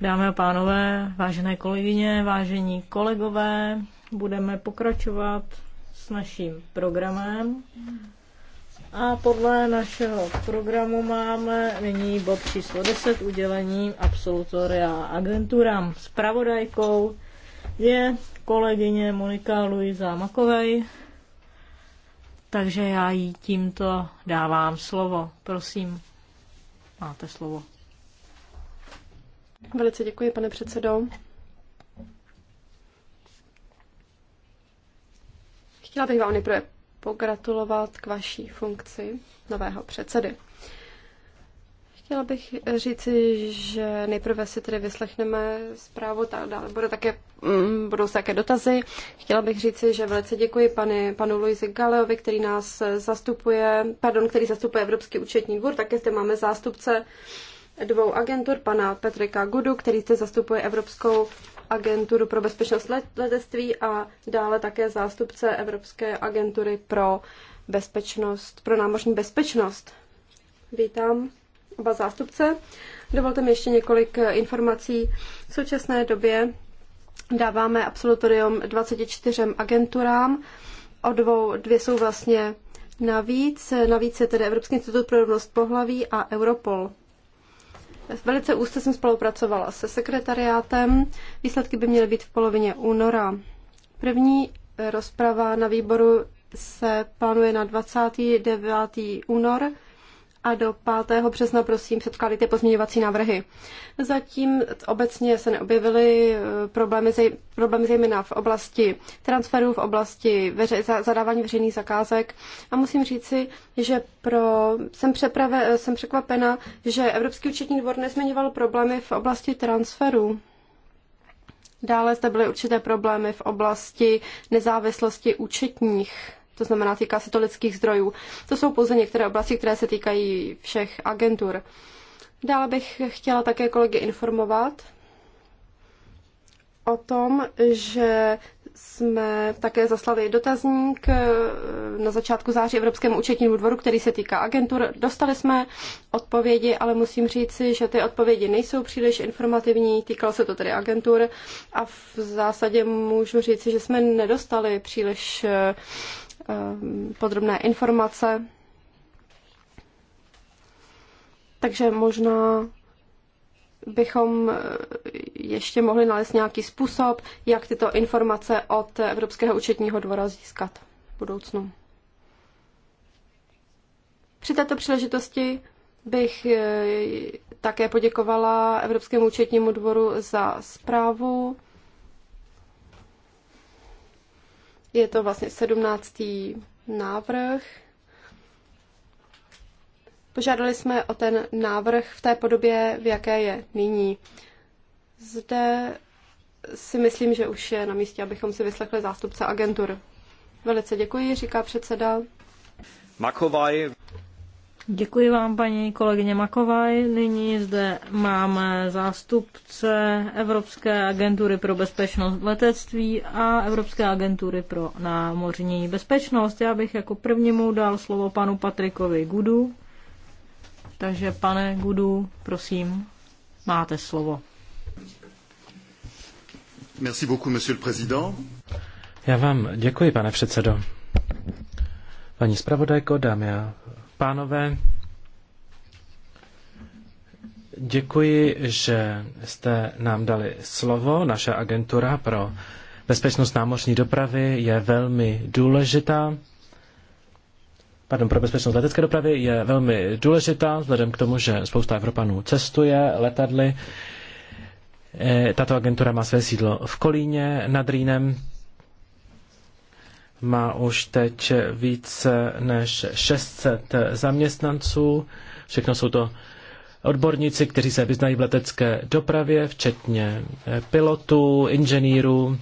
Dámy a pánové, vážené kolegyně, vážení kolegové, budeme pokračovat s naším programem. A podle našeho programu máme nyní bod číslo 10, udělení absolutoria agenturám. Spravodajkou je kolegyně Monika Luisa Makovej takže já jí tímto dávám slovo. Prosím, máte slovo. Velice děkuji, pane předsedo. Chtěla bych vám nejprve pogratulovat k vaší funkci nového předsedy. Chtěla bych eh, říci, že nejprve si tedy vyslechneme zprávu, tak dále bude také, mm, budou se také dotazy. Chtěla bych říci, že velice děkuji pany, panu Luisi Galeovi, který nás eh, zastupuje, pardon, který zastupuje Evropský účetní dvůr, také zde máme zástupce dvou agentur, pana Petrika Gudu, který zde zastupuje Evropskou agenturu pro bezpečnost letectví a dále také zástupce Evropské agentury pro bezpečnost, pro námořní bezpečnost. Vítám oba zástupce. Dovolte mi ještě několik eh, informací. V současné době dáváme absolutorium 24 agenturám. O dvou, dvě jsou vlastně navíc. Navíc je tedy Evropský institut pro rovnost pohlaví a Europol. Velice úzce jsem spolupracovala se sekretariátem. Výsledky by měly být v polovině února. První eh, rozprava na výboru se plánuje na 29. únor a do 5. března prosím předkládejte pozměňovací návrhy. Zatím obecně se neobjevily eh, problémy, ze, problémy zejména v oblasti transferů, v oblasti veře, zadávání veřejných zakázek a musím říci, že pro, jsem, přeprave, eh, jsem překvapena, že Evropský účetní dvor nezmiňoval problémy v oblasti transferů. Dále zde byly určité problémy v oblasti nezávislosti účetních to znamená, týká se to lidských zdrojů. To jsou pouze některé oblasti, které se týkají všech agentur. Dále bych chtěla také kolegy informovat o tom, že jsme také zaslali dotazník eh, na začátku září Evropskému účetnímu dvoru, který se týká agentur. Dostali jsme odpovědi, ale musím říci, že ty odpovědi nejsou příliš informativní, týkalo se to tedy agentur a v zásadě můžu říci, že jsme nedostali příliš eh, Eh, podrobné informace. Takže možná bychom eh, ještě mohli nalézt nějaký způsob, jak tyto informace od Evropského účetního dvora získat v budoucnu. Při této příležitosti bych eh, také poděkovala Evropskému účetnímu dvoru za zprávu. Je to vlastně sedmnáctý návrh. Požádali jsme o ten návrh v té podobě, v jaké je nyní. Zde si myslím, že už je na místě, abychom si vyslechli zástupce agentur. Velice děkuji, říká předseda. Makovaj. Děkuji vám, paní kolegyně Makovaj. Nyní zde máme zástupce Evropské agentury pro bezpečnost letectví a Evropské agentury pro námořní bezpečnost. Já bych jako prvnímu dal slovo panu Patrikovi Gudu. Takže pane Gudu, prosím, máte slovo. Merci beaucoup, monsieur le président. Já vám děkuji, pane předsedo. Paní zpravodajko, dámy a pánové. Děkuji, že jste nám dali slovo. Naše agentura pro bezpečnost námořní dopravy je velmi důležitá. Pardon, pro bezpečnost letecké dopravy je velmi důležitá, vzhledem k tomu, že spousta Evropanů cestuje letadly. E, tato agentura má své sídlo v Kolíně nad Rýnem má už teď více než 600 zaměstnanců. Všechno jsou to odborníci, kteří se vyznají v letecké dopravě, včetně pilotů, inženýrů,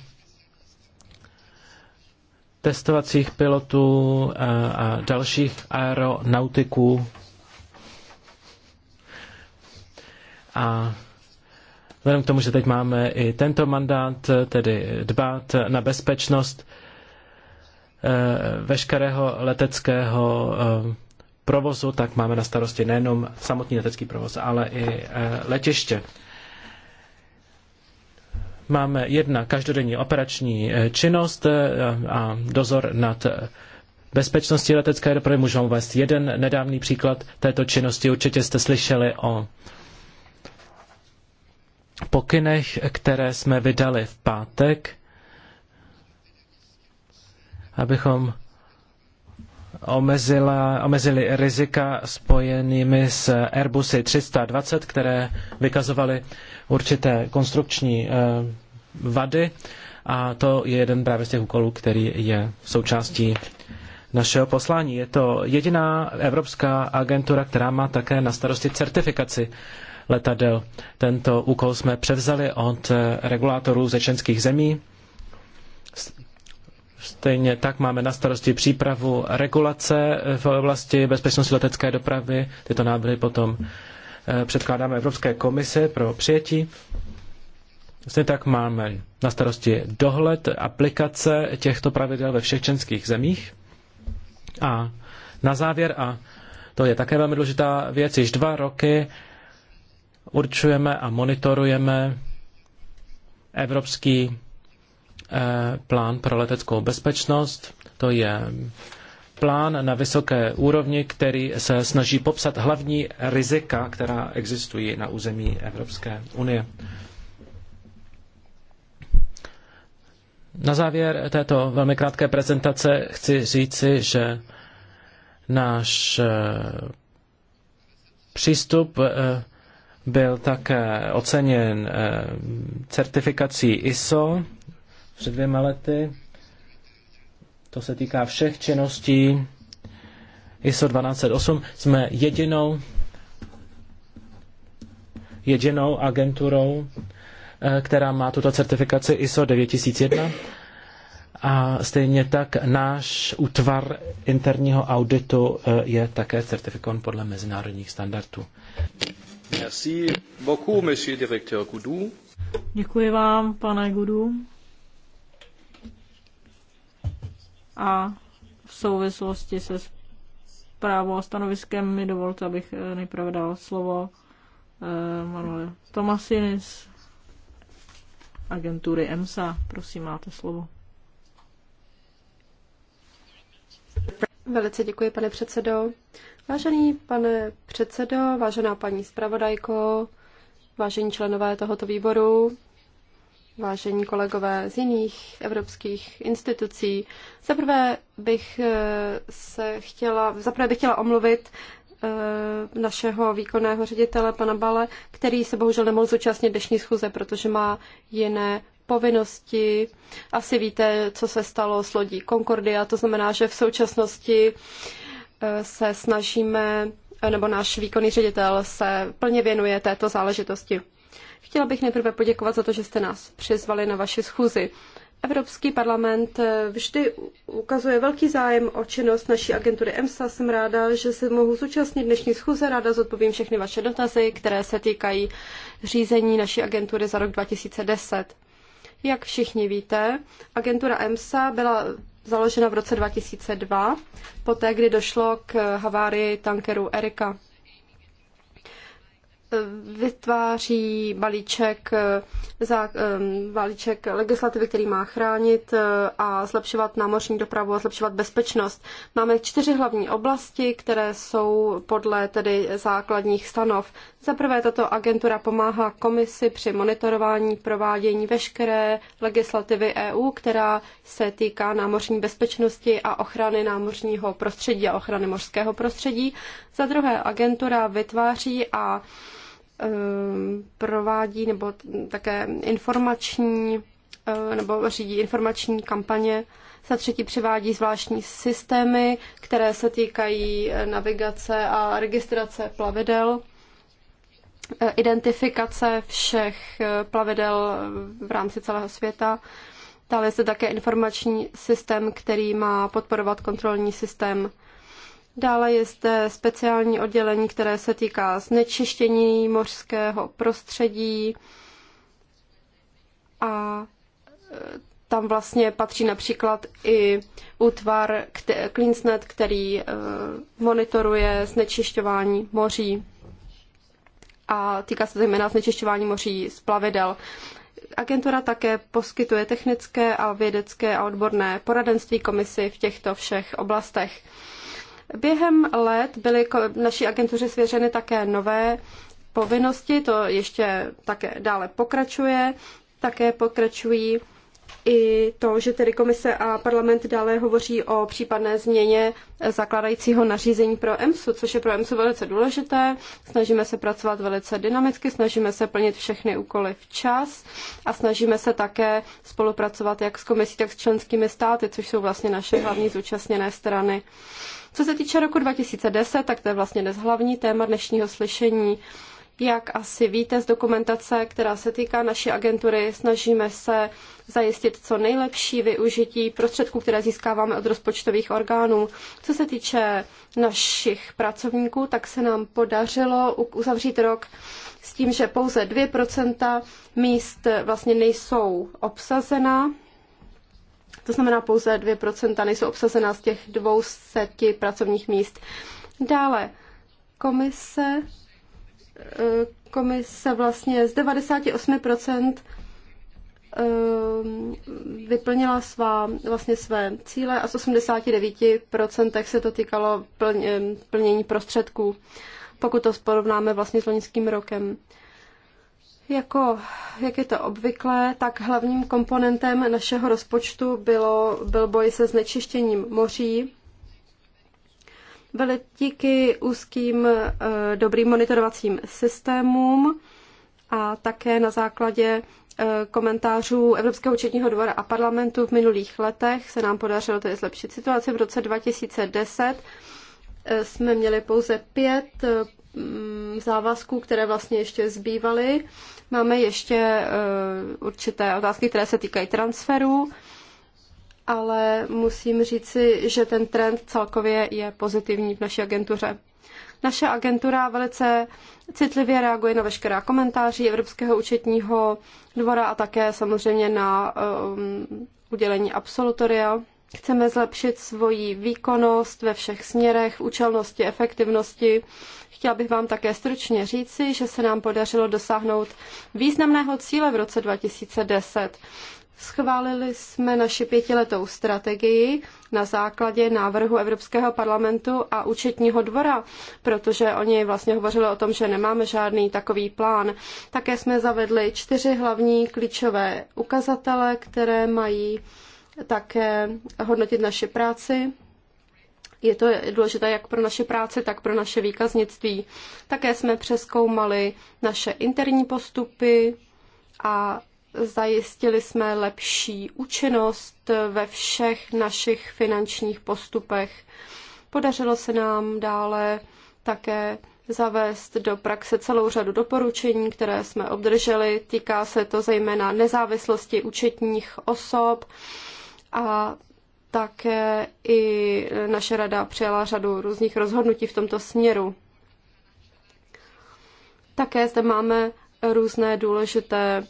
testovacích pilotů a dalších aeronautiků. A vzhledem k tomu, že teď máme i tento mandát, tedy dbát na bezpečnost, Eh, veškerého leteckého eh, provozu, tak máme na starosti nejenom samotný letecký provoz, ale i eh, letiště. Máme jedna každodenní operační činnost a dozor nad bezpečností letecké dopravy. Můžu vám uvést jeden nedávný příklad této činnosti. Určitě jste slyšeli o pokynech, které jsme vydali v pátek abychom omezila, omezili rizika spojenými s Airbusy 320, které vykazovaly určité konstrukční eh, vady. A to je jeden právě z těch úkolů, který je součástí našeho poslání. Je to jediná evropská agentura, která má také na starosti certifikaci letadel. Tento úkol jsme převzali od eh, regulátorů ze členských zemí Stejně tak máme na starosti přípravu regulace v oblasti bezpečnosti letecké dopravy. Tyto návrhy potom eh, předkládáme Evropské komisi pro přijetí. Stejně tak máme na starosti dohled aplikace těchto pravidel ve všech členských zemích. A na závěr, a to je také velmi důležitá věc, již dva roky určujeme a monitorujeme evropský Eh, plán pro leteckou bezpečnost. To je plán na vysoké úrovni, který se snaží popsat hlavní rizika, která existují na území Evropské unie. Na závěr této velmi krátké prezentace chci říci, že náš eh, přístup eh, byl také oceněn certifikací ISO před dvěma lety. To se týká všech činností ISO 1208. Jsme jedinou jedinou agenturou, eh, která má tuto certifikaci ISO 9001. A stejně tak náš útvar interního auditu eh, je také certifikován podle mezinárodních standardů. Merci beaucoup, monsieur directeur Goudou. Děkuji vám, pane Gudu. a v souvislosti se zprávou a stanoviskem mi dovolte, abych eh, nejprve dal slovo eh, Manuel Tomasiny z agentury EMSA. Prosím, máte slovo. Velice děkuji, pane předsedo. Vážený pane předsedo, vážená paní zpravodajko, vážení členové tohoto výboru, vážení kolegové z jiných evropských institucí. Zaprvé bych eh, se chtěla, zaprvé bych chtěla omluvit eh, našeho výkonného ředitele, pana Bale, který se bohužel nemohl zúčastnit dnešní schůze, protože má jiné povinnosti. Asi víte, co se stalo s lodí Concordia, to znamená, že v současnosti eh, se snažíme, nebo náš výkonný ředitel se plně věnuje této záležitosti. Chtěla bych nejprve poděkovat za to, že jste nás přizvali na vaši schůzi. Evropský parlament eh, vždy ukazuje velký zájem o činnost naší agentury EMSA. Jsem ráda, že se mohu zúčastnit dnešní schůze. Ráda zodpovím všechny vaše dotazy, které se týkají řízení naší agentury za rok 2010. Jak všichni víte, agentura EMSA byla založena v roce 2002, poté kdy došlo k havárii tankeru Erika vytváří balíček, eh, zá, eh, balíček legislativy, který má chránit eh, a zlepšovat námořní dopravu a zlepšovat bezpečnost. Máme čtyři hlavní oblasti, které jsou podle tedy základních stanov. Za prvé tato agentura pomáhá komisi při monitorování provádění veškeré legislativy EU, která se týká námořní bezpečnosti a ochrany námořního prostředí a ochrany mořského prostředí. Za druhé agentura vytváří a Ehm, provádí nebo také informační eh, nebo řídí informační kampaně. Za třetí přivádí zvláštní systémy, které se týkají eh, navigace a registrace plavidel, eh, identifikace všech plavidel v rámci celého světa. Dále je také informační systém, který má podporovat kontrolní systém Dále je zde speciální oddělení, které se týká znečištění mořského prostředí a e, tam vlastně patří například i útvar CleanSnet, který e, monitoruje znečišťování moří a týká se zejména znečišťování moří z plavidel. Agentura také poskytuje technické a vědecké a odborné poradenství komisi v těchto všech oblastech. Během let byly naší agentuře svěřeny také nové povinnosti, to ještě také dále pokračuje, také pokračují i to, že tedy komise a parlament dále hovoří o případné změně zakládajícího nařízení pro EMSu, což je pro EMSu velice důležité. Snažíme se pracovat velice dynamicky, snažíme se plnit všechny úkoly včas a snažíme se také spolupracovat jak s komisí, tak s členskými státy, což jsou vlastně naše hlavní zúčastněné strany. Co se týče roku 2010, tak to je vlastně dnes hlavní téma dnešního slyšení. Jak asi víte z dokumentace, která se týká naší agentury, snažíme se zajistit co nejlepší využití prostředků, které získáváme od rozpočtových orgánů. Co se týče našich pracovníků, tak se nám podařilo uzavřít rok s tím, že pouze 2% míst vlastně nejsou obsazena. To znamená, pouze 2% nejsou obsazena z těch 200 pracovních míst. Dále, komise Eh, komise vlastně z 98% eh, vyplnila svá, vlastně své cíle a z 89% se to týkalo eh, plnění prostředků, pokud to porovnáme vlastně s loňským rokem. Jako, jak je to obvyklé, tak hlavním komponentem našeho rozpočtu bylo, byl boj se znečištěním moří, díky úzkým eh, dobrým monitorovacím systémům a také na základě eh, komentářů Evropského účetního dvora a parlamentu v minulých letech se nám podařilo tedy zlepšit situaci. V roce 2010 eh, jsme měli pouze pět mm, závazků, které vlastně ještě zbývaly. Máme ještě určité otázky, které se týkají transferů ale musím říci, že ten trend celkově je pozitivní v naší agentuře. Naše agentura velice citlivě reaguje na veškerá komentáři Evropského účetního dvora a také samozřejmě na um, udělení absolutoria. Chceme zlepšit svoji výkonnost ve všech směrech, v účelnosti, efektivnosti. Chtěla bych vám také stručně říci, že se nám podařilo dosáhnout významného cíle v roce 2010. Schválili jsme naši pětiletou strategii na základě návrhu Evropského parlamentu a účetního dvora, protože oni vlastně hovořili o tom, že nemáme žádný takový plán. Také jsme zavedli čtyři hlavní klíčové ukazatele, které mají také hodnotit naši práci. Je to důležité jak pro naše práci, tak pro naše výkaznictví. Také jsme přeskoumali naše interní postupy a Zajistili jsme lepší účinnost ve všech našich finančních postupech. Podařilo se nám dále také zavést do praxe celou řadu doporučení, které jsme obdrželi. Týká se to zejména nezávislosti účetních osob a také i naše rada přijala řadu různých rozhodnutí v tomto směru. Také zde máme různé důležité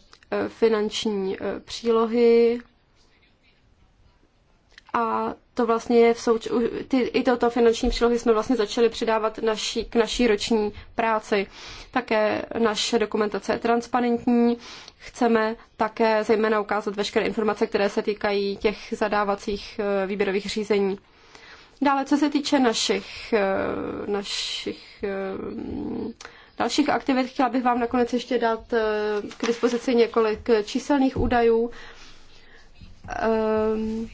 finanční eh, přílohy a to vlastně je v souč- ty, i toto finanční přílohy jsme vlastně začali přidávat naší, k naší roční práci. Také naše dokumentace je transparentní, chceme také zejména ukázat veškeré informace, které se týkají těch zadávacích eh, výběrových řízení. Dále, co se týče našich, eh, našich dalších aktivit. Chtěla bych vám nakonec ještě dát eh, k dispozici několik číselných údajů. Ehm,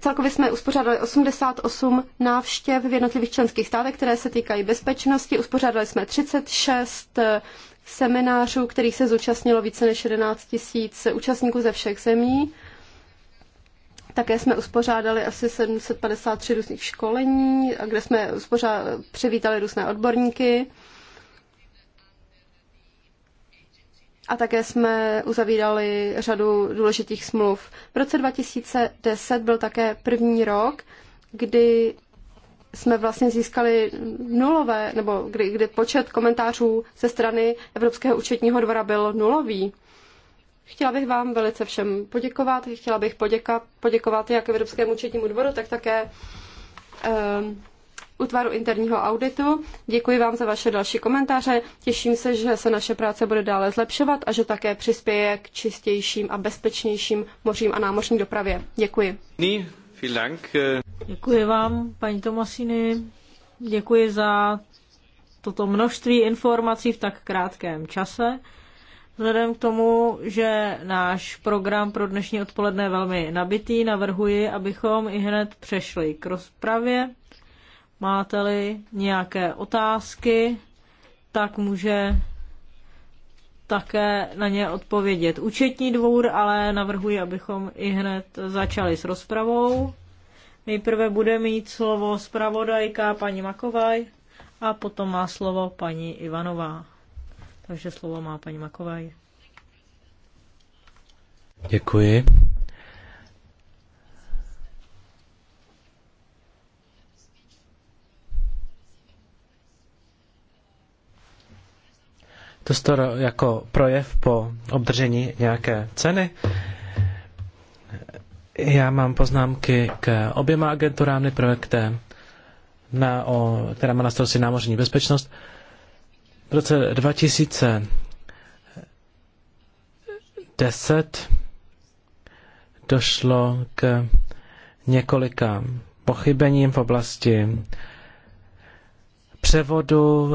celkově jsme uspořádali 88 návštěv v jednotlivých členských státech, které se týkají bezpečnosti. Uspořádali jsme 36 eh, seminářů, kterých se zúčastnilo více než 11 tisíc účastníků ze všech zemí. Také jsme uspořádali asi 753 různých školení, kde jsme přivítali různé odborníky. a také jsme uzavírali řadu důležitých smluv. V roce 2010 byl také první rok, kdy jsme vlastně získali nulové, nebo kdy, kdy počet komentářů ze strany Evropského účetního dvora byl nulový. Chtěla bych vám velice všem poděkovat. Chtěla bych poděka, poděkovat jak Evropskému účetnímu dvoru, tak také um, útvaru interního auditu. Děkuji vám za vaše další komentáře. Těším se, že se naše práce bude dále zlepšovat a že také přispěje k čistějším a bezpečnějším mořím a námořní dopravě. Děkuji. Eh. Děkuji vám, paní Tomasiny. Děkuji za toto množství informací v tak krátkém čase. Vzhledem k tomu, že náš program pro dnešní odpoledne je velmi nabitý, navrhuji, abychom i hned přešli k rozpravě. Máte-li nějaké otázky, tak může také na ně odpovědět účetní dvůr, ale navrhuji, abychom i hned začali s rozpravou. Nejprve bude mít slovo zpravodajka paní Makovaj a potom má slovo paní Ivanová. Takže slovo má paní Makovaj. Děkuji, to jako projev po obdržení nějaké ceny. Já mám poznámky k oběma agenturám, nejprve k té, na, o, která má na starosti námořní bezpečnost. V roce 2010 došlo k několika pochybením v oblasti převodu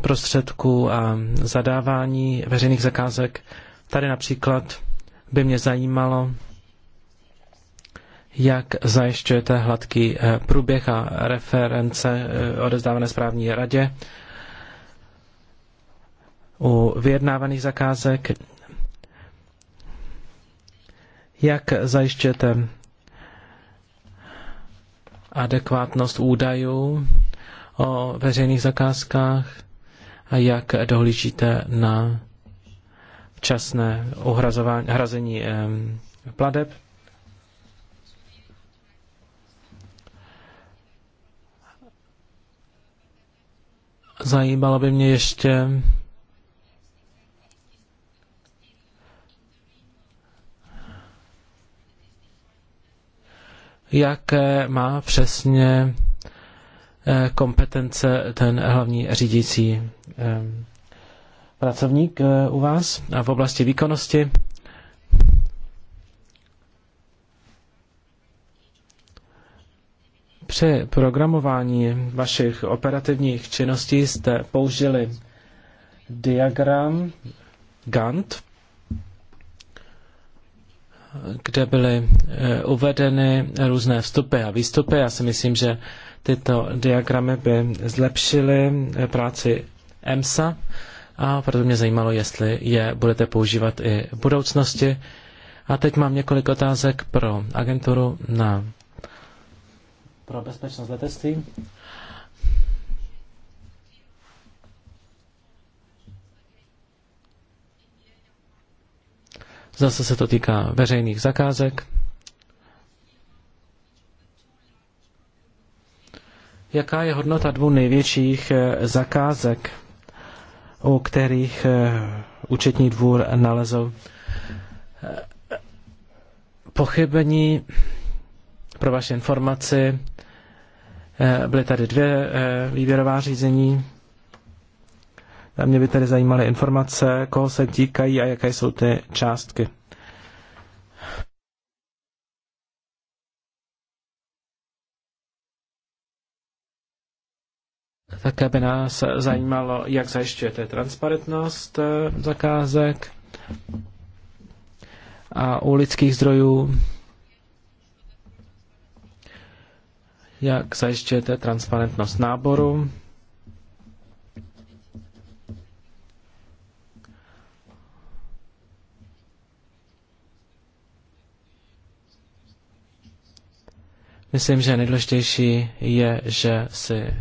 prostředků a zadávání veřejných zakázek. Tady například by mě zajímalo, jak zajišťujete hladký eh, průběh a reference eh, odezdávané správní radě u vyjednávaných zakázek, jak zajišťujete adekvátnost údajů o veřejných zakázkách a jak dohlížíte na včasné uhrazování, hrazení pladeb. Zajímalo by mě ještě jaké má přesně Eh, kompetence ten hlavní řídící eh, pracovník eh, u vás a v oblasti výkonnosti. Při programování vašich operativních činností jste použili diagram Gantt, kde byly uvedeny různé vstupy a výstupy. Já si myslím, že Tyto diagramy by zlepšily eh, práci EMSA a proto mě zajímalo, jestli je budete používat i v budoucnosti. A teď mám několik otázek pro agenturu na pro bezpečnost letectví. Zase se to týká veřejných zakázek. Jaká je hodnota dvou největších eh, zakázek, u kterých eh, účetní dvůr nalezl eh, pochybení? Pro vaši informaci byly tady dvě výběrová řízení. A mě by tady zajímaly informace, koho se týkají a jaké jsou ty částky. Také by nás zajímalo, jak zajišťujete transparentnost eh, zakázek a u lidských zdrojů, jak zajišťujete transparentnost náboru. Myslím, že nejdůležitější je, že si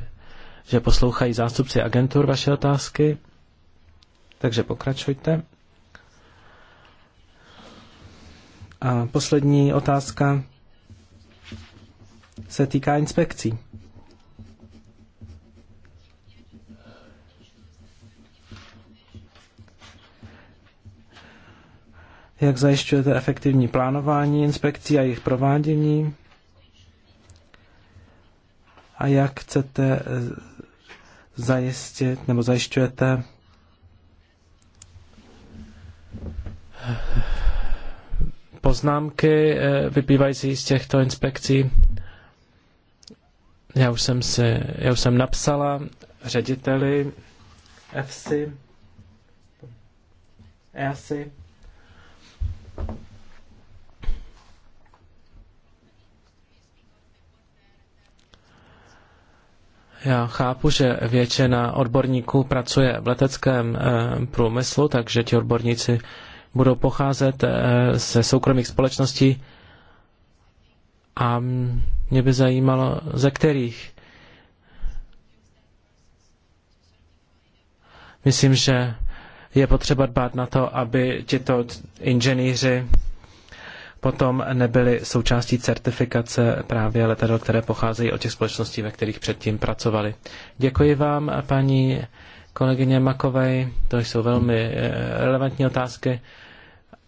že poslouchají zástupci agentur vaše otázky. Takže pokračujte. A poslední otázka se týká inspekcí. Jak zajišťujete efektivní plánování inspekcí a jejich provádění? A jak chcete zajistit nebo zajišťujete poznámky eh, vyplývající z těchto inspekcí. Já už jsem, si, já už jsem napsala řediteli EFSI, EASI, Já chápu, že většina odborníků pracuje v leteckém eh, průmyslu, takže ti odborníci budou pocházet eh, ze soukromých společností a mě by zajímalo, ze kterých. Myslím, že je potřeba dbát na to, aby tito inženýři potom nebyly součástí certifikace právě letadel, které pocházejí od těch společností, ve kterých předtím pracovali. Děkuji vám, paní kolegyně Makovej, to jsou velmi eh, relevantní otázky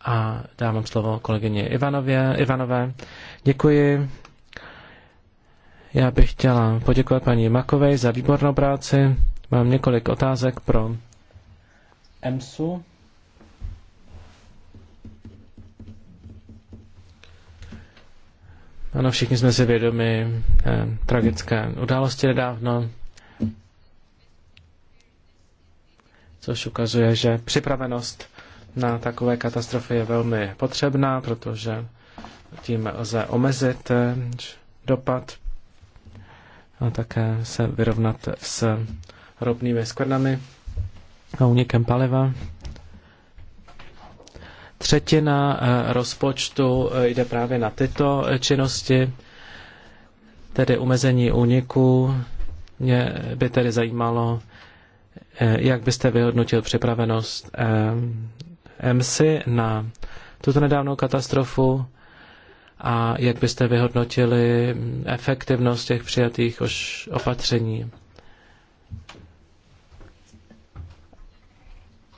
a dávám slovo kolegyně Ivanově, Ivanové. Děkuji. Já bych chtěla poděkovat paní Makovej za výbornou práci. Mám několik otázek pro EMSu. Ano, všichni jsme si vědomi eh, tragické události nedávno, což ukazuje, že připravenost na takové katastrofy je velmi potřebná, protože tím lze omezit eh, dopad a také se vyrovnat s ropnými skvrnami a unikem paliva. Třetina eh, rozpočtu eh, jde právě na tyto eh, činnosti, tedy umezení úniku. Mě by tedy zajímalo, jak byste vyhodnotil připravenost EMSI na tuto nedávnou katastrofu a jak byste vyhodnotili efektivnost těch přijatých opatření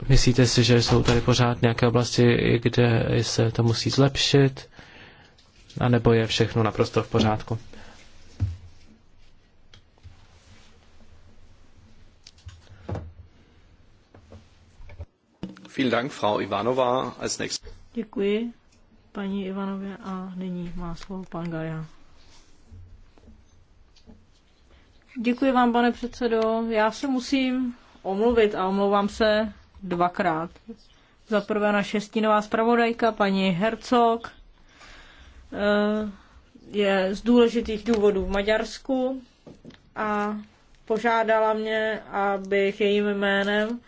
Myslíte si, že jsou tady pořád nějaké oblasti, kde se to musí zlepšit? A nebo je všechno naprosto v pořádku? Děkuji paní Ivanově a nyní má slovo pan Gaja. Děkuji vám, pane předsedo. Já se musím omluvit a omlouvám se dvakrát. Za prvé naše stínová zpravodajka, paní Hercog, eh, je z důležitých důvodů v Maďarsku a požádala mě, abych jejím jménem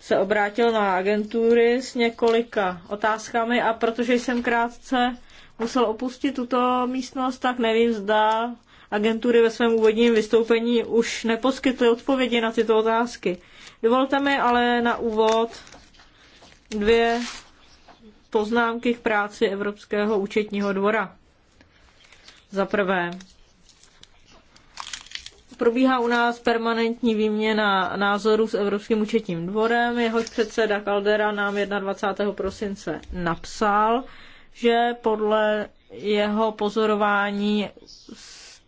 se obrátil na agentury s několika otázkami a protože jsem krátce musel opustit tuto místnost, tak nevím, zda agentury ve svém úvodním vystoupení už neposkytly odpovědi na tyto otázky. Dovolte mi ale na úvod dvě poznámky k práci Evropského účetního dvora. Za prvé, probíhá u nás permanentní výměna názorů s Evropským účetním dvorem. Jehož předseda Caldera nám 21. prosince napsal, že podle jeho pozorování v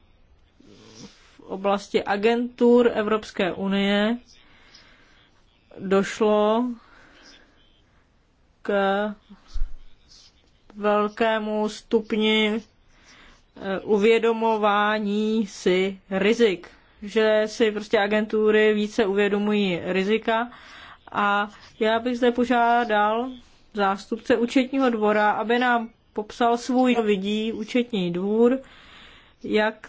oblasti agentur Evropské unie došlo k velkému stupni eh, uvědomování si rizik. Že si prostě agentury více uvědomují rizika a já bych zde požádal zástupce účetního dvora, aby nám popsal svůj vidí účetní dvůr, jak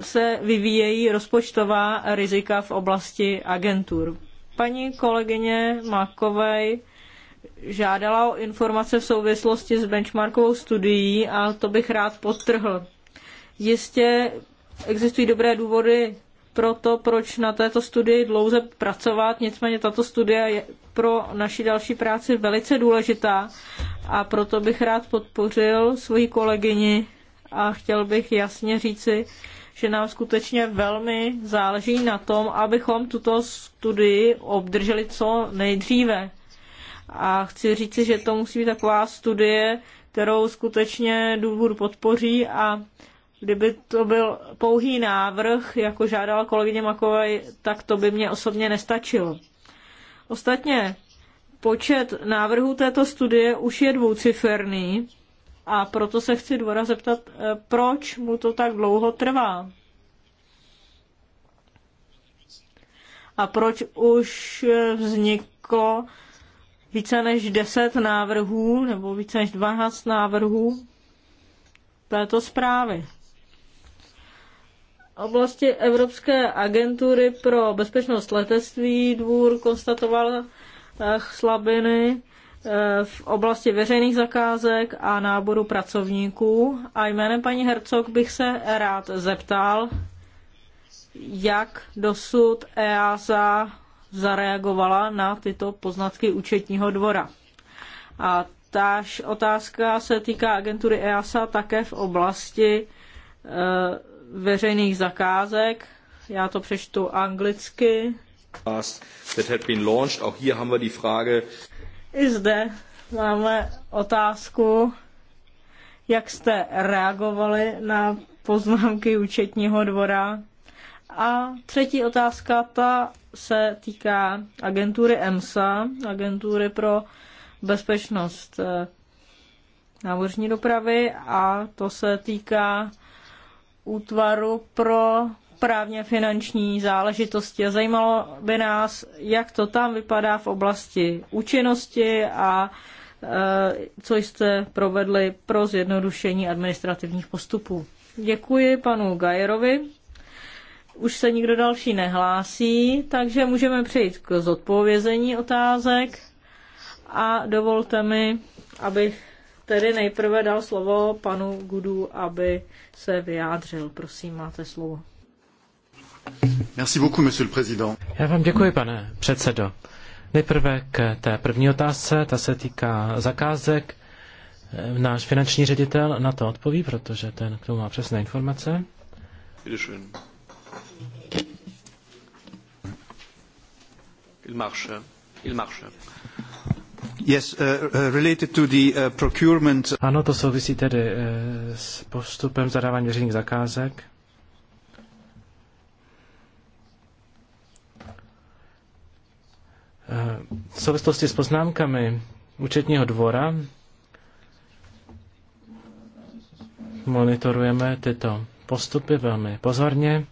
se vyvíjejí rozpočtová rizika v oblasti agentur. Paní kolegyně Makovej žádala o informace v souvislosti s benchmarkovou studií a to bych rád podtrhl. Jistě existují dobré důvody pro to, proč na této studii dlouze pracovat, nicméně tato studie je pro naši další práci velice důležitá a proto bych rád podpořil svoji kolegyni a chtěl bych jasně říci, že nám skutečně velmi záleží na tom, abychom tuto studii obdrželi co nejdříve. A chci říci, že to musí být taková studie, kterou skutečně důvod podpoří a kdyby to byl pouhý návrh, jako žádala kolegyně Makovej, tak to by mě osobně nestačilo. Ostatně počet návrhů této studie už je dvouciferný a proto se chci Dvora zeptat, eh, proč mu to tak dlouho trvá. A proč už eh, vzniklo více než 10 návrhů nebo více než 12 návrhů této zprávy. V oblasti Evropské agentury pro bezpečnost letectví dvůr konstatoval eh, slabiny Eh, v oblasti veřejných zakázek a náboru pracovníků. A jménem paní Hercog bych se rád zeptal, jak dosud EASA zareagovala na tyto poznatky účetního dvora. A táž otázka se týká agentury EASA také v oblasti e, veřejných zakázek. Já to přečtu anglicky. E that had been launched. Auch hier haben wir die Frage i zde máme otázku, jak jste reagovali na poznámky účetního dvora. A třetí otázka, ta se týká agentury EMSA, agentury pro bezpečnost eh, námořní dopravy a to se týká útvaru pro správně finanční záležitosti a zajímalo by nás, jak to tam vypadá v oblasti účinnosti a eh, co jste provedli pro zjednodušení administrativních postupů. Děkuji panu Gajerovi. Už se nikdo další nehlásí, takže můžeme přejít k zodpovězení otázek. A dovolte mi, abych tedy nejprve dal slovo panu Gudu, aby se vyjádřil. Prosím, máte slovo. Merci beaucoup, monsieur le président. Já vám děkuji, pane předsedo. Nejprve k té první otázce, ta se týká zakázek. Náš finanční ředitel na to odpoví, protože ten k tomu má přesné informace. Il marche. Il marche. Yes, uh, uh related to the, uh, procurement. Ano, to souvisí tedy uh, s postupem zadávání veřejných zakázek. V souvislosti s poznámkami účetního dvora monitorujeme tyto postupy velmi pozorně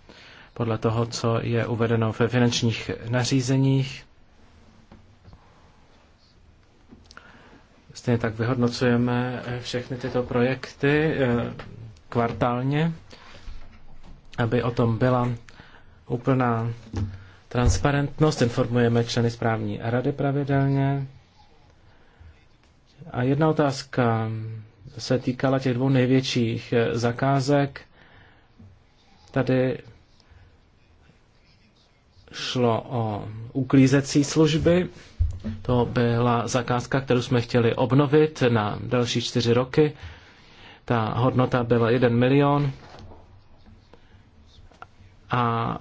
podle toho, co je uvedeno ve finančních nařízeních. Stejně tak vyhodnocujeme všechny tyto projekty eh, kvartálně, aby o tom byla úplná transparentnost, informujeme členy správní rady pravidelně. A jedna otázka se týkala těch dvou největších zakázek. Tady šlo o uklízecí služby. To byla zakázka, kterou jsme chtěli obnovit na další čtyři roky. Ta hodnota byla 1 milion. A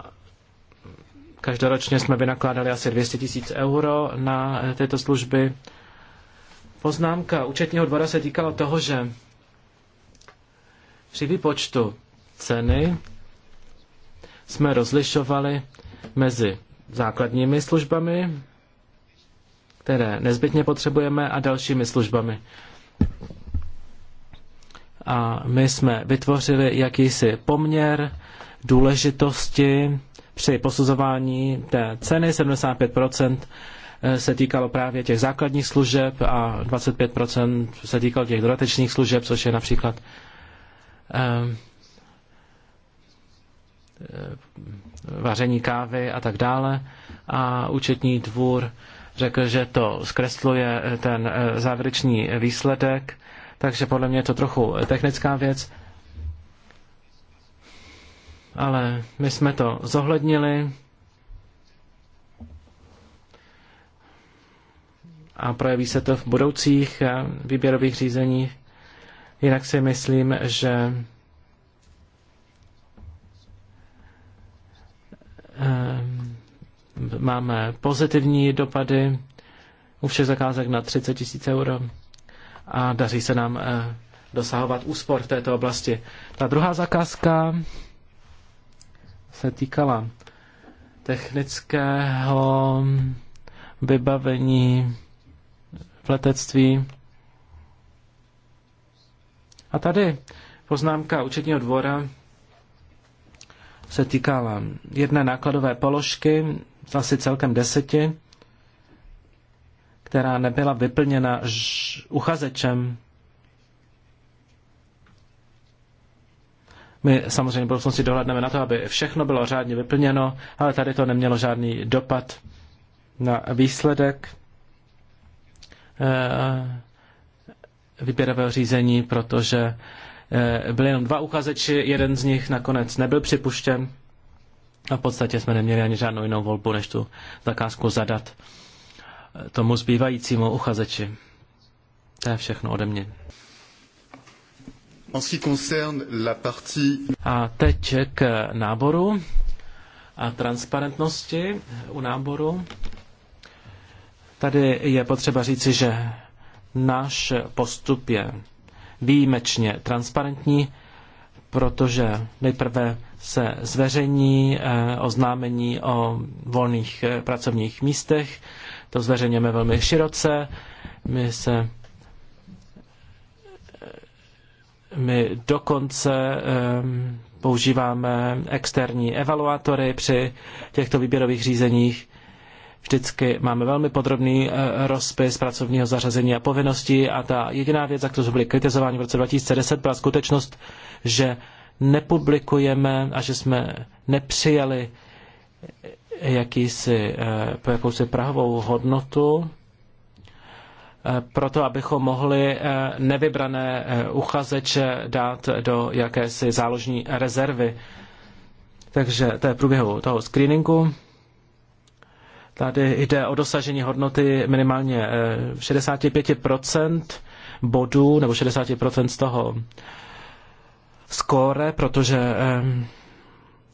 Každoročně jsme vynakládali asi 200 tisíc euro na eh, této služby. Poznámka účetního dvora se týkala toho, že při výpočtu ceny jsme rozlišovali mezi základními službami, které nezbytně potřebujeme, a dalšími službami. A my jsme vytvořili jakýsi poměr důležitosti při posuzování té ceny 75% eh, se týkalo právě těch základních služeb a 25% se týkalo těch dodatečných služeb, což je například ehm, eh, vaření kávy a tak dále. A účetní dvůr řekl, že to zkresluje eh, ten závěrečný výsledek, takže podle mě je to trochu technická věc ale my jsme to zohlednili a projeví se to v budoucích eh, výběrových řízeních. Jinak si myslím, že eh, máme pozitivní dopady u všech zakázek na 30 tisíc euro a daří se nám eh, dosahovat úspor v této oblasti. Ta druhá zakázka se týkala technického vybavení v letectví. A tady poznámka účetního dvora se týkala jedné nákladové položky, asi celkem deseti, která nebyla vyplněna uchazečem My samozřejmě v budoucnosti dohledneme na to, aby všechno bylo řádně vyplněno, ale tady to nemělo žádný dopad na výsledek eh, výběrového řízení, protože eh, byli jenom dva uchazeči, jeden z nich nakonec nebyl připuštěn a v podstatě jsme neměli ani žádnou jinou volbu, než tu zakázku zadat eh, tomu zbývajícímu uchazeči. To je všechno ode mě. A teď k náboru a transparentnosti u náboru. Tady je potřeba říci, že náš postup je výjimečně transparentní, protože nejprve se zveřejní eh, oznámení o volných eh, pracovních místech. To zveřejňujeme velmi široce. My se My dokonce používáme externí evaluátory při těchto výběrových řízeních. Vždycky máme velmi podrobný eh, rozpis pracovního zařazení a povinností a ta jediná věc, za kterou jsme byli kritizováni v roce 2010, byla skutečnost, že nepublikujeme a že jsme nepřijali eh, jakýsi, eh, jakousi prahovou hodnotu Eh, proto abychom mohli eh, nevybrané eh, uchazeče dát do jakési záložní rezervy. Takže to je průběhu toho screeningu. Tady jde o dosažení hodnoty minimálně 65% bodů nebo 60% z toho skóre, protože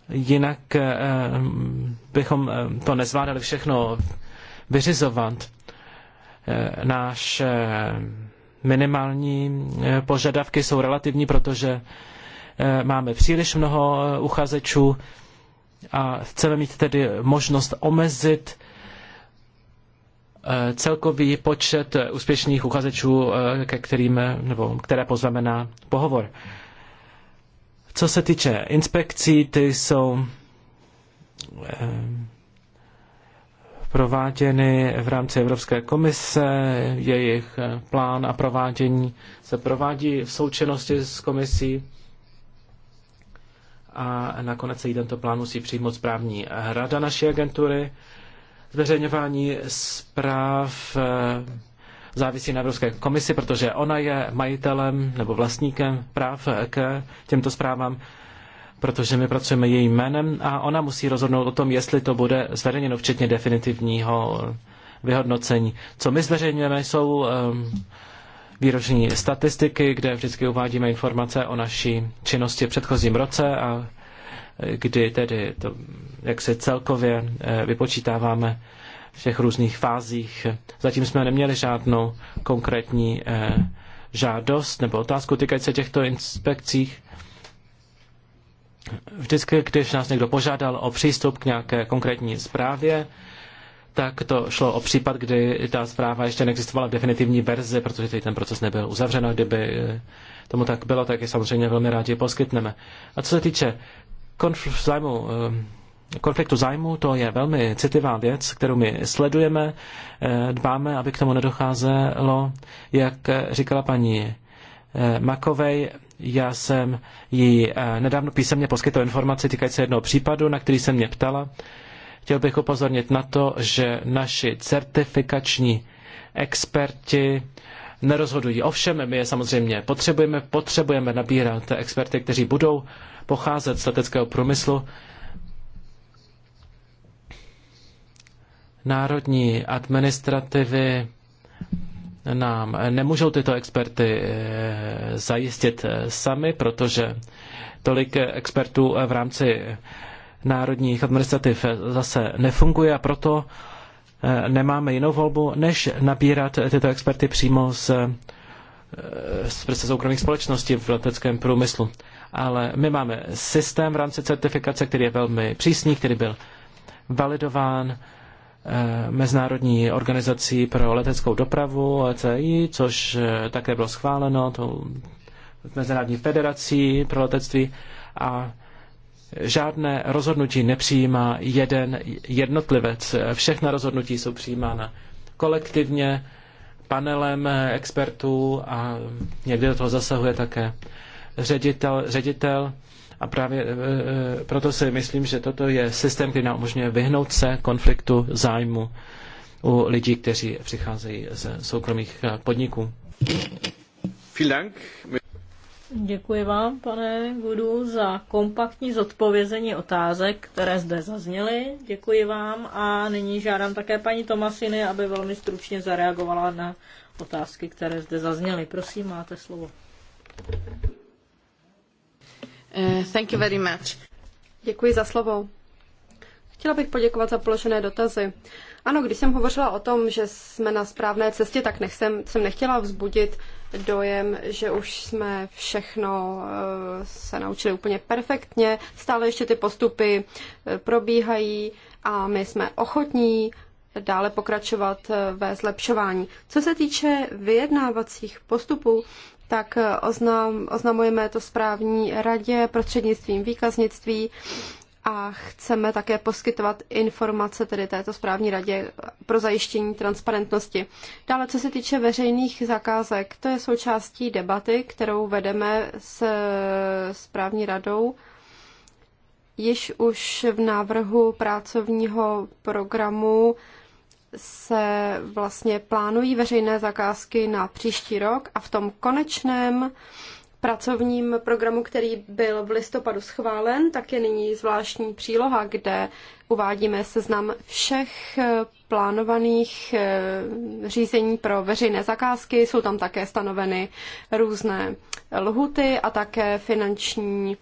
jinak bychom to nezvládali všechno vyřizovat. Eh, náš eh, minimální eh, požadavky jsou relativní, protože máme příliš mnoho uchazečů a chceme mít tedy možnost omezit celkový počet úspěšných uchazečů, ke kterým, nebo které pozveme na pohovor. Co se týče inspekcí, ty jsou prováděny v rámci Evropské komise, jejich eh, plán a provádění se provádí v součinnosti s komisí a nakonec se tento plán musí přijmout správní rada naší agentury. Zveřejňování zpráv eh, závisí na Evropské komisi, protože ona je majitelem nebo vlastníkem práv k těmto zprávám protože my pracujeme jejím jménem a ona musí rozhodnout o tom, jestli to bude zveřejněno, včetně definitivního vyhodnocení. Co my zveřejňujeme, jsou ehm, výroční statistiky, kde vždycky uvádíme informace o naší činnosti v předchozím roce a eh, kdy tedy to, jak se celkově eh, vypočítáváme v těch různých fázích. Zatím jsme neměli žádnou konkrétní eh, žádost nebo otázku týkající se těchto inspekcích Vždycky, když nás někdo požádal o přístup k nějaké konkrétní zprávě, tak to šlo o případ, kdy ta zpráva ještě neexistovala v definitivní verzi, protože ten proces nebyl uzavřen. A kdyby eh, tomu tak bylo, tak je samozřejmě velmi rádi poskytneme. A co se týče konf- zájmu, eh, konfliktu zájmu, to je velmi citlivá věc, kterou my sledujeme, eh, dbáme, aby k tomu nedocházelo. Jak říkala paní Makovej, já jsem jí eh, nedávno písemně poskytl informaci týkající jednoho případu, na který se mě ptala. Chtěl bych upozornit na to, že naši certifikační experti nerozhodují Ovšem My je samozřejmě potřebujeme, potřebujeme nabírat experty, kteří budou pocházet z leteckého průmyslu. Národní administrativy nám nemůžou tyto experty eh, zajistit eh, sami, protože tolik expertů eh, v rámci národních administrativ zase nefunguje a proto nemáme jinou volbu, než nabírat tyto experty přímo z, z prostě soukromých společností v leteckém průmyslu. Ale my máme systém v rámci certifikace, který je velmi přísný, který byl validován Eh, Mezinárodní organizací pro leteckou dopravu ECI, což eh, také bylo schváleno tou Mezinárodní federací pro letectví a žádné rozhodnutí nepřijímá jeden jednotlivec. Všechna rozhodnutí jsou přijímána kolektivně, panelem expertů a někdy do toho zasahuje také ředitel, ředitel a právě e, e, proto si myslím, že toto je systém, který nám umožňuje vyhnout se konfliktu zájmu u lidí, kteří přicházejí ze soukromých e, podniků. Děkuji vám, pane Gudu, za kompaktní zodpovězení otázek, které zde zazněly. Děkuji vám a nyní žádám také paní Tomasiny, aby velmi stručně zareagovala na otázky, které zde zazněly. Prosím, máte slovo. Eh, thank you very much. Děkuji za slovo. Chtěla bych poděkovat za položené dotazy. Ano, když jsem hovořila o tom, že jsme na správné cestě, tak nechcem, jsem nechtěla vzbudit dojem, že už jsme všechno eh, se naučili úplně perfektně. Stále ještě ty postupy eh, probíhají a my jsme ochotní dále pokračovat ve zlepšování. Co se týče vyjednávacích postupů, tak eh, oznam, oznamujeme to správní radě prostřednictvím výkaznictví a chceme také poskytovat informace tedy této správní radě eh, pro zajištění transparentnosti. Dále, co se týče veřejných zakázek, to je součástí debaty, kterou vedeme s eh, správní radou. Již už v návrhu pracovního programu se vlastně plánují veřejné zakázky na příští rok a v tom konečném pracovním programu, který byl v listopadu schválen, tak je nyní zvláštní příloha, kde uvádíme seznam všech eh, plánovaných eh, řízení pro veřejné zakázky. Jsou tam také stanoveny různé lhuty a také finanční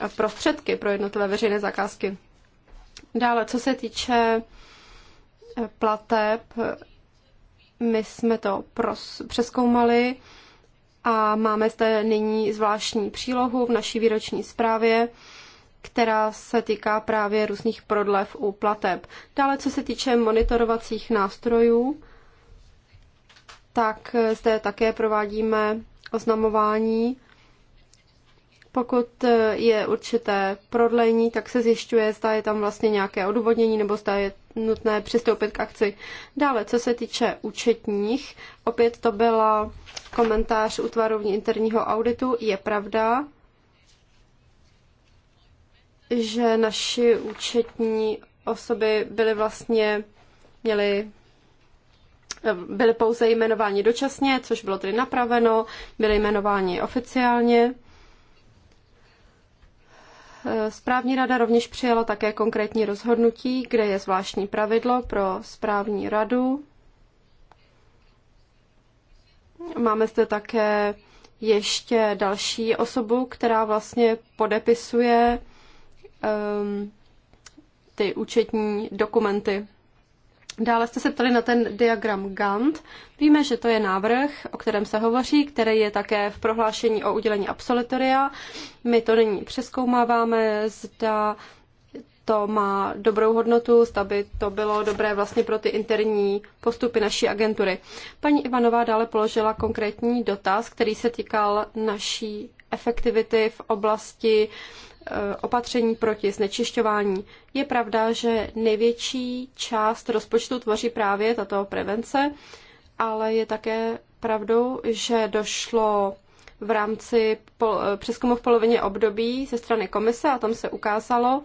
eh, prostředky pro jednotlivé veřejné zakázky. Dále, co se týče plateb. My jsme to pros- přeskoumali a máme zde nyní zvláštní přílohu v naší výroční zprávě, která se týká právě různých prodlev u plateb. Dále, co se týče monitorovacích nástrojů, tak zde také provádíme oznamování. Pokud je určité prodlení, tak se zjišťuje, zda je tam vlastně nějaké odůvodnění nebo zda je nutné přistoupit k akci. Dále, co se týče účetních, opět to byla komentář útvaru interního auditu. Je pravda, že naši účetní osoby byly vlastně, měly byly pouze jmenováni dočasně, což bylo tedy napraveno, byly jmenováni oficiálně. Eh, správní rada rovněž přijala také konkrétní rozhodnutí, kde je zvláštní pravidlo pro správní radu. Máme zde také ještě další osobu, která vlastně podepisuje um, ty účetní dokumenty. Dále jste se ptali na ten diagram Gantt. Víme, že to je návrh, o kterém se hovoří, který je také v prohlášení o udělení absolutoria. My to nyní přeskoumáváme, zda to má dobrou hodnotu, zda by to bylo dobré vlastně pro ty interní postupy naší agentury. Paní Ivanová dále položila konkrétní dotaz, který se týkal naší efektivity v oblasti Eh, opatření proti znečišťování. Je pravda, že největší část rozpočtu tvoří právě tato prevence, ale je také pravdou, že došlo v rámci eh, přeskumu v polovině období ze strany komise a tam se ukázalo,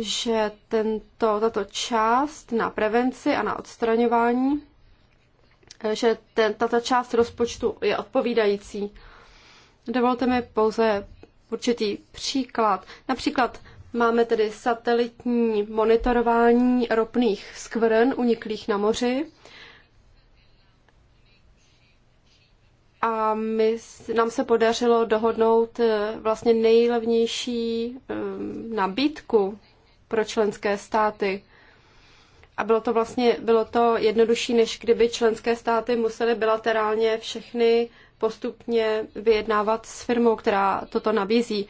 že tento, tato část na prevenci a na odstraňování, eh, že ten, tato část rozpočtu je odpovídající. Dovolte mi pouze určitý příklad. Například máme tedy satelitní monitorování ropných skvrn uniklých na moři. A my, nám se podařilo dohodnout eh, vlastně nejlevnější eh, nabídku pro členské státy. A bylo to vlastně bylo to jednodušší, než kdyby členské státy musely bilaterálně všechny postupně vyjednávat s firmou, která toto nabízí.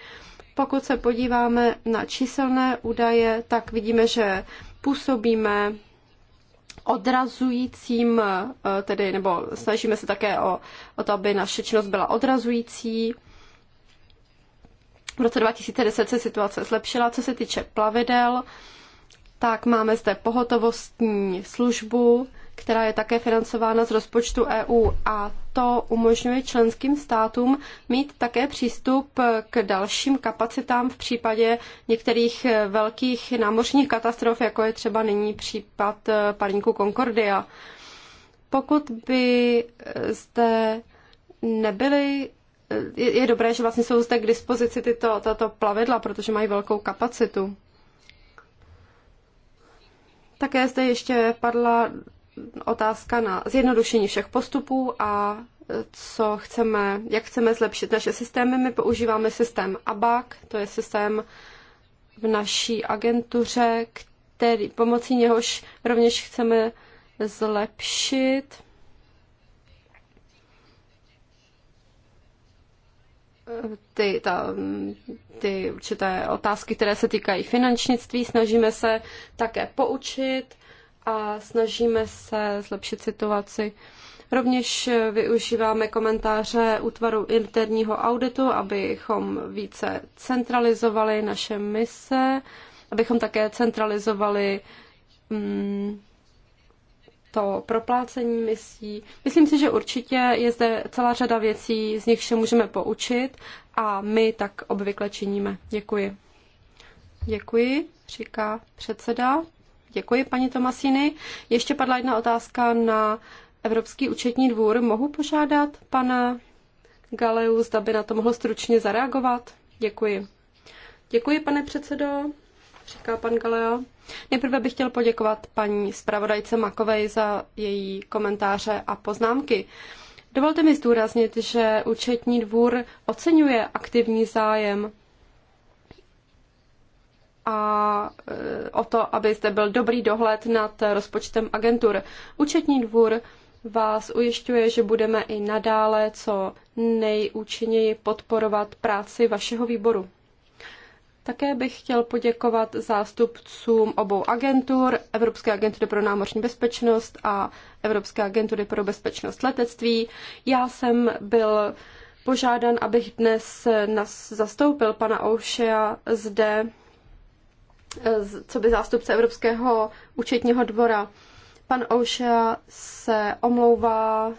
Pokud se podíváme na číselné údaje, tak vidíme, že působíme odrazujícím, eh, tedy, nebo snažíme se také o, o to, aby naše činnost byla odrazující. V roce 2010 se situace zlepšila, co se týče plavidel, tak máme zde pohotovostní službu, která je také financována z rozpočtu EU a to umožňuje členským státům mít také přístup k dalším kapacitám v případě některých eh, velkých námořních katastrof, jako je třeba nyní případ eh, parníku Concordia. Pokud by eh, zde nebyly je, dobré, že vlastně jsou zde k dispozici tyto, tato plavidla, protože mají velkou kapacitu. Také zde ještě padla otázka na zjednodušení všech postupů a co chceme, jak chceme zlepšit naše systémy. My používáme systém ABAC, to je systém v naší agentuře, který, pomocí něhož rovněž chceme zlepšit ty, ta, ty určité otázky, které se týkají finančnictví. Snažíme se také poučit a snažíme se zlepšit situaci. Rovněž využíváme komentáře útvaru interního auditu, abychom více centralizovali naše mise, abychom také centralizovali mm, to proplácení misí. Myslím si, že určitě je zde celá řada věcí, z nich se můžeme poučit a my tak obvykle činíme. Děkuji. Děkuji, říká předseda. Děkuji, paní Tomasiny. Ještě padla jedna otázka na Evropský účetní dvůr. Mohu požádat pana Galeu, zda by na to mohl stručně zareagovat? Děkuji. Děkuji, pane předsedo, říká pan Galeo. Nejprve bych chtěl poděkovat paní zpravodajce Makovej za její komentáře a poznámky. Dovolte mi zdůraznit, že účetní dvůr oceňuje aktivní zájem a e, o to, abyste byl dobrý dohled nad rozpočtem agentur. Účetní dvůr vás ujišťuje, že budeme i nadále co nejúčinněji podporovat práci vašeho výboru. Také bych chtěl poděkovat zástupcům obou agentur, Evropské agentury pro námořní bezpečnost a Evropské agentury pro bezpečnost letectví. Já jsem byl požádán, abych dnes zastoupil pana Oušea zde co by zástupce Evropského účetního dvora. Pan Oušea se omlouvá,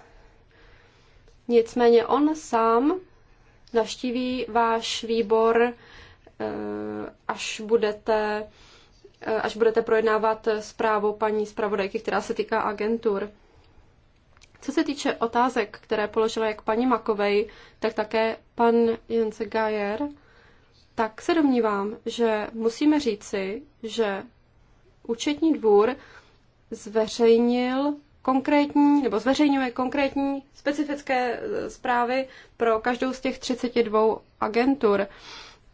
nicméně on sám navštíví váš výbor, eh, až budete, eh, až budete projednávat zprávu paní zpravodajky, která se týká agentur. Co se týče otázek, které položila jak paní Makovej, tak také pan Jence Gajer, tak se domnívám, že musíme říci, že účetní dvůr zveřejnil konkrétní, nebo zveřejňuje konkrétní specifické eh, zprávy pro každou z těch 32 agentur.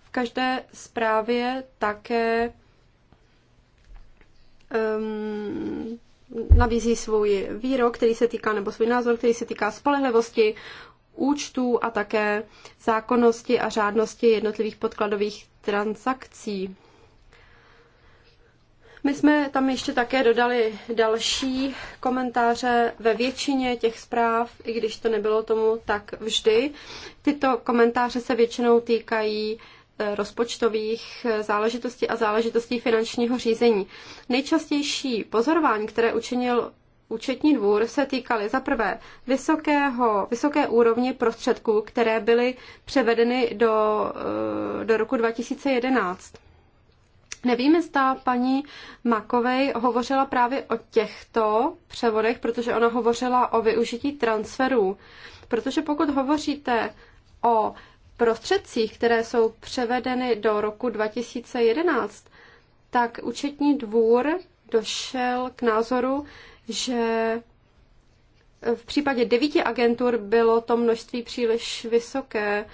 V každé zprávě také um, nabízí svůj výrok, který se týká, nebo svůj názor, který se týká spolehlivosti, účtů a také zákonnosti a řádnosti jednotlivých podkladových transakcí. My jsme tam ještě také dodali další komentáře ve většině těch zpráv, i když to nebylo tomu tak vždy. Tyto komentáře se většinou týkají eh, rozpočtových eh, záležitostí a záležitostí finančního řízení. Nejčastější pozorování, které učinil účetní dvůr se týkaly za prvé vysokého, vysoké úrovně prostředků, které byly převedeny do, eh, do roku 2011. Nevím, zda paní Makovej hovořila právě o těchto převodech, protože ona hovořila o využití transferů. Protože pokud hovoříte o prostředcích, které jsou převedeny do roku 2011, tak účetní dvůr došel k názoru, že v případě devíti agentur bylo to množství příliš vysoké.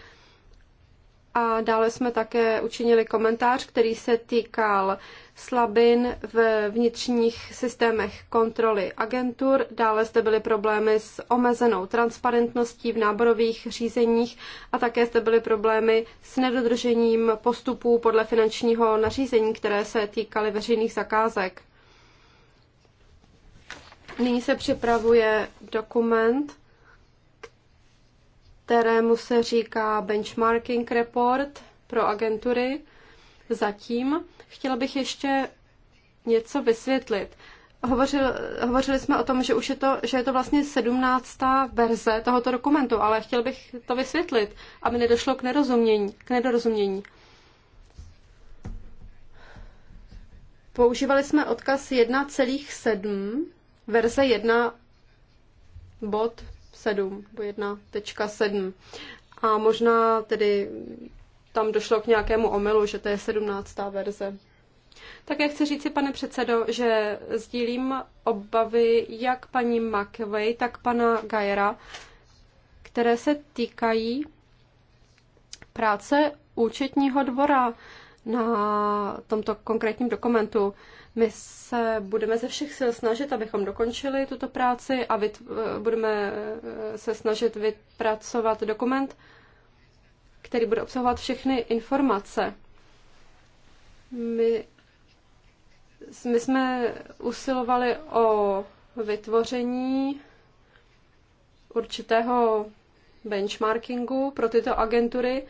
A dále jsme také učinili komentář, který se týkal slabin v vnitřních systémech kontroly agentur. Dále zde byly problémy s omezenou transparentností v náborových řízeních a také zde byly problémy s nedodržením postupů podle finančního nařízení, které se týkaly veřejných zakázek. Nyní se připravuje dokument, kterému se říká benchmarking report pro agentury. Zatím chtěla bych ještě něco vysvětlit. Hovořil, hovořili jsme o tom, že už je to, že je to vlastně sedmnáctá verze tohoto dokumentu, ale chtěl bych to vysvětlit, aby nedošlo k nerozumění, k nedorozumění. Používali jsme odkaz verze 1 bod 7, 1.7. A možná tedy tam došlo k nějakému omylu, že to je 17. verze. Také chci říci, pane předsedo, že sdílím obavy jak paní McVeigh, tak pana Gajera, které se týkají práce účetního dvora na tomto konkrétním dokumentu. My se budeme ze všech sil snažit, abychom dokončili tuto práci a eh, budeme eh, se snažit vypracovat dokument, který bude obsahovat všechny informace. My, my jsme usilovali o vytvoření určitého benchmarkingu pro tyto agentury,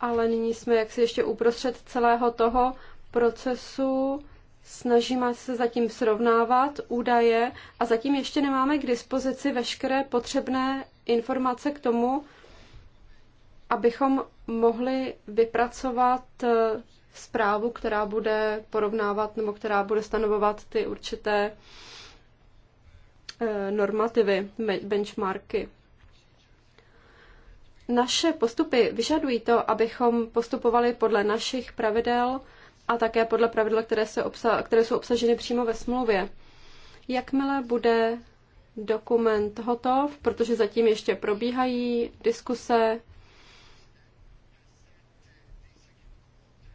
ale nyní jsme jaksi ještě uprostřed celého toho procesu. Snažíme se zatím srovnávat údaje a zatím ještě nemáme k dispozici veškeré potřebné informace k tomu, abychom mohli vypracovat eh, zprávu, která bude porovnávat nebo která bude stanovovat ty určité eh, normativy, benchmarky. Naše postupy vyžadují to, abychom postupovali podle našich pravidel a také podle pravidel, které, se obsa- které jsou obsaženy přímo ve smlouvě. Jakmile bude dokument hotov, protože zatím ještě probíhají diskuse,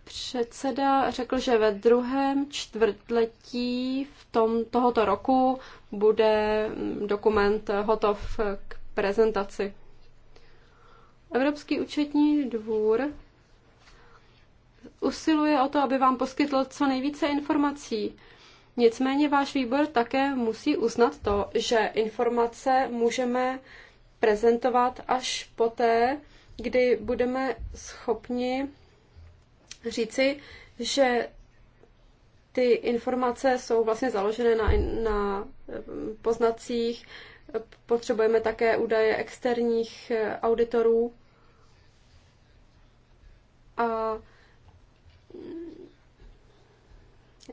předseda řekl, že ve druhém čtvrtletí v tom, tohoto roku bude dokument hotov k prezentaci. Evropský účetní dvůr usiluje o to, aby vám poskytl co nejvíce informací. Nicméně váš výbor také musí uznat to, že informace můžeme prezentovat až poté, kdy budeme schopni říci, že ty informace jsou vlastně založené na, na poznacích Potřebujeme také údaje externích eh, auditorů. A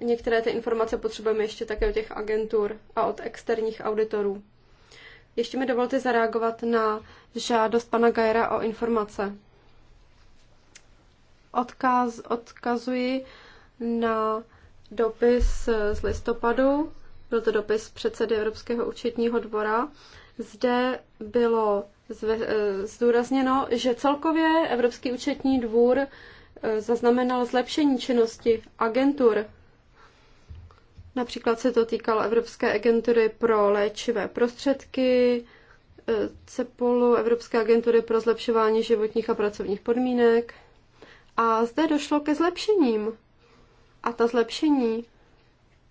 některé ty informace potřebujeme ještě také od těch agentur a od externích auditorů. Ještě mi dovolte zareagovat na žádost pana Gajera o informace. Odkaz, odkazuji na dopis z listopadu byl to dopis předsedy Evropského účetního dvora. Zde bylo zve, eh, zdůrazněno, že celkově Evropský účetní dvůr eh, zaznamenal zlepšení činnosti agentur. Například se to týkalo Evropské agentury pro léčivé prostředky, eh, CEPOLu, Evropské agentury pro zlepšování životních a pracovních podmínek. A zde došlo ke zlepšením. A ta zlepšení,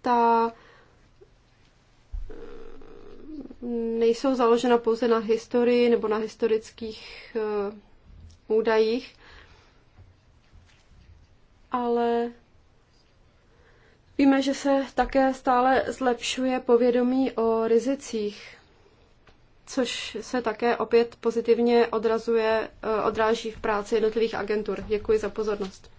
ta nejsou založena pouze na historii nebo na historických eh, údajích, ale víme, že se také stále zlepšuje povědomí o rizicích, což se také opět pozitivně odrazuje, eh, odráží v práci jednotlivých agentur. Děkuji za pozornost.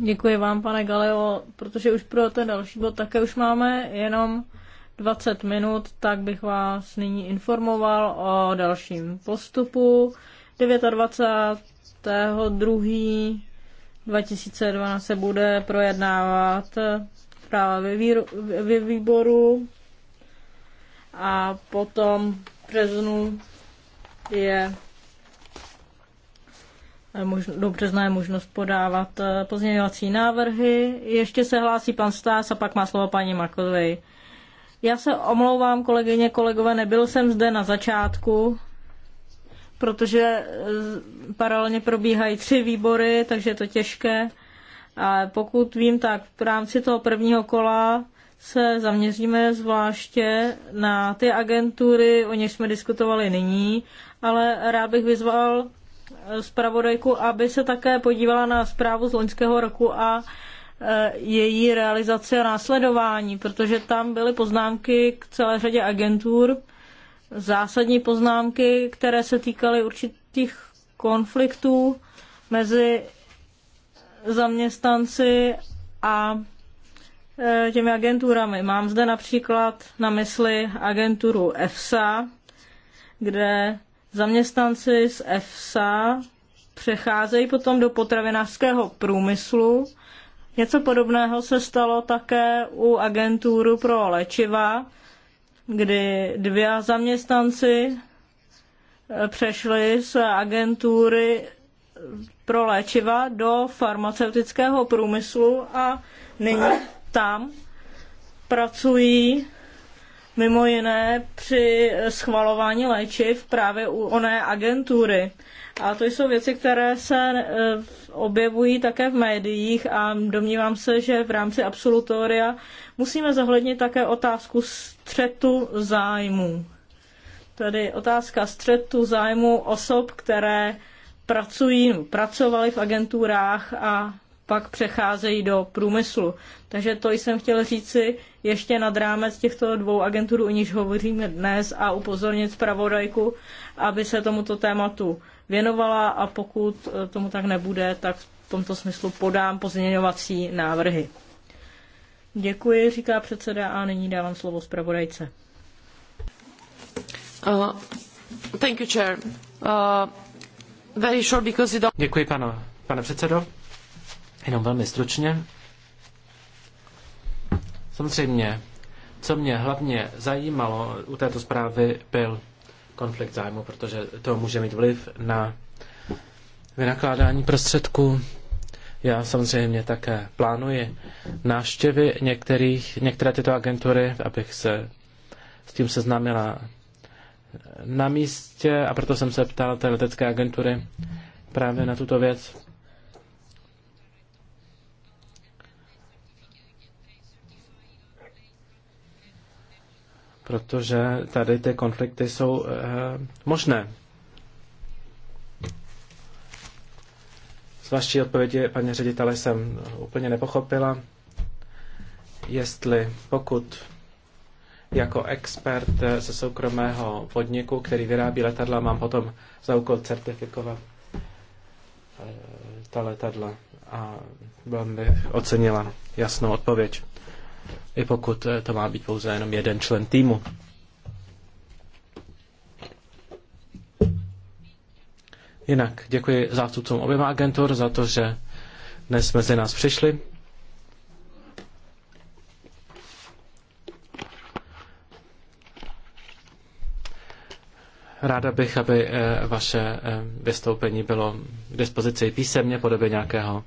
Děkuji vám, pane Galeo, protože už pro ten další bod také už máme jenom 20 minut, tak bych vás nyní informoval o dalším postupu. 29.2.2012 2012 se bude projednávat zpráva ve výboru a potom v březnu je Eh, dobře zná možnost podávat eh, pozměňovací návrhy. Ještě se hlásí pan Stás a pak má slovo paní Makovej. Já se omlouvám, kolegyně, kolegové, nebyl jsem zde na začátku, protože eh, paralelně probíhají tři výbory, takže je to těžké. A pokud vím, tak v rámci toho prvního kola se zaměříme zvláště na ty agentury, o něž jsme diskutovali nyní, ale rád bych vyzval zpravodajku, aby se také podívala na zprávu z loňského roku a e, její realizaci a následování, protože tam byly poznámky k celé řadě agentur, zásadní poznámky, které se týkaly určitých konfliktů mezi zaměstnanci a e, těmi agenturami. Mám zde například na mysli agenturu EFSA, kde Zaměstnanci z EFSA přecházejí potom do potravinářského průmyslu. Něco podobného se stalo také u agentůru pro léčiva, kdy dvě zaměstnanci eh, přešli z agentury pro léčiva do farmaceutického průmyslu a nyní tam pracují mimo jiné při schvalování léčiv právě u oné agentury. A to jsou věci, které se e, objevují také v médiích a domnívám se, že v rámci absolutoria musíme zohlednit také otázku střetu zájmů. Tedy otázka střetu zájmu osob, které pracují, pracovali v agenturách a pak přecházejí do průmyslu. Takže to jsem chtěl říci ještě nad rámec těchto dvou agentur, o nichž hovoříme dnes, a upozornit zpravodajku, aby se tomuto tématu věnovala a pokud eh, tomu tak nebude, tak v tomto smyslu podám pozměňovací návrhy. Děkuji, říká předseda a nyní dávám slovo zpravodajce. Uh, thank you, chair. Uh, very short because you don't... Děkuji, pane, pane předsedo. Jenom velmi stručně. Samozřejmě, co mě hlavně zajímalo u této zprávy, byl konflikt zájmu, protože to může mít vliv na vynakládání prostředků. Já samozřejmě také plánuji návštěvy některých, některé tyto agentury, abych se s tím seznámila na místě a proto jsem se ptal té letecké agentury právě na tuto věc. protože tady ty konflikty jsou e, možné. Z vaší odpovědi, paní ředitele, jsem úplně nepochopila, jestli pokud jako expert eh, ze soukromého podniku, který vyrábí letadla, mám potom za úkol certifikovat eh, ta letadla a by ocenila jasnou odpověď i pokud eh, to má být pouze jenom jeden člen týmu. Jinak děkuji zástupcům oběma agentur za to, že dnes mezi nás přišli. Ráda bych, aby eh, vaše eh, vystoupení bylo k dispozici písemně podobě nějakého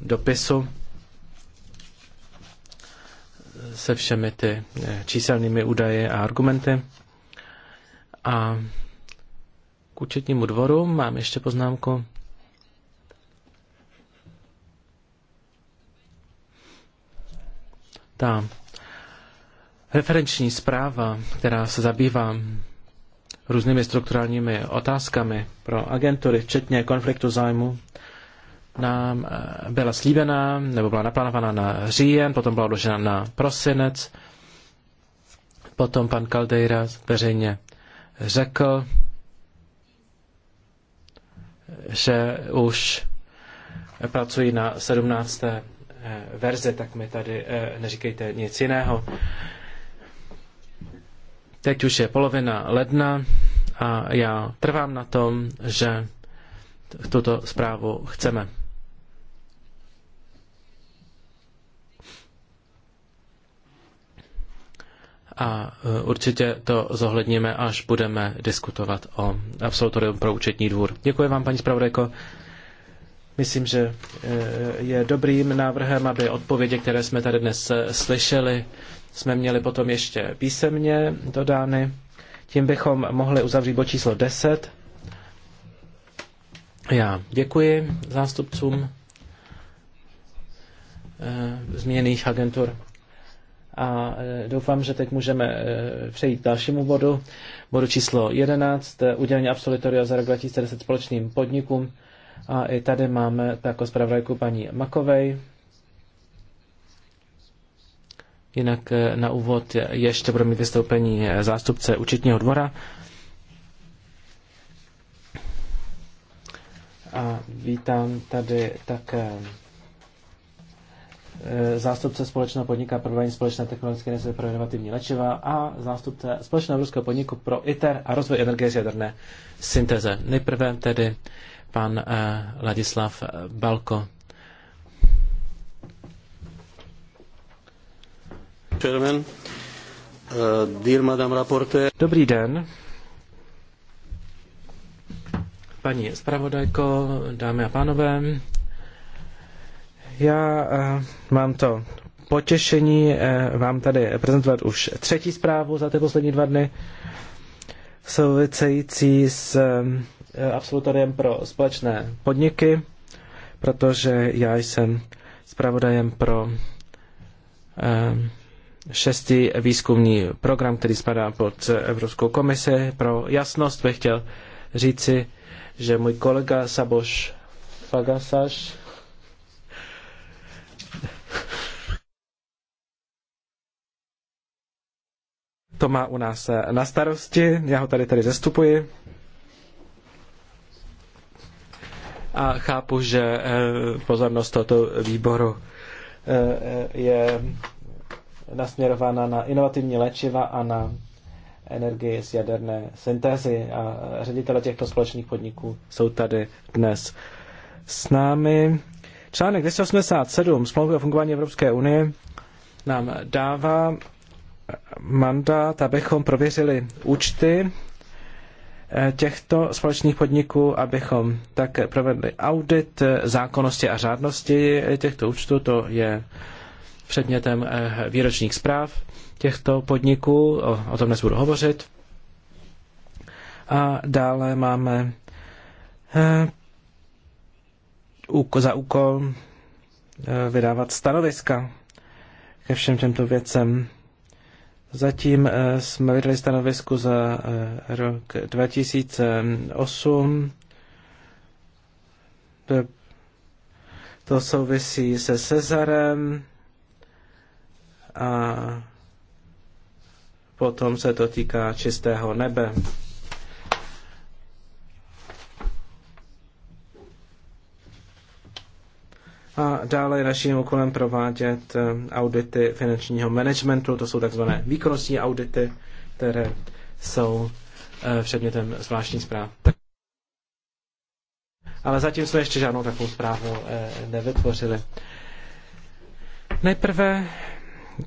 dopisu se všemi ty eh, číselnými údaje a argumenty. A k účetnímu dvoru mám ještě poznámku. Ta referenční zpráva, která se zabývá různými strukturálními otázkami pro agentury, včetně konfliktu zájmu, nám eh, byla slíbená, nebo byla naplánovaná na říjen, potom byla odložena na prosinec. Potom pan Caldeira veřejně řekl, že už pracují na 17. Eh, verzi, tak mi tady eh, neříkejte nic jiného. Teď už je polovina ledna a já trvám na tom, že tuto zprávu chceme. a e, určitě to zohledníme, až budeme diskutovat o absolutorium pro účetní dvůr. Děkuji vám, paní zpravodajko. Myslím, že e, je dobrým návrhem, aby odpovědi, které jsme tady dnes e, slyšeli, jsme měli potom ještě písemně dodány. Tím bychom mohli uzavřít bod číslo 10. Já děkuji zástupcům změněných agentur. A e, doufám, že teď můžeme e, přejít k dalšímu bodu, bodu číslo 11, e, udělení absolutoria za rok 2010 společným podnikům. A i tady máme jako zpravodajku paní Makovej. Jinak na úvod ještě budeme mít vystoupení zástupce účetního dvora. A vítám tady také Eh, zástupce společného pro prodání společné technologické nese pro inovativní léčiva a zástupce společného ruského podniku pro ITER a rozvoj energie z jaderné syntéze. Nejprve tedy pan eh, Ladislav eh, Balko. madam Dobrý den. Paní zpravodajko, dámy a pánové, já eh, mám to potěšení eh, vám tady prezentovat už třetí zprávu za ty poslední dva dny související s eh, absolutoriem pro společné podniky, protože já jsem zpravodajem pro šestý výzkumný program, který spadá pod Evropskou komisi. Pro jasnost bych chtěl říci, že můj kolega Saboš Fagasaš To má u nás eh, na starosti, já ho tady tady zastupuji. A chápu, že eh, pozornost tohoto výboru eh, je nasměrována na inovativní léčiva a na energii z jaderné syntézy. A ředitele těchto společných podniků jsou tady dnes s námi. Článek 287 smlouvy o fungování Evropské unie nám dává mandát, abychom prověřili účty eh, těchto společných podniků, abychom také provedli audit zákonnosti a řádnosti těchto účtů. To je předmětem eh, výročních zpráv těchto podniků, o, o tom dnes budu hovořit. A dále máme eh, za úkol vydávat stanoviska ke všem těmto věcem. Zatím eh, jsme vydali stanovisku za eh, rok 2008. To souvisí se Cezarem a potom se to týká čistého nebe. A dále je naším úkolem provádět eh, audity finančního managementu, to jsou takzvané výkonnostní audity, které jsou eh, předmětem zvláštní zpráv. Ale zatím jsme ještě žádnou takovou zprávu eh, nevytvořili. Nejprve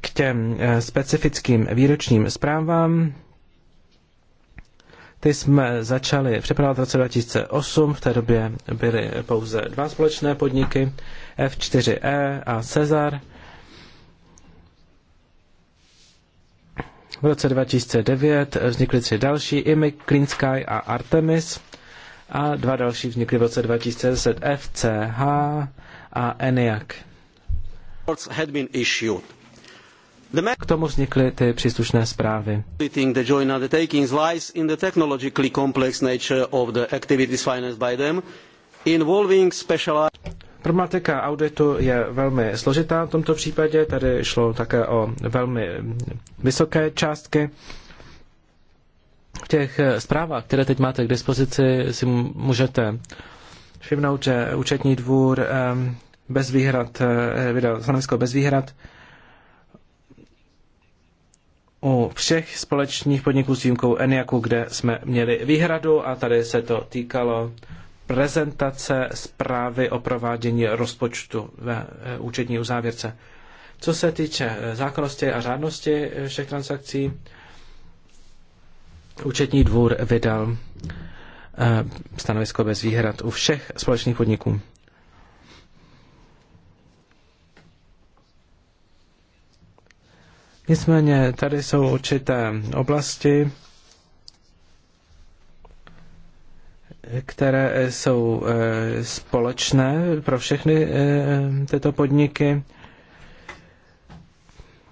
k těm specifickým výročním zprávám. Ty jsme začali připravovat v roce 2008, v té době byly pouze dva společné podniky, F4E a Cezar. V roce 2009 vznikly tři další, IMI, Clean Sky a Artemis. A dva další vznikly v roce 2010, FCH a ENIAC. Had been issued. K tomu vznikly ty příslušné zprávy. Problematika auditu je velmi složitá v tomto případě, tady šlo také o velmi vysoké částky. V těch zprávách, které teď máte k dispozici, si můžete všimnout, že účetní dvůr ehm, bez výhrad eh, vydal stanovisko bez výhrad u všech společných podniků s výjimkou ENIAKu, kde jsme měli výhradu a tady se to týkalo prezentace zprávy o provádění rozpočtu ve eh, účetní uzávěrce. Co se týče eh, zákonnosti a řádnosti eh, všech transakcí, účetní dvůr vydal stanovisko bez výhrad u všech společných podniků. Nicméně tady jsou určité oblasti, které jsou eh, společné pro všechny eh, tyto podniky.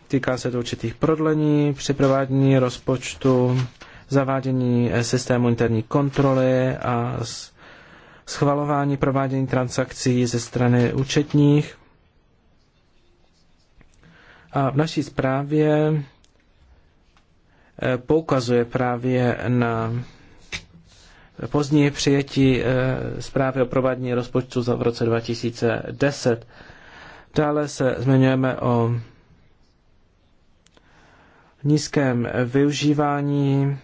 Týká se to určitých prodlení, připravádění rozpočtu, zavádění eh, systému interní kontroly a schvalování provádění transakcí ze strany účetních. A v naší zprávě eh, poukazuje právě na pozdní přijetí eh, zprávy o provádění rozpočtu v roce 2010. Dále se zmiňujeme o nízkém využívání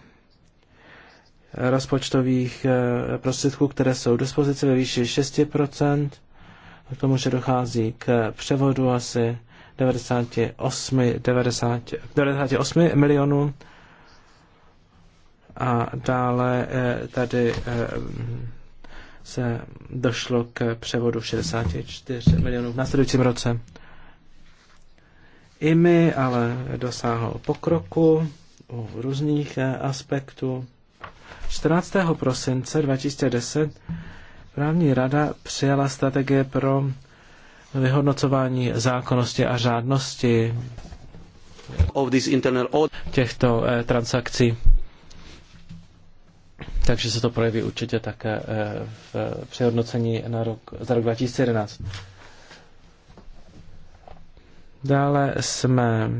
rozpočtových eh, prostředků, které jsou k dispozici ve výši 6%, k tomu, že dochází k převodu asi 98, 90, 98 milionů. A dále eh, tady eh, se došlo k převodu 64 milionů v následujícím roce. I my ale dosáhl pokroku u různých eh, aspektů. 14. prosince 2010 právní rada přijala strategie pro vyhodnocování zákonnosti a řádnosti těchto eh, transakcí. Takže se to projeví určitě také eh, v eh, přehodnocení na rok, za rok 2011. Dále jsme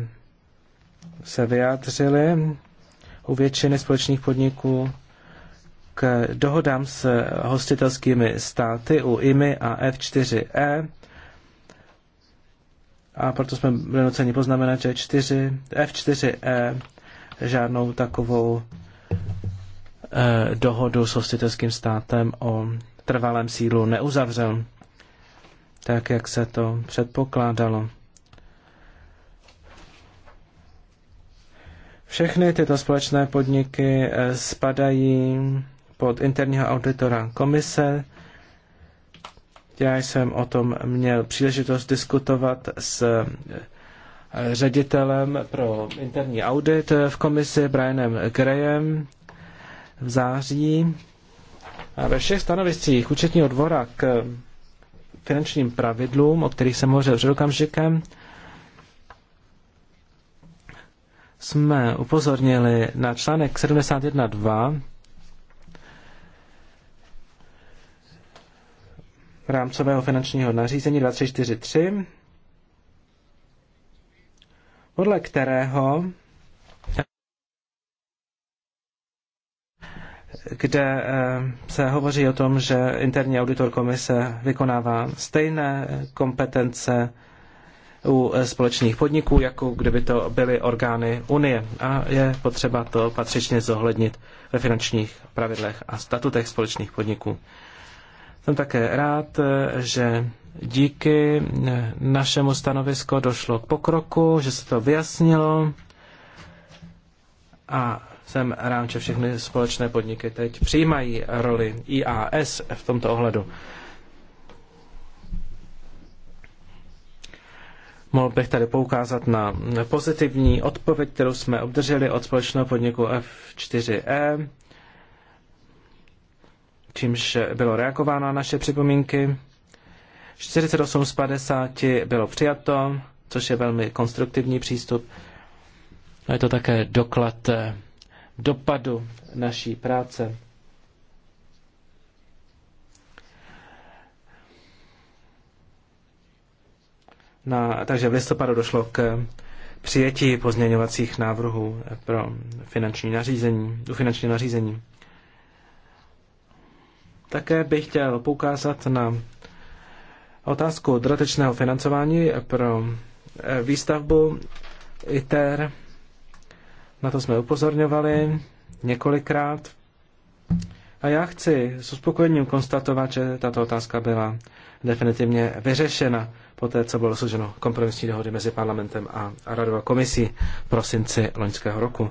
se vyjádřili u většiny společných podniků k dohodám s hostitelskými státy u IMI a F4E a proto jsme byli nuceni poznamenat, že 4, F4E žádnou takovou eh, dohodu s hostitelským státem o trvalém sílu neuzavřel, tak jak se to předpokládalo. Všechny tyto společné podniky eh, spadají pod interního auditora komise, já jsem o tom měl příležitost diskutovat s eh, ředitelem pro interní audit eh, v komisi Brianem Grayem v září. A ve všech stanoviscích účetního dvora k eh, finančním pravidlům, o kterých jsem hovořil před okamžikem, jsme upozornili na článek 71.2 rámcového finančního nařízení 2343, podle kterého kde eh, se hovoří o tom, že interní auditor komise vykonává stejné kompetence u eh, společných podniků, jako kdyby to byly orgány Unie. A je potřeba to patřičně zohlednit ve finančních pravidlech a statutech společných podniků. Jsem také rád, že díky našemu stanovisku došlo k pokroku, že se to vyjasnilo a jsem rád, že všechny společné podniky teď přijímají roli IAS v tomto ohledu. Mohl bych tady poukázat na pozitivní odpověď, kterou jsme obdrželi od společného podniku F4E čímž bylo reagováno na naše připomínky. 48 z 50 bylo přijato, což je velmi konstruktivní přístup. No je to také doklad eh, dopadu naší práce. Na, takže v listopadu došlo k přijetí pozměňovacích návrhů pro finanční nařízení, finanční nařízení. Také bych chtěl poukázat na otázku dodatečného financování pro eh, výstavbu ITER. Na to jsme upozorňovali několikrát. A já chci s uspokojením konstatovat, že tato otázka byla definitivně vyřešena po té, co bylo složeno kompromisní dohody mezi parlamentem a radou a komisí v prosinci loňského roku.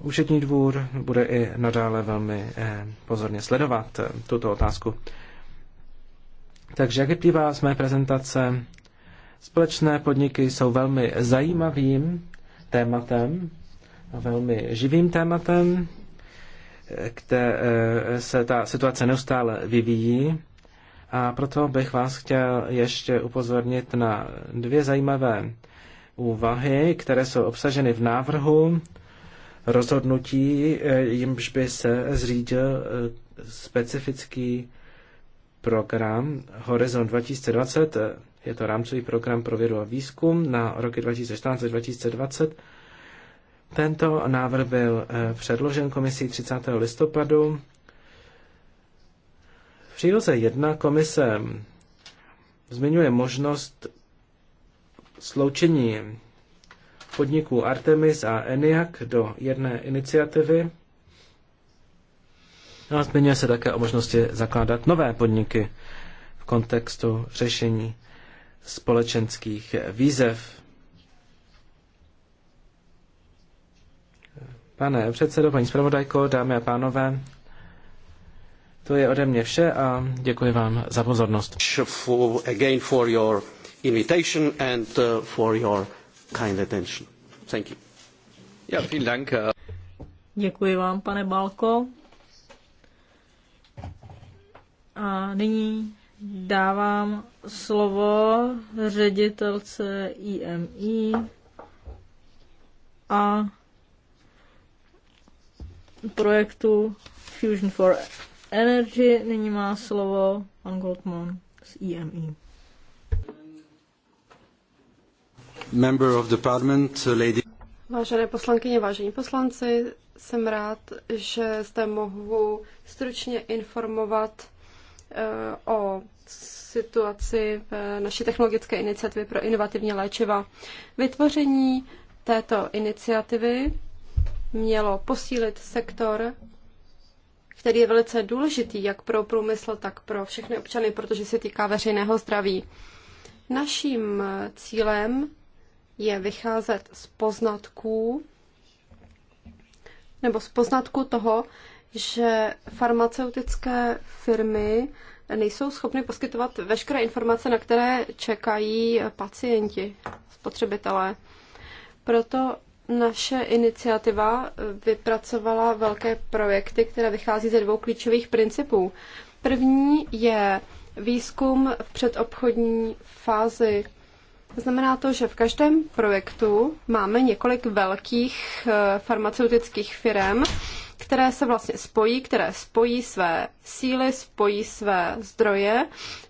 Účetní dvůr bude i nadále velmi eh, pozorně sledovat eh, tuto otázku. Takže jak vyplývá z mé prezentace, společné podniky jsou velmi zajímavým tématem a velmi živým tématem, kde eh, se ta situace neustále vyvíjí. A proto bych vás chtěl ještě upozornit na dvě zajímavé úvahy, které jsou obsaženy v návrhu rozhodnutí, eh, jimž by se zřídil eh, specifický program Horizon 2020. Je to rámcový program pro vědu a výzkum na roky 2014-2020. Tento návrh byl eh, předložen komisí 30. listopadu. V příloze 1 komise zmiňuje možnost sloučení podniků Artemis a Eniak do jedné iniciativy. A zmiňuje se také o možnosti zakládat nové podniky v kontextu řešení společenských výzev. Pane předsedo, paní zpravodajko, dámy a pánové, to je ode mě vše a děkuji vám za pozornost. For, again for your invitation and uh, for your kind attention. Thank you. Ja, vielen Dank. Äh, Děkuji vám, pane Balko. A nyní dávám slovo ředitelce IMI a projektu Fusion for Energy. Nyní má slovo pan Goldman z IMI. member of the parliament, uh, lady. Vážené poslankyně, vážení poslanci, jsem rád, že zde mohu stručně informovat eh, o situaci v naší technologické iniciativě pro inovativní léčiva. Vytvoření této iniciativy mělo posílit sektor, který je velice důležitý jak pro průmysl, tak pro všechny občany, protože se týká veřejného zdraví. Naším cílem je vycházet z poznatků nebo z poznatku toho, že farmaceutické firmy nejsou schopny poskytovat veškeré informace, na které čekají pacienti, spotřebitelé. Proto naše iniciativa vypracovala velké projekty, které vychází ze dvou klíčových principů. První je výzkum v předobchodní fázi Znamená to, že v každém projektu máme několik velkých eh, farmaceutických firm, které se vlastně spojí, které spojí své síly, spojí své zdroje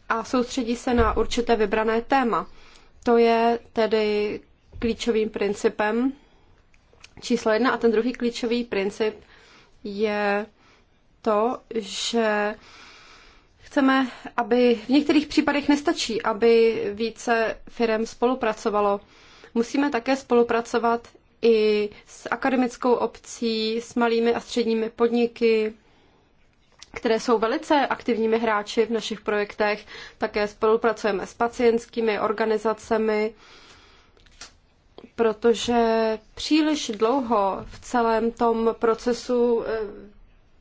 a soustředí se na určité vybrané téma. To je tedy klíčovým principem číslo jedna. A ten druhý klíčový princip je to, že chceme, aby v některých případech nestačí, aby více firm spolupracovalo. Musíme také spolupracovat i s akademickou obcí, s malými a středními podniky, které jsou velice aktivními hráči v našich projektech. Také spolupracujeme s pacientskými organizacemi, protože příliš dlouho v celém tom procesu eh,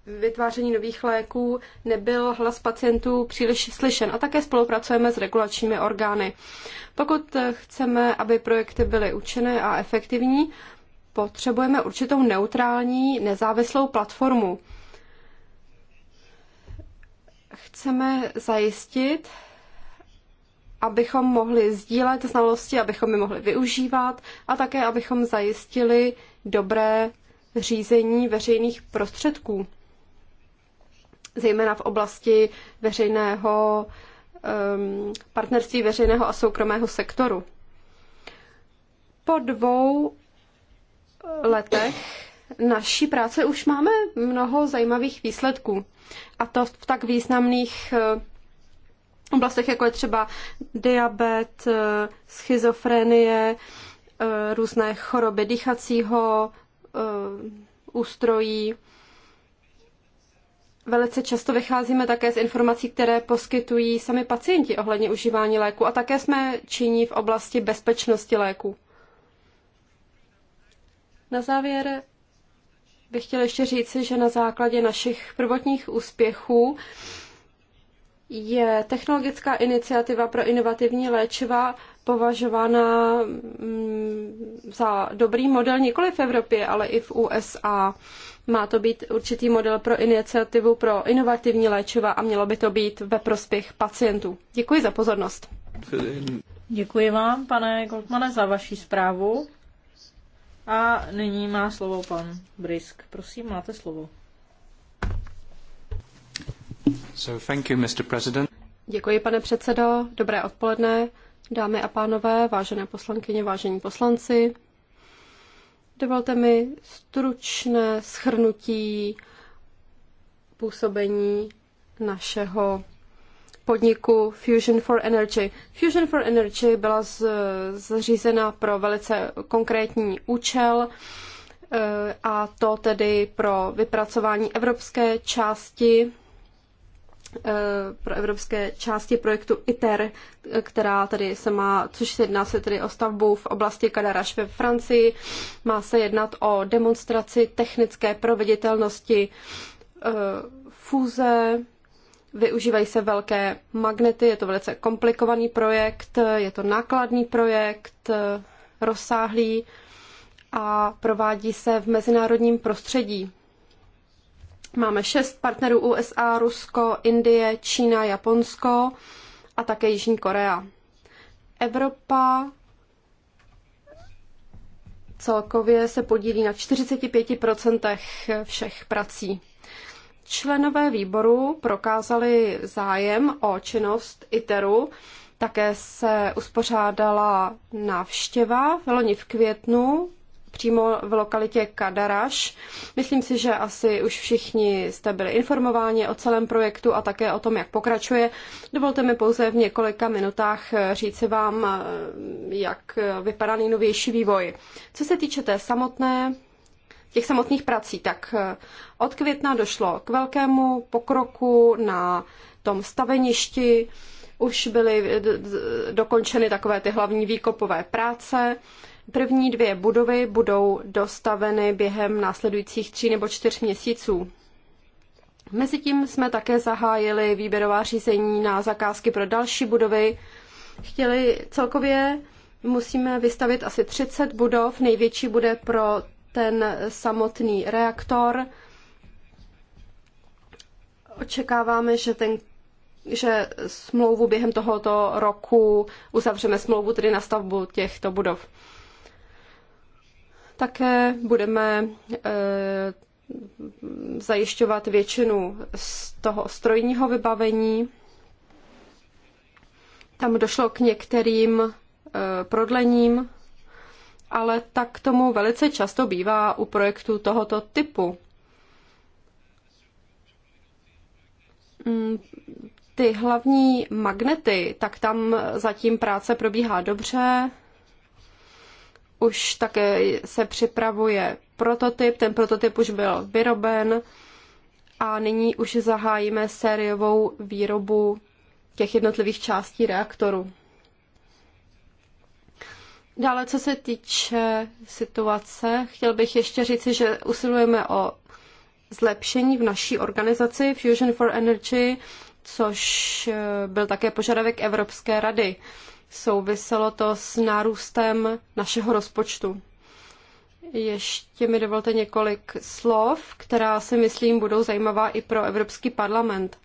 vytváření nových léků nebyl hlas pacientů příliš slyšen a také spolupracujeme s regulačními orgány. Pokud chceme, aby projekty byly účinné a efektivní, potřebujeme určitou neutrální, nezávislou platformu. Chceme zajistit, abychom mohli sdílet znalosti, abychom je mohli využívat a také, abychom zajistili dobré řízení veřejných prostředků zejména v oblasti veřejného ehm, partnerství veřejného a soukromého sektoru. Po dvou eh, letech naší práce už máme mnoho zajímavých výsledků. A to v tak významných eh, oblastech, jako je třeba diabet, eh, schizofrenie, různé choroby dýchacího ústrojí. Velice často vycházíme také z informací, které poskytují sami pacienti ohledně užívání léku a také jsme činí v oblasti bezpečnosti léku. Na závěr bych chtěla ještě říci, že na základě našich prvotních úspěchů je technologická iniciativa pro inovativní léčiva považována mm, za dobrý model nikoli v Evropě, ale i v USA. Má to být určitý model pro iniciativu pro inovativní léčiva a mělo by to být ve prospěch pacientů. Děkuji za pozornost. Děkuji vám, pane Goldmane, za vaši zprávu. A nyní má slovo pan Brisk. Prosím, máte slovo. So thank you, Mr. President. Děkuji, pane předsedo. Dobré odpoledne, dámy a pánové, vážené poslankyně, vážení poslanci. Dovolte mi stručné schrnutí působení našeho podniku Fusion for Energy. Fusion for Energy byla zřízena pro velice konkrétní účel eh, a to tedy pro vypracování evropské části Eh, pro evropské části projektu ITER, která tady se má, což se jedná se tedy o stavbu v oblasti Kadaraš ve Francii. Má se jednat o demonstraci technické proveditelnosti eh, fúze, využívají se velké magnety, je to velice komplikovaný projekt, je to nákladný projekt, eh, rozsáhlý a provádí se v mezinárodním prostředí. Máme šest partnerů USA, Rusko, Indie, Čína, Japonsko a také Jižní Korea. Evropa celkově se podílí na 45% všech prací. Členové výboru prokázali zájem o činnost ITERu. Také se uspořádala návštěva v loni v květnu přímo v lokalitě Kadaraš. Myslím si, že asi už všichni jste byli informováni o celém projektu a také o tom, jak pokračuje. Dovolte mi pouze v několika minutách eh, říci vám, eh, jak vypadá nejnovější vývoj. Co se týče té samotné těch samotných prací, tak eh, od května došlo k velkému pokroku na tom staveništi, už byly dokončeny takové ty hlavní výkopové práce. První dvě budovy budou dostaveny během následujících tří nebo čtyř měsíců. Mezitím jsme také zahájili výběrová řízení na zakázky pro další budovy. Chtěli celkově musíme vystavit asi 30 budov. Největší bude pro ten samotný reaktor. Očekáváme, že ten že smlouvu během tohoto roku uzavřeme smlouvu tedy na stavbu těchto budov. Také budeme eh, zajišťovat většinu z toho strojního vybavení. Tam došlo k některým eh, prodlením, ale tak tomu velice často bývá u projektů tohoto typu. Mm, ty hlavní magnety, tak tam zatím práce probíhá dobře, už také se připravuje prototyp, ten prototyp už byl vyroben a nyní už zahájíme sériovou výrobu těch jednotlivých částí reaktoru. Dále, co se týče situace, chtěl bych ještě říci, že usilujeme o zlepšení v naší organizaci Fusion for Energy, což eh, byl také požadavek Evropské rady. Souviselo to s nárůstem našeho rozpočtu. Ještě mi dovolte několik slov, která si myslím budou zajímavá i pro Evropský parlament.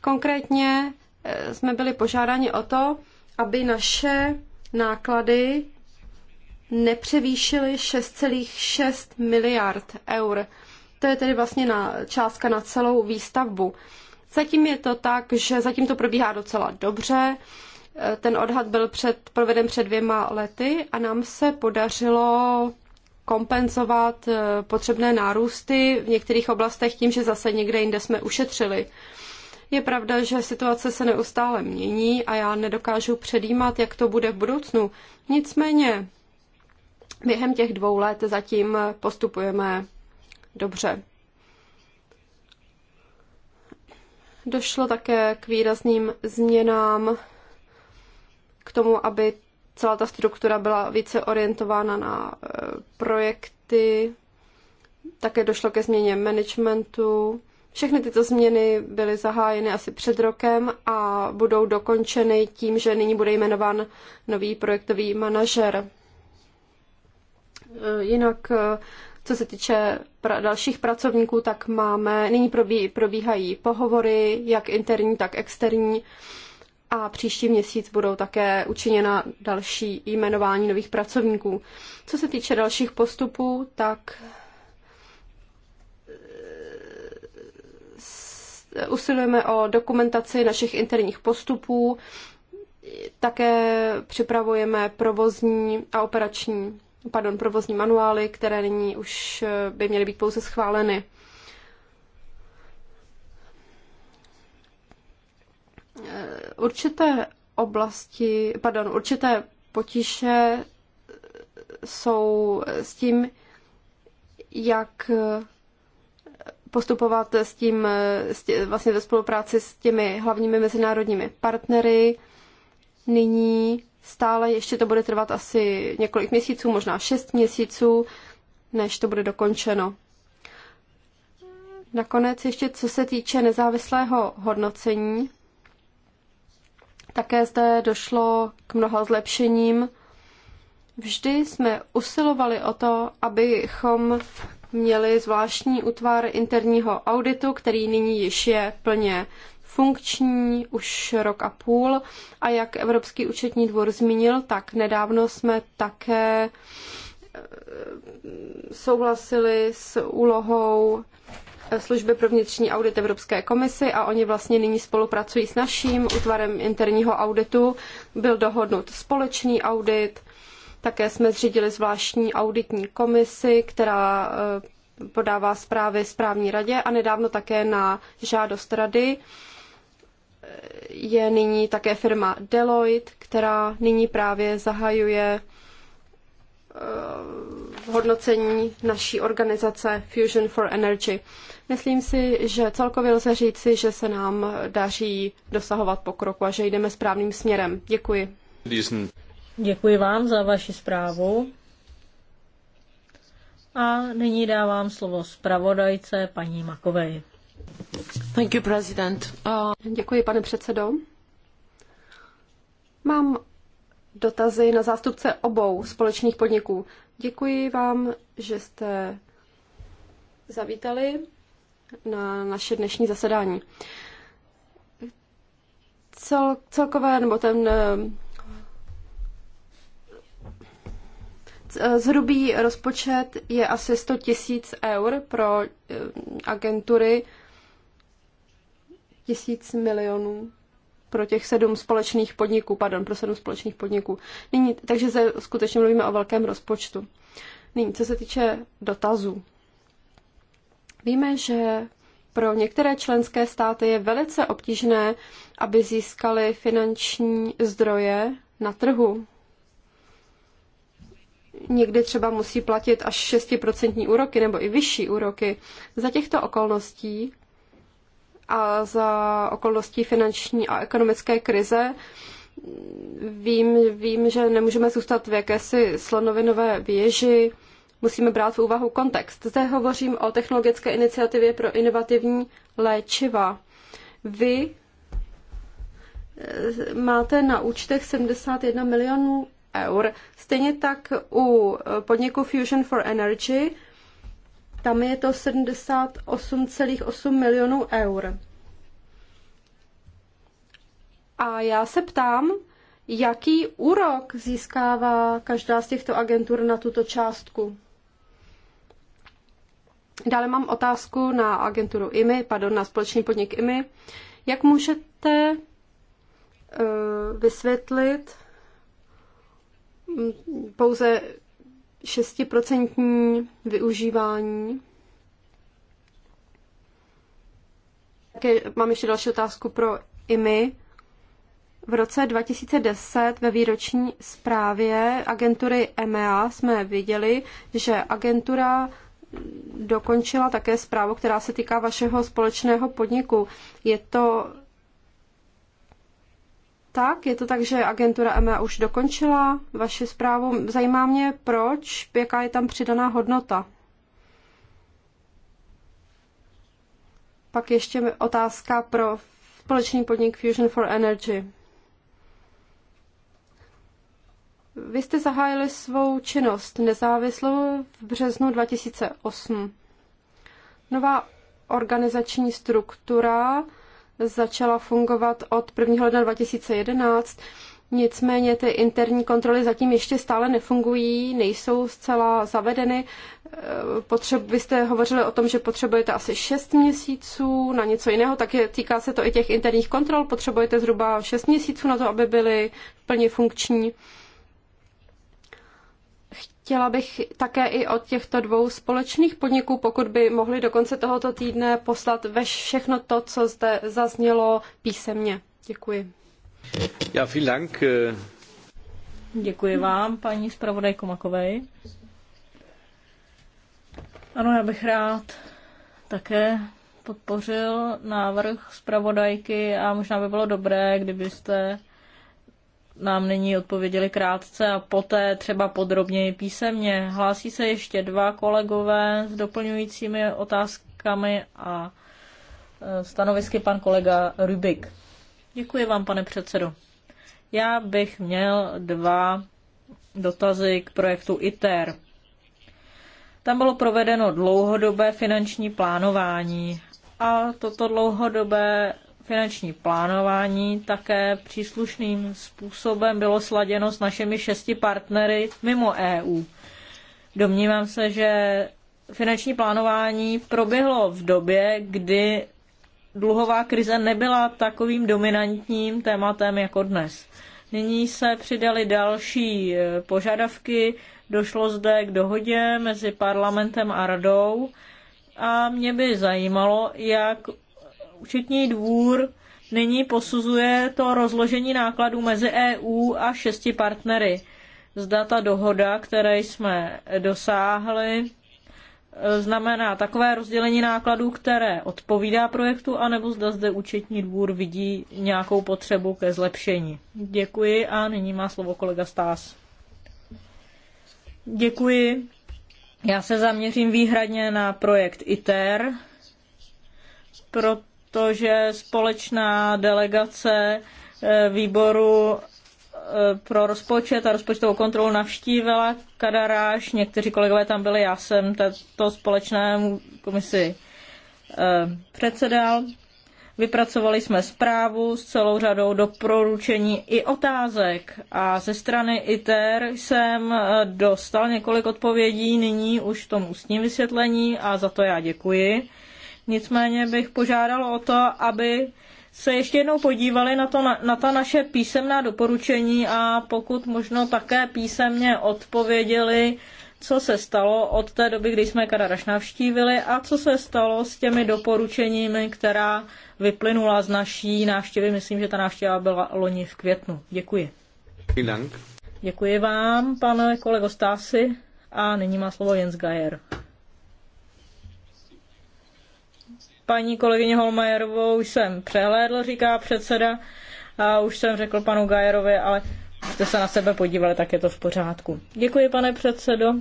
Konkrétně eh, jsme byli požádáni o to, aby naše náklady nepřevýšily 6,6 miliard eur. To je tedy vlastně na částka na celou výstavbu. Zatím je to tak, že zatím to probíhá docela dobře. Ten odhad byl před, proveden před dvěma lety a nám se podařilo kompenzovat eh, potřebné nárůsty v některých oblastech tím, že zase někde jinde jsme ušetřili. Je pravda, že situace se neustále mění a já nedokážu předjímat, jak to bude v budoucnu. Nicméně během těch dvou let zatím postupujeme dobře. Došlo také k výrazným změnám k tomu, aby celá ta struktura byla více orientována na eh, projekty, také došlo ke změně managementu. Všechny tyto změny byly zahájeny asi před rokem a budou dokončeny tím, že nyní bude jmenován nový projektový manažer. Eh, jinak, eh, co se týče pra- dalších pracovníků, tak máme, nyní probí- probíhají pohovory, jak interní, tak externí a příští měsíc budou také učiněna další jmenování nových pracovníků. Co se týče dalších postupů, tak eh, usilujeme o dokumentaci našich interních postupů, také připravujeme provozní a operační, pardon, provozní manuály, které nyní už eh, by měly být pouze schváleny. Eh, určité oblasti, pardon, určité potíže eh, jsou s tím, jak eh, postupovat s tím, s tě, vlastně ve spolupráci s těmi hlavními mezinárodními partnery. Nyní stále ještě to bude trvat asi několik měsíců, možná šest měsíců, než to bude dokončeno. Nakonec ještě co se týče nezávislého hodnocení, také zde došlo k mnoha zlepšením. Vždy jsme usilovali o to, abychom měli zvláštní útvar interního auditu, který nyní již je plně funkční už rok a půl a jak Evropský účetní dvor zmínil, tak nedávno jsme také eh, souhlasili s úlohou služby pro vnitřní audit Evropské komisi a oni vlastně nyní spolupracují s naším útvarem interního auditu. Byl dohodnut společný audit, také jsme zřídili zvláštní auditní komisi, která eh, podává zprávy správní radě a nedávno také na žádost rady je nyní také firma Deloitte, která nyní právě zahajuje eh, hodnocení naší organizace Fusion for Energy. Myslím si, že celkově lze říci, že se nám daří dosahovat pokroku a že jdeme správným směrem. Děkuji. Děkuji vám za vaši zprávu. A nyní dávám slovo zpravodajce paní Makovej. Thank you, president. Uh... Děkuji, pane předsedo. Mám dotazy na zástupce obou společných podniků. Děkuji vám, že jste zavítali na naše dnešní zasedání. Cel, celkové, nebo ten eh, zhrubý rozpočet je asi 100 tisíc eur pro eh, agentury, tisíc milionů pro těch sedm společných podniků, pardon, pro sedm společných podniků. Nyní, takže se skutečně mluvíme o velkém rozpočtu. Nyní, co se týče dotazů. Víme, že pro některé členské státy je velice obtížné, aby získali finanční zdroje na trhu. Někdy třeba musí platit až 6% úroky nebo i vyšší úroky. Za těchto okolností a za okolností finanční a ekonomické krize vím, vím že nemůžeme zůstat v jakési slonovinové věži, musíme brát v úvahu kontext. Zde hovořím o technologické iniciativě pro inovativní léčiva. Vy eh, máte na účtech 71 milionů eur. Stejně tak u eh, podniku Fusion for Energy, tam je to 78,8 milionů eur. A já se ptám, jaký úrok získává každá z těchto agentur na tuto částku? Dále mám otázku na agenturu IMI, pardon, na společný podnik IMI. Jak můžete eh, vysvětlit hm, pouze 6% využívání. Také mám ještě další otázku pro IMI. V roce 2010 ve výroční zprávě agentury EMEA jsme viděli, že agentura dokončila také zprávu, která se týká vašeho společného podniku. Je to tak? Je to tak, že agentura EMA už dokončila vaši zprávu? Zajímá mě, proč, jaká je tam přidaná hodnota? Pak ještě otázka pro společný podnik Fusion for Energy. Vy jste zahájili svou činnost nezávislou v březnu 2008. Nová organizační struktura začala fungovat od 1. ledna 2011. Nicméně ty interní kontroly zatím ještě stále nefungují, nejsou zcela zavedeny. Eh, potřeb, vy jste hovořili o tom, že potřebujete asi 6 měsíců na něco jiného, tak je, týká se to i těch interních kontrol. Potřebujete zhruba 6 měsíců na to, aby byly plně funkční. Chtěla bych také i od těchto dvou společných podniků, pokud by mohli do konce tohoto týdne poslat ve všechno to, co zde zaznělo písemně. Děkuji. Já vielen Dank. Äh. Děkuji vám, paní zpravodaj Komakovej. Ano, já bych rád také podpořil návrh zpravodajky a možná by bylo dobré, kdybyste nám nyní odpověděli krátce a poté třeba podrobněji písemně. Hlásí se ještě dva kolegové s doplňujícími otázkami a e, stanovisky pan kolega Rubik. Děkuji vám, pane předsedo. Já bych měl dva dotazy k projektu ITER. Tam bylo provedeno dlouhodobé finanční plánování a toto dlouhodobé finanční plánování také příslušným způsobem bylo sladěno s našimi šesti partnery mimo EU. Domnívám se, že finanční plánování proběhlo v době, kdy dluhová krize nebyla takovým dominantním tématem jako dnes. Nyní se přidaly další e, požadavky, došlo zde k dohodě mezi parlamentem a radou a mě by zajímalo, jak účetní dvůr nyní posuzuje to rozložení nákladů mezi EU a šesti partnery. Zda ta dohoda, které jsme dosáhli, e, znamená takové rozdělení nákladů, které odpovídá projektu, anebo zda zde účetní dvůr vidí nějakou potřebu ke zlepšení. Děkuji a nyní má slovo kolega Stás. Děkuji. Já se zaměřím výhradně na projekt ITER, proto to, že společná delegace eh, výboru eh, pro rozpočet a rozpočtovou kontrolu navštívila Kadaráš, někteří kolegové tam byli, já jsem To společnému komisi eh, předsedal. Vypracovali jsme zprávu s celou řadou doporučení i otázek a ze strany ITER jsem dostal několik odpovědí nyní už v tom ústním vysvětlení a za to já děkuji. Nicméně bych požádal o to, aby se ještě jednou podívali na, to, na, na ta naše písemná doporučení a pokud možno také písemně odpověděli, co se stalo od té doby, kdy jsme Karadaš navštívili a co se stalo s těmi doporučeními, která vyplynula z naší návštěvy. Myslím, že ta návštěva byla loni v květnu. Děkuji. Děkuji vám, pane kolego Stási. A nyní má slovo Jens Gajer. paní kolegyně Holmajerovou jsem přehlédl, říká předseda, a už jsem řekl panu Gajerovi, ale jste se na sebe podívali, tak je to v pořádku. Děkuji, pane předsedo.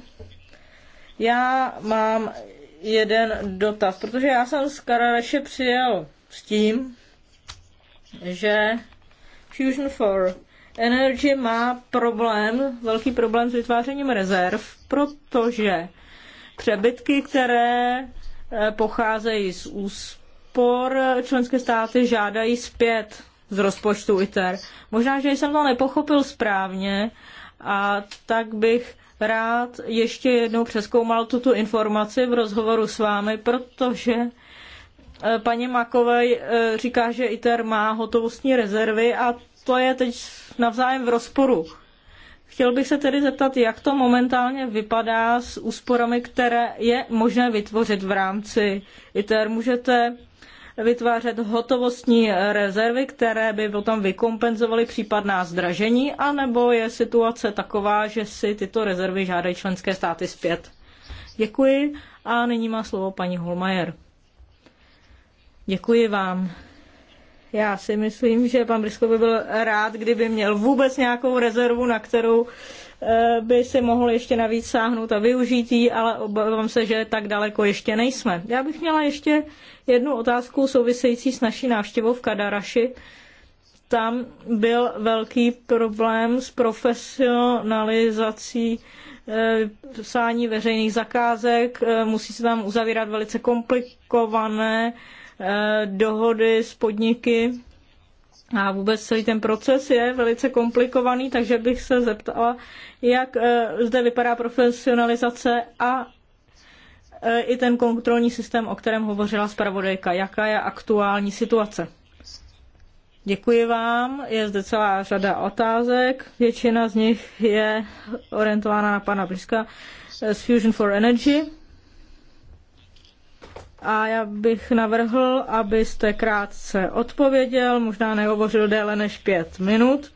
Já mám jeden dotaz, protože já jsem z Karadeše přijel s tím, že Fusion for Energy má problém, velký problém s vytvářením rezerv, protože přebytky, které pocházejí z úspor, členské státy žádají zpět z rozpočtu ITER. Možná, že jsem to nepochopil správně a tak bych rád ještě jednou přeskoumal tuto informaci v rozhovoru s vámi, protože eh, paní Makovej eh, říká, že ITER má hotovostní rezervy a to je teď navzájem v rozporu. Chtěl bych se tedy zeptat, jak to momentálně vypadá s úsporami, které je možné vytvořit v rámci ITER. Můžete vytvářet hotovostní rezervy, které by potom vykompenzovaly případná zdražení, anebo je situace taková, že si tyto rezervy žádají členské státy zpět. Děkuji a nyní má slovo paní Holmajer. Děkuji vám. Já si myslím, že pan Brisko by byl rád, kdyby měl vůbec nějakou rezervu, na kterou eh, by si mohl ještě navíc sáhnout a využít ji, ale obávám se, že tak daleko ještě nejsme. Já bych měla ještě jednu otázku související s naší návštěvou v Kadaraši. Tam byl velký problém s profesionalizací eh, psání veřejných zakázek, eh, musí se tam uzavírat velice komplikované Eh, dohody s podniky. A vůbec celý ten proces je velice komplikovaný, takže bych se zeptala, jak eh, zde vypadá profesionalizace a eh, i ten kontrolní systém, o kterém hovořila zpravodajka. Jaká je aktuální situace? Děkuji vám. Je zde celá řada otázek. Většina z nich je orientována na pana Bliska z Fusion for Energy a já bych navrhl, abyste krátce odpověděl, možná nehovořil déle než pět minut.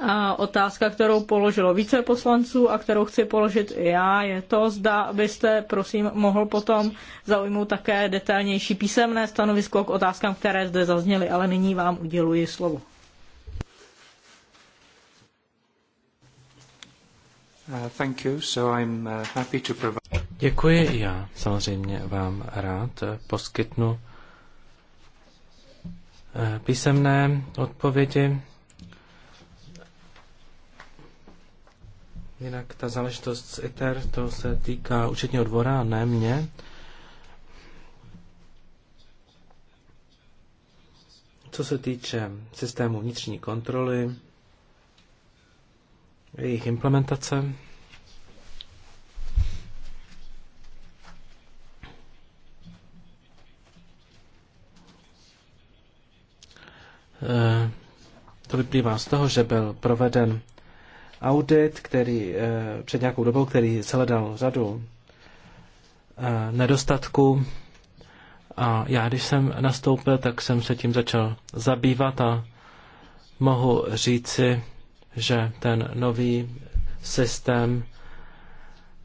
A otázka, kterou položilo více poslanců a kterou chci položit i já, je to, zda byste, prosím, mohl potom zaujmout také detailnější písemné stanovisko k otázkám, které zde zazněly, ale nyní vám uděluji slovo. Uh, uh, Děkuji, já samozřejmě vám rád poskytnu eh, písemné odpovědi. Jinak ta záležitost z ITER, to se týká účetního dvora, ne mě. Co se týče systému vnitřní kontroly, jejich implementace. Eh, to vyplývá z toho, že byl proveden audit, který eh, před nějakou dobou, který shledal řadu eh, nedostatků. A já, když jsem nastoupil, tak jsem se tím začal zabývat a mohu říci, že ten nový systém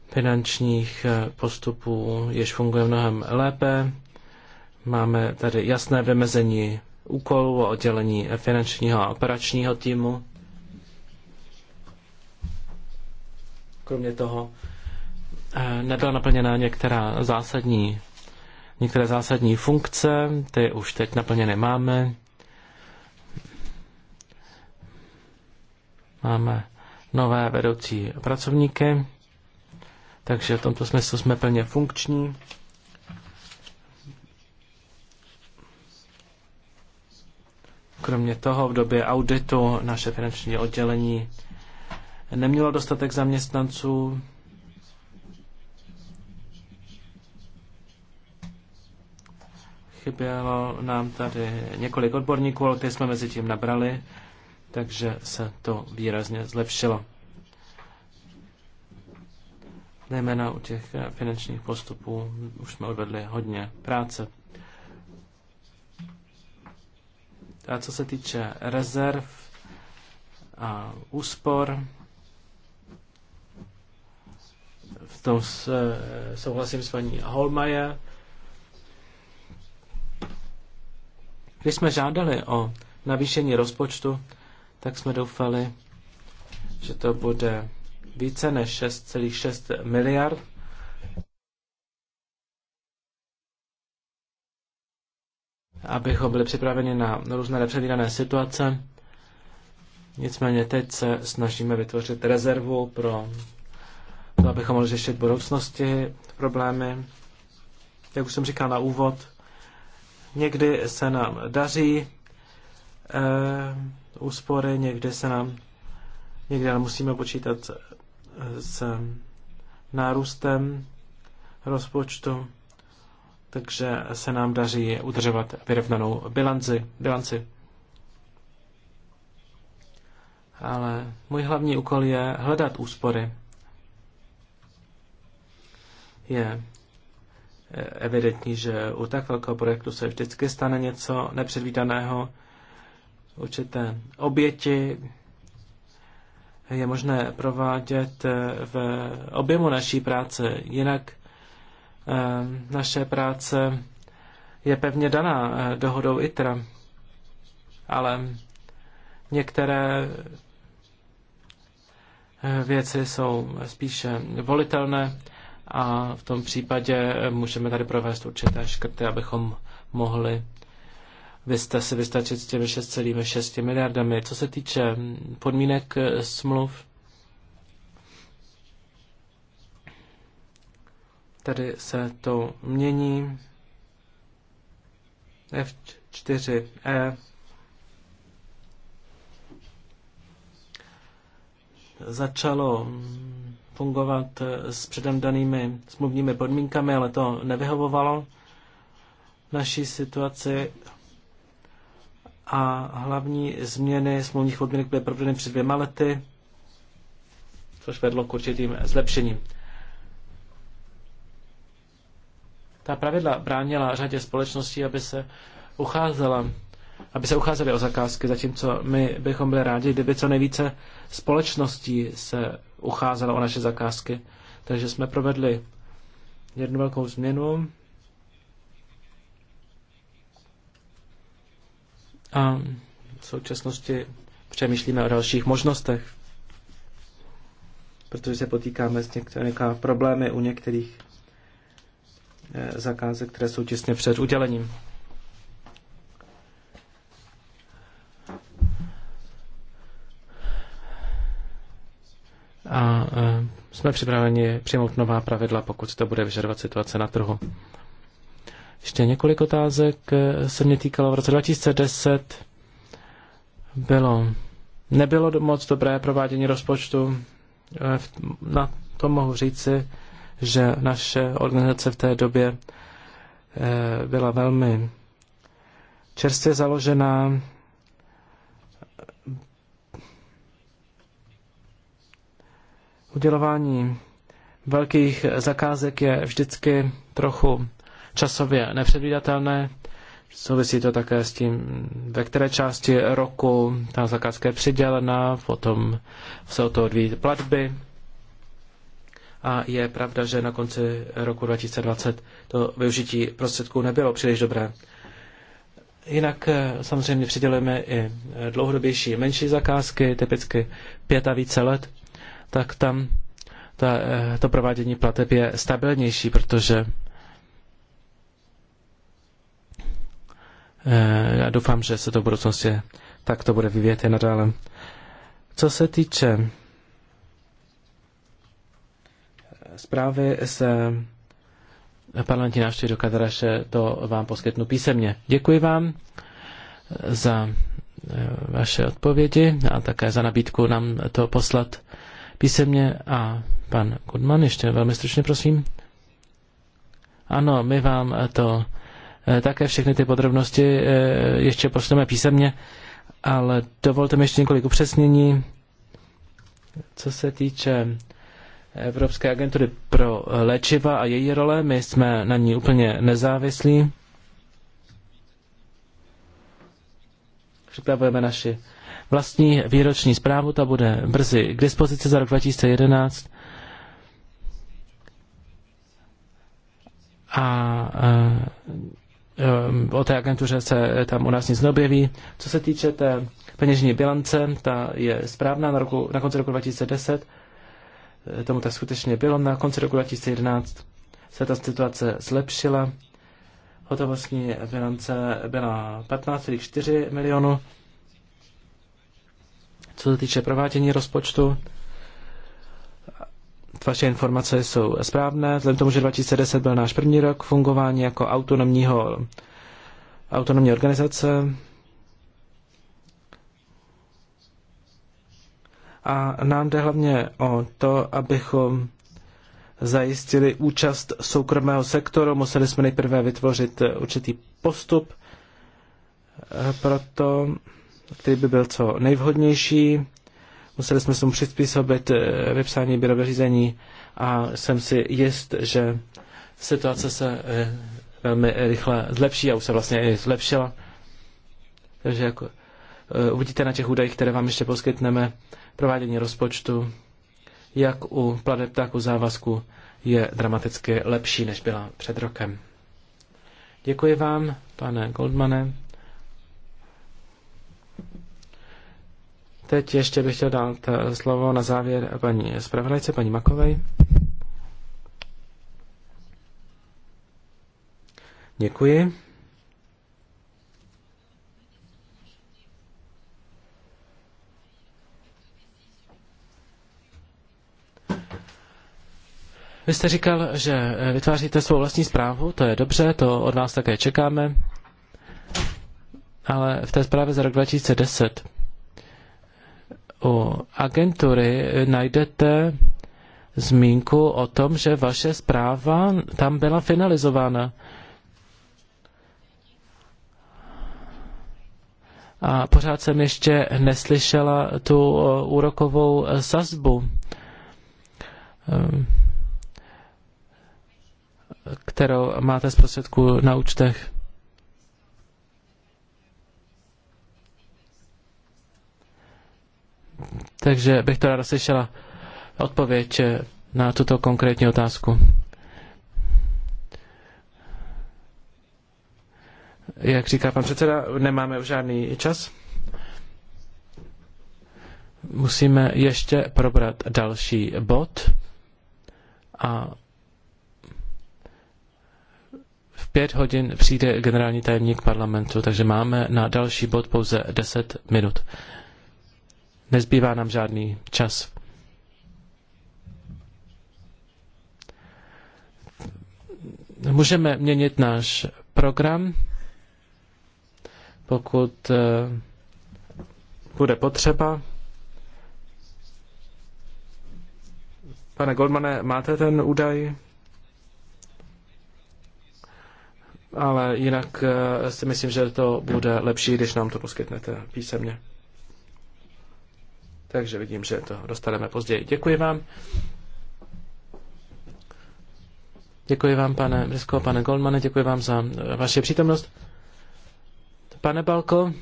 finančních eh, postupů již funguje mnohem lépe. Máme tady jasné vymezení úkolů a oddělení finančního a operačního týmu. Kromě toho eh, nebyla naplněna některá zásadní, některé zásadní funkce, ty už teď naplněny máme. Máme nové vedoucí pracovníky, takže v tomto smyslu jsme plně funkční. Kromě toho v době auditu naše finanční oddělení nemělo dostatek zaměstnanců. Chybělo nám tady několik odborníků, ale ty jsme mezi tím nabrali takže se to výrazně zlepšilo. Nejména u těch finančních postupů už jsme odvedli hodně práce. A co se týče rezerv a úspor, v tom se souhlasím s paní Holmaje. Když jsme žádali o navýšení rozpočtu, tak jsme doufali, že to bude více než 6,6 miliard. abychom byli připraveni na různé nepředvídané situace. Nicméně teď se snažíme vytvořit rezervu pro to, abychom mohli řešit v budoucnosti problémy. Jak už jsem říkal na úvod, někdy se nám daří eh, úspory, někde se nám, někde nám musíme počítat s nárůstem rozpočtu, takže se nám daří udržovat vyrovnanou bilanci. bilanci. Ale můj hlavní úkol je hledat úspory. Je evidentní, že u tak velkého projektu se vždycky stane něco nepředvídaného, určité oběti je možné provádět v objemu naší práce. Jinak eh, naše práce je pevně daná eh, dohodou ITRA, ale některé eh, věci jsou spíše volitelné a v tom případě můžeme tady provést určité škrty, abychom mohli vy jste si vystačit s těmi 6,6 miliardami. Co se týče mm, podmínek eh, smluv, tady se to mění. F4E začalo mm, fungovat eh, s předem danými smluvními podmínkami, ale to nevyhovovalo naší situaci a hlavní změny smluvních podmínek byly provedeny před dvěma lety, což vedlo k určitým zlepšením. Ta pravidla bránila řadě společností, aby se ucházela aby se ucházeli o zakázky, zatímco my bychom byli rádi, kdyby co nejvíce společností se ucházelo o naše zakázky. Takže jsme provedli jednu velkou změnu, A v současnosti přemýšlíme o dalších možnostech, protože se potýkáme s některými problémy u některých eh, zakázek, které jsou těsně před udělením. A eh, jsme připraveni přijmout nová pravidla, pokud to bude vyžadovat situace na trhu. Ještě několik otázek eh, se mě týkalo. V roce 2010 bylo, nebylo moc dobré provádění rozpočtu. Eh, na to mohu říci, že naše organizace v té době eh, byla velmi čerstvě založená. Udělování velkých zakázek je vždycky trochu časově nepředvídatelné. Souvisí to také s tím, ve které části roku ta zakázka je přidělena, potom se o to odvíjí platby. A je pravda, že na konci roku 2020 to využití prostředků nebylo příliš dobré. Jinak eh, samozřejmě přidělujeme i dlouhodobější menší zakázky, typicky pět a více let, tak tam ta, eh, to provádění plateb je stabilnější, protože Eh, já doufám, že se to v budoucnosti tak to bude vyvíjet i nadále. Co se týče eh, zprávy z eh, parlamentní návštěvy do Kadaraše, to vám poskytnu písemně. Děkuji vám za vaše odpovědi a také za nabídku nám to poslat písemně. A pan Goodman, ještě velmi stručně, prosím. Ano, my vám to Eh, také všechny ty podrobnosti eh, ještě pošleme písemně, ale dovolte mi ještě několik upřesnění. Co se týče Evropské agentury pro léčiva a její role, my jsme na ní úplně nezávislí. Připravujeme naši vlastní výroční zprávu, ta bude brzy k dispozici za rok 2011. A eh, Ehm, o té agentuře se eh, tam u nás nic neobjeví. Co se týče té peněžní bilance, ta je správná na, roku, na konci roku 2010. Eh, tomu tak skutečně bylo. Na konci roku 2011 se ta situace zlepšila. Hotovostní bilance byla 15,4 milionů. Co se týče provádění rozpočtu, vaše informace jsou správné. Vzhledem tomu, že 2010 byl náš první rok fungování jako autonomního autonomní organizace a nám jde hlavně o to, abychom zajistili účast soukromého sektoru. Museli jsme nejprve vytvořit určitý postup eh, pro to, který by byl co nejvhodnější. Museli jsme se mu přizpůsobit eh, vypsání byrové řízení a jsem si jist, že situace se eh, velmi rychle zlepší a už se vlastně i zlepšila. Takže jako, eh, uvidíte na těch údajích, které vám ještě poskytneme, provádění rozpočtu, jak u pladeb, tak u závazku je dramaticky lepší, než byla před rokem. Děkuji vám, pane Goldmane. Teď ještě bych chtěl dát eh, slovo na závěr paní zpravodajce, paní Makovej. Děkuji. Vy jste říkal, že eh, vytváříte svou vlastní zprávu, to je dobře, to od nás také čekáme. Ale v té zprávě za rok 2010 u agentury najdete zmínku o tom, že vaše zpráva tam byla finalizována. a pořád jsem ještě neslyšela tu úrokovou e, sazbu, e, kterou máte z prostředku na účtech. Takže bych to ráda slyšela odpověď e, na tuto konkrétní otázku. Jak říká pan předseda, nemáme už žádný čas. Musíme ještě probrat další bod a v pět hodin přijde generální tajemník parlamentu, takže máme na další bod pouze deset minut. Nezbývá nám žádný čas. Můžeme měnit náš program pokud eh, bude potřeba. Pane Goldmane, máte ten údaj? Ale jinak eh, si myslím, že to bude lepší, když nám to poskytnete písemně. Takže vidím, že to dostaneme později. Děkuji vám. Děkuji vám, pane Brisko, pane Goldmane, děkuji vám za vaši přítomnost. Pane Balko,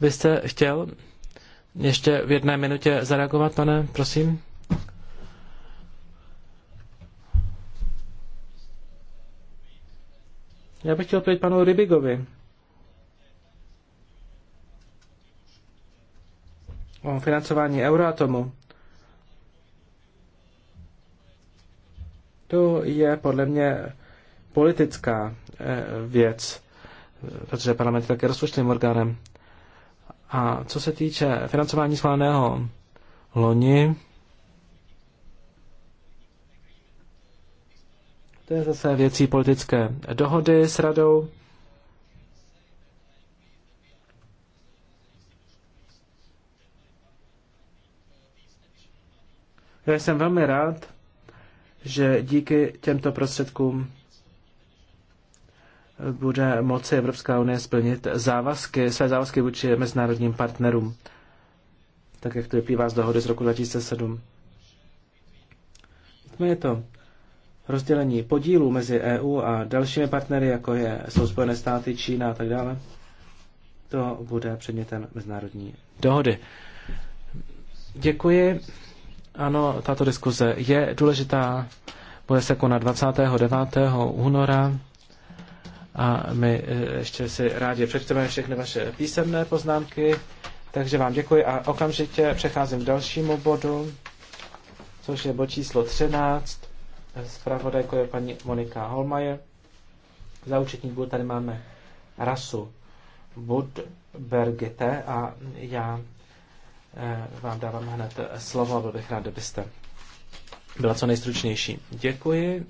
vy jste chtěl ještě v jedné minutě zareagovat, pane, prosím. Já bych chtěl odpovědět panu Rybigovi. O financování Euroatomu. To je podle mě politická eh, věc protože parlament je také rozpočtovým orgánem. A co se týče financování schváleného loni, to je zase věcí politické dohody s radou. Já jsem velmi rád, že díky těmto prostředkům bude moci Evropská unie splnit závazky, své závazky vůči mezinárodním partnerům, tak jak to vyplývá z dohody z roku 2007. Je to rozdělení podílů mezi EU a dalšími partnery, jako je, jsou Spojené státy, Čína a tak dále, to bude předmětem mezinárodní dohody. Děkuji. Ano, tato diskuze je důležitá. Bude se konat 29. února. A my e, ještě si rádi přečteme všechny vaše písemné poznámky, takže vám děkuji a okamžitě přecházím k dalšímu bodu, což je bod číslo 13. Zpravodajko je paní Monika Holmaje. Za účetní bod tady máme rasu Bergete a já e, vám dávám hned slovo, byl bych rád, kdybyste byla co nejstručnější. Děkuji.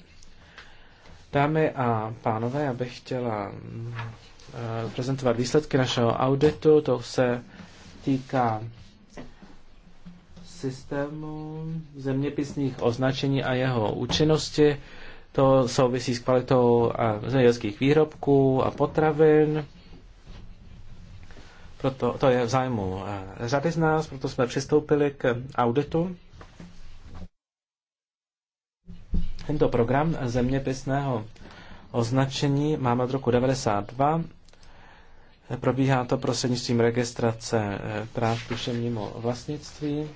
Dámy a pánové, já bych chtěla eh, prezentovat výsledky našeho auditu. To se týká systému zeměpisných označení a jeho účinnosti. To souvisí s kvalitou eh, zemědělských výrobků a potravin. Proto to je v zájmu eh, řady z nás, proto jsme přistoupili k auditu. Tento program zeměpisného označení máme od roku 92. Probíhá to prostřednictvím registrace eh, práv duševnímu vlastnictví.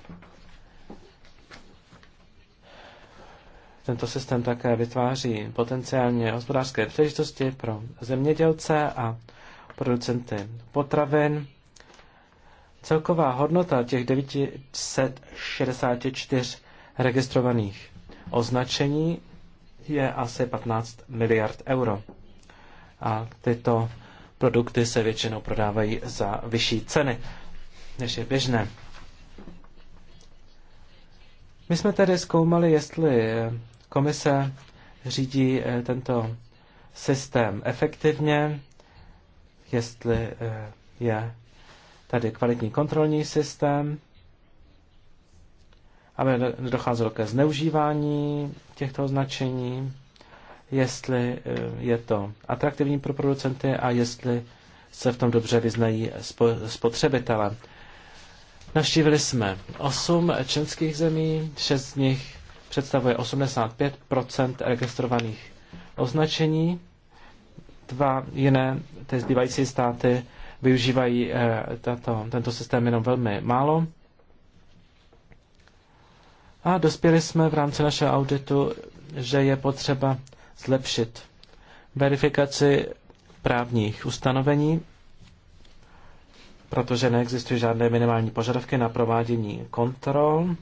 Tento systém také vytváří potenciálně hospodářské příležitosti pro zemědělce a producenty potravin. Celková hodnota těch 964 registrovaných označení je asi 15 miliard euro. A tyto produkty se většinou prodávají za vyšší ceny, než je běžné. My jsme tedy zkoumali, jestli eh, komise řídí eh, tento systém efektivně, jestli eh, je tady kvalitní kontrolní systém aby nedocházelo ke zneužívání těchto označení, jestli eh, je to atraktivní pro producenty a jestli se v tom dobře vyznají spotřebitele. Navštívili jsme osm členských zemí, šest z nich představuje 85 registrovaných označení. Dva jiné, ty zbývající státy, využívají eh, tato, tento systém jenom velmi málo. A dospěli jsme v rámci našeho auditu, že je potřeba zlepšit verifikaci právních ustanovení, protože neexistují žádné minimální požadavky na provádění kontrol.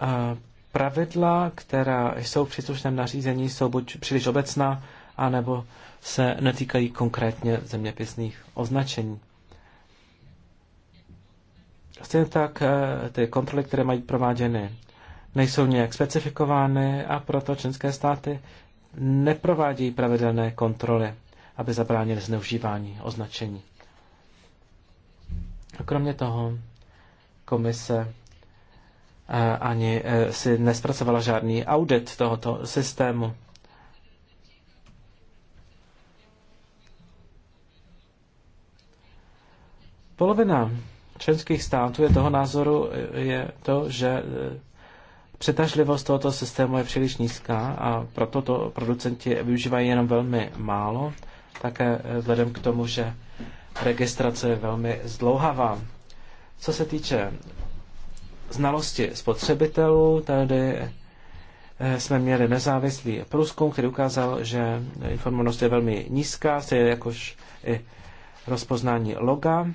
A pravidla, která jsou v příslušném nařízení, jsou buď příliš obecná, anebo se netýkají konkrétně zeměpisných označení. Stejně tak eh, ty kontroly, které mají prováděny, nejsou nějak specifikovány a proto členské státy neprovádějí pravidelné kontroly, aby zabránili zneužívání označení. A kromě toho komise eh, ani eh, si nespracovala žádný audit tohoto systému. Polovina členských států je toho názoru, je to, že e, přetažlivost tohoto systému je příliš nízká a proto to producenti využívají jenom velmi málo, také e, vzhledem k tomu, že registrace je velmi zdlouhavá. Co se týče znalosti spotřebitelů, tady e, jsme měli nezávislý průzkum, který ukázal, že informovanost je velmi nízká, stejně jakož i rozpoznání loga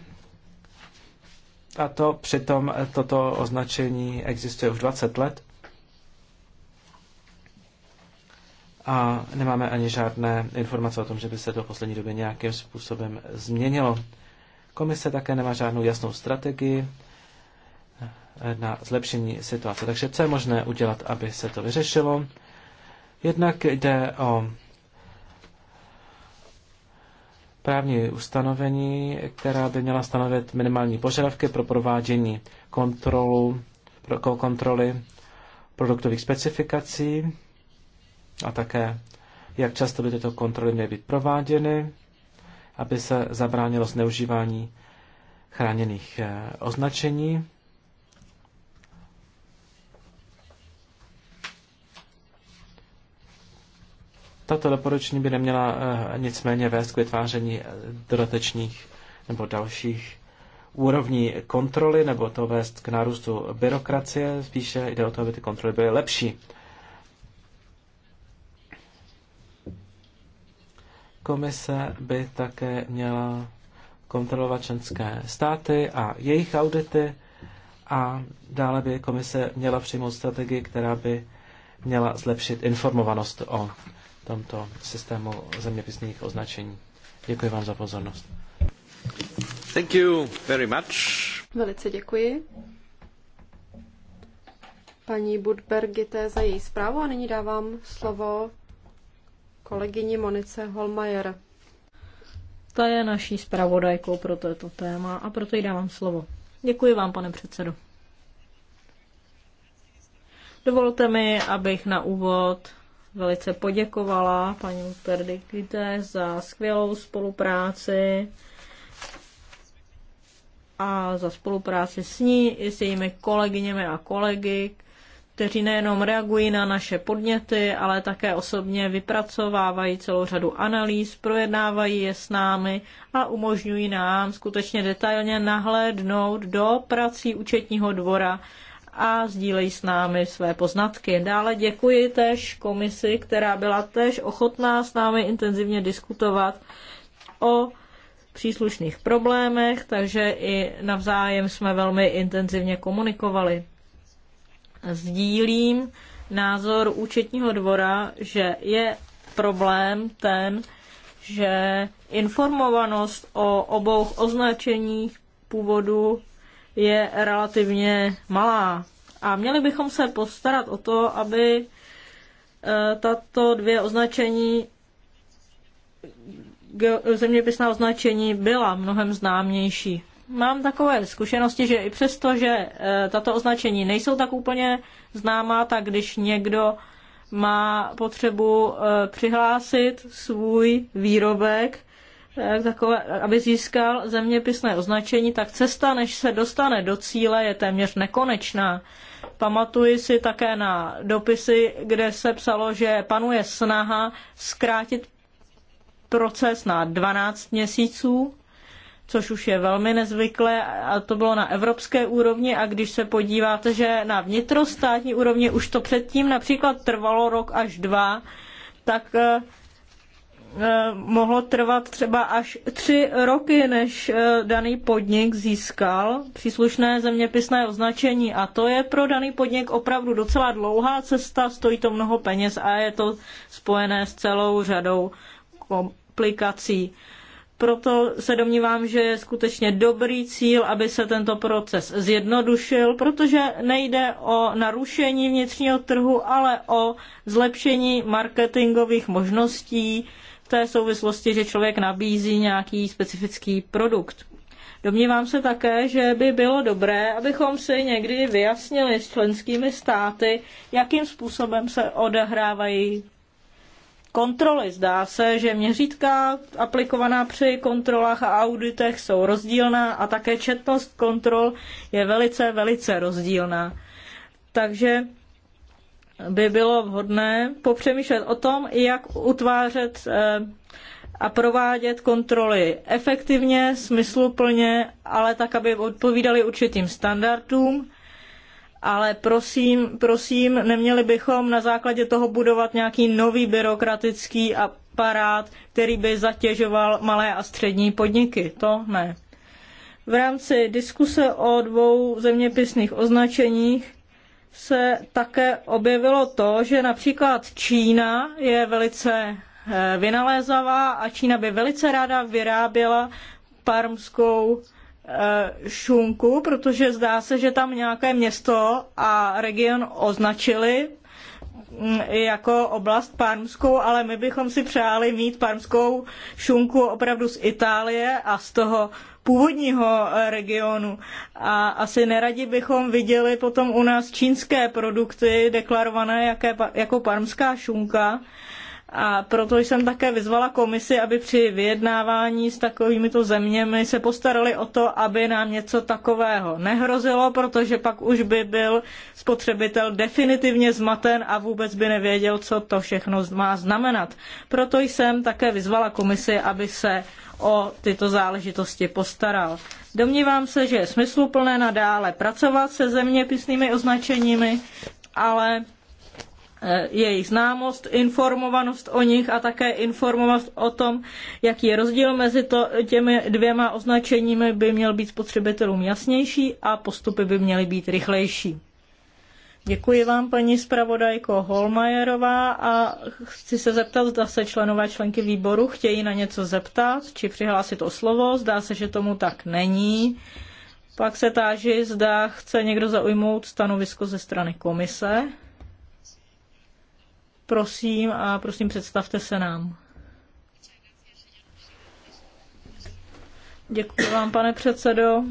a to přitom toto označení existuje už 20 let a nemáme ani žádné informace o tom, že by se to v poslední době nějakým způsobem změnilo. Komise také nemá žádnou jasnou strategii na zlepšení situace. Takže co je možné udělat, aby se to vyřešilo? Jednak jde o právní ustanovení, která by měla stanovit minimální požadavky pro provádění kontrolu, pro kontroly produktových specifikací a také, jak často by tyto kontroly měly být prováděny, aby se zabránilo zneužívání chráněných eh, označení. Tato doporučení by neměla eh, nicméně vést k vytváření eh, dodatečných nebo dalších úrovní kontroly, nebo to vést k nárůstu byrokracie, spíše jde o to, aby ty kontroly byly lepší. Komise by také měla kontrolovat členské státy a jejich audity a dále by komise měla přijmout strategii, která by měla zlepšit informovanost o tomto systému zeměpisných označení. Děkuji vám za pozornost. Thank you very much. Velice děkuji. Paní Budbergite za její zprávu a nyní dávám slovo kolegyni Monice Holmajer. Ta je naší zpravodajkou pro toto téma a proto jí dávám slovo. Děkuji vám, pane předsedo. Dovolte mi, abych na úvod velice poděkovala paní Perdikite za skvělou spolupráci a za spolupráci s ní i s jejími kolegyněmi a kolegy, kteří nejenom reagují na naše podněty, ale také osobně vypracovávají celou řadu analýz, projednávají je s námi a umožňují nám skutečně detailně nahlédnout do prací účetního dvora a sdílejí s námi své poznatky. Dále děkuji též komisi, která byla též ochotná s námi intenzivně diskutovat o příslušných problémech, takže i navzájem jsme velmi intenzivně komunikovali. Sdílím názor účetního dvora, že je problém ten, že informovanost o obou označeních původu je relativně malá. A měli bychom se postarat o to, aby eh, tato dvě označení zeměpisná označení byla mnohem známější. Mám takové zkušenosti, že i přesto, že eh, tato označení nejsou tak úplně známá, tak když někdo má potřebu eh, přihlásit svůj výrobek, Eh, takové, aby získal zeměpisné označení, tak cesta, než se dostane do cíle, je téměř nekonečná. Pamatuji si také na dopisy, kde se psalo, že panuje snaha zkrátit proces na 12 měsíců, což už je velmi nezvyklé a to bylo na evropské úrovni a když se podíváte, že na vnitrostátní úrovni už to předtím například trvalo rok až dva, tak eh, Eh, mohlo trvat třeba až tři roky, než eh, daný podnik získal příslušné zeměpisné označení. A to je pro daný podnik opravdu docela dlouhá cesta, stojí to mnoho peněz a je to spojené s celou řadou komplikací. Proto se domnívám, že je skutečně dobrý cíl, aby se tento proces zjednodušil, protože nejde o narušení vnitřního trhu, ale o zlepšení marketingových možností, té souvislosti, že člověk nabízí nějaký specifický produkt. Domnívám se také, že by bylo dobré, abychom si někdy vyjasnili s členskými státy, jakým způsobem se odehrávají kontroly. Zdá se, že měřítka aplikovaná při kontrolách a auditech jsou rozdílná a také četnost kontrol je velice, velice rozdílná. Takže by bylo vhodné popřemýšlet o tom, jak utvářet eh, a provádět kontroly efektivně, smysluplně, ale tak, aby odpovídali určitým standardům. Ale prosím, prosím, neměli bychom na základě toho budovat nějaký nový byrokratický aparát, který by zatěžoval malé a střední podniky. To ne. V rámci diskuse o dvou zeměpisných označeních se také objevilo to, že například Čína je velice eh, vynalézavá a Čína by velice ráda vyráběla parmskou eh, šunku, protože zdá se, že tam nějaké město a region označili jako oblast parmskou, ale my bychom si přáli mít parmskou šunku opravdu z Itálie a z toho původního eh, regionu. A asi neradi bychom viděli potom u nás čínské produkty deklarované jaké, jako parmská šunka, a proto jsem také vyzvala komisi, aby při vyjednávání s takovýmito zeměmi se postarali o to, aby nám něco takového nehrozilo, protože pak už by byl spotřebitel definitivně zmaten a vůbec by nevěděl, co to všechno má znamenat. Proto jsem také vyzvala komisi, aby se o tyto záležitosti postaral. Domnívám se, že je smysluplné nadále pracovat se zeměpisnými označeními, ale Eh, jejich známost, informovanost o nich a také informovanost o tom, jaký je rozdíl mezi to, těmi dvěma označeními by měl být spotřebitelům jasnější a postupy by měly být rychlejší. Děkuji vám, paní zpravodajko Holmajerová, a chci se zeptat, zda se členové členky výboru chtějí na něco zeptat, či přihlásit o slovo. Zdá se, že tomu tak není. Pak se táži, zda chce někdo zaujmout stanovisko ze strany komise. Prosím a prosím představte se nám. Děkuji vám, pane předsedo.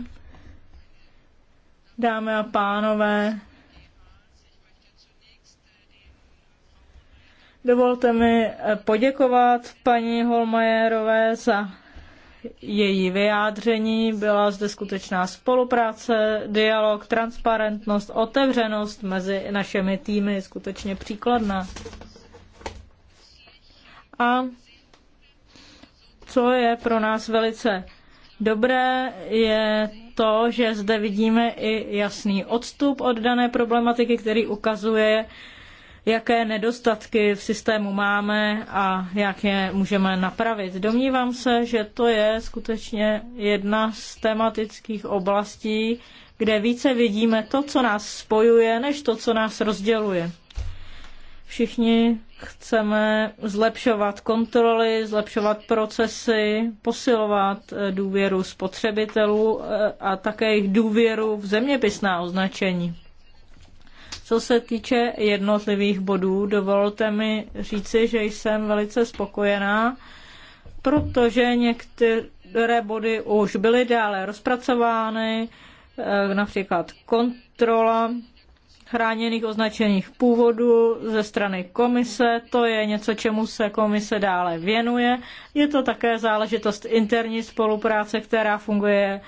Dámy a pánové, dovolte mi poděkovat paní Holmajerové za její vyjádření byla zde skutečná spolupráce, dialog, transparentnost, otevřenost mezi našimi týmy je skutečně příkladná. A co je pro nás velice dobré, je to, že zde vidíme i jasný odstup od dané problematiky, který ukazuje, jaké nedostatky v systému máme a jak je můžeme napravit. Domnívám se, že to je skutečně jedna z tematických oblastí, kde více vidíme to, co nás spojuje, než to, co nás rozděluje. Všichni chceme zlepšovat kontroly, zlepšovat procesy, posilovat eh, důvěru spotřebitelů eh, a také jejich důvěru v zeměpisná označení. Co se týče jednotlivých bodů, dovolte mi říci, že jsem velice spokojená, protože některé body už byly dále rozpracovány, eh, například kontrola chráněných označených původů ze strany komise. To je něco, čemu se komise dále věnuje. Je to také záležitost interní spolupráce, která funguje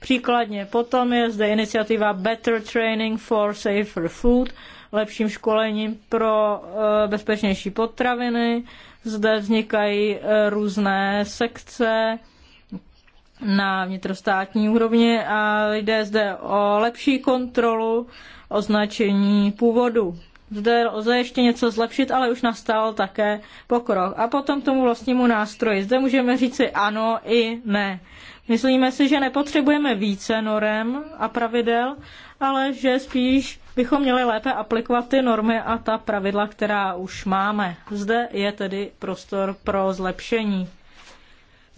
Příkladně potom je zde iniciativa Better Training for Safer Food, lepším školením pro eh, bezpečnější potraviny. Zde vznikají eh, různé sekce na vnitrostátní úrovni a jde zde o lepší kontrolu označení původu. Zde lze ještě něco zlepšit, ale už nastal také pokrok. A potom k tomu vlastnímu nástroji. Zde můžeme říci ano i ne. Myslíme si, že nepotřebujeme více norem a pravidel, ale že spíš bychom měli lépe aplikovat ty normy a ta pravidla, která už máme. Zde je tedy prostor pro zlepšení.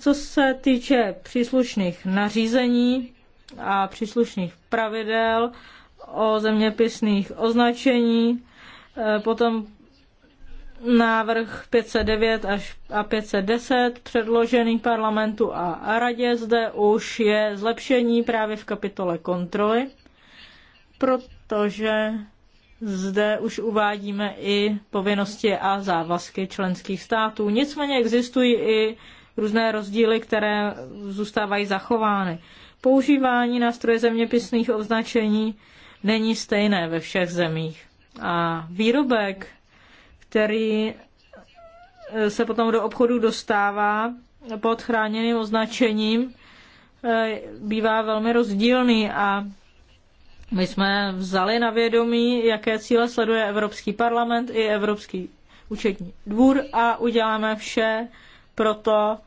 Co se týče příslušných nařízení a příslušných pravidel o zeměpisných označení, eh, potom návrh 509 až a 510 předložený parlamentu a radě. Zde už je zlepšení právě v kapitole kontroly, protože zde už uvádíme i povinnosti a závazky členských států. Nicméně existují i různé rozdíly, které zůstávají zachovány. Používání nástroje zeměpisných označení není stejné ve všech zemích. A výrobek který eh, se potom do obchodu dostává pod chráněným označením, eh, bývá velmi rozdílný a my jsme vzali na vědomí, jaké cíle sleduje Evropský parlament i Evropský účetní dvůr a uděláme vše pro to,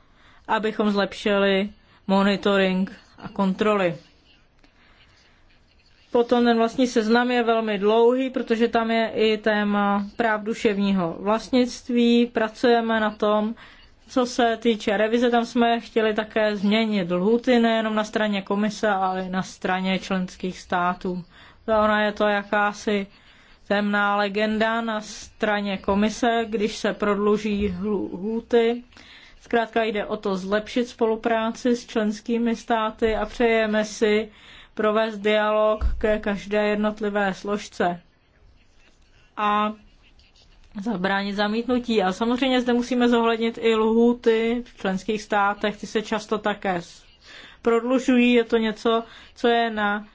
abychom zlepšili monitoring a kontroly. Potom ten vlastní seznam je velmi dlouhý, protože tam je i téma práv duševního vlastnictví. Pracujeme na tom. Co se týče revize, tam jsme chtěli také změnit lhuty nejenom na straně komise, ale i na straně členských států. To no, ona je to jakási temná legenda na straně komise, když se prodluží lhuty. Zkrátka jde o to zlepšit spolupráci s členskými státy a přejeme si, provést dialog ke každé jednotlivé složce a zabránit zamítnutí. A samozřejmě zde musíme zohlednit i lhuty v členských státech, ty se často také prodlužují, je to něco, co je na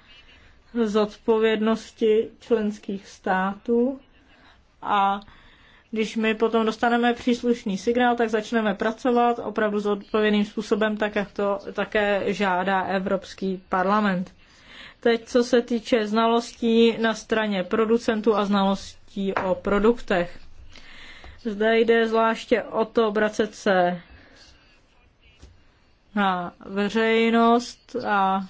zodpovědnosti členských států a když my potom dostaneme příslušný signál, tak začneme pracovat opravdu s odpovědným způsobem, tak jak to také žádá Evropský parlament. Teď, co se týče znalostí na straně producentů a znalostí o produktech. Zde jde zvláště o to obracet se na veřejnost a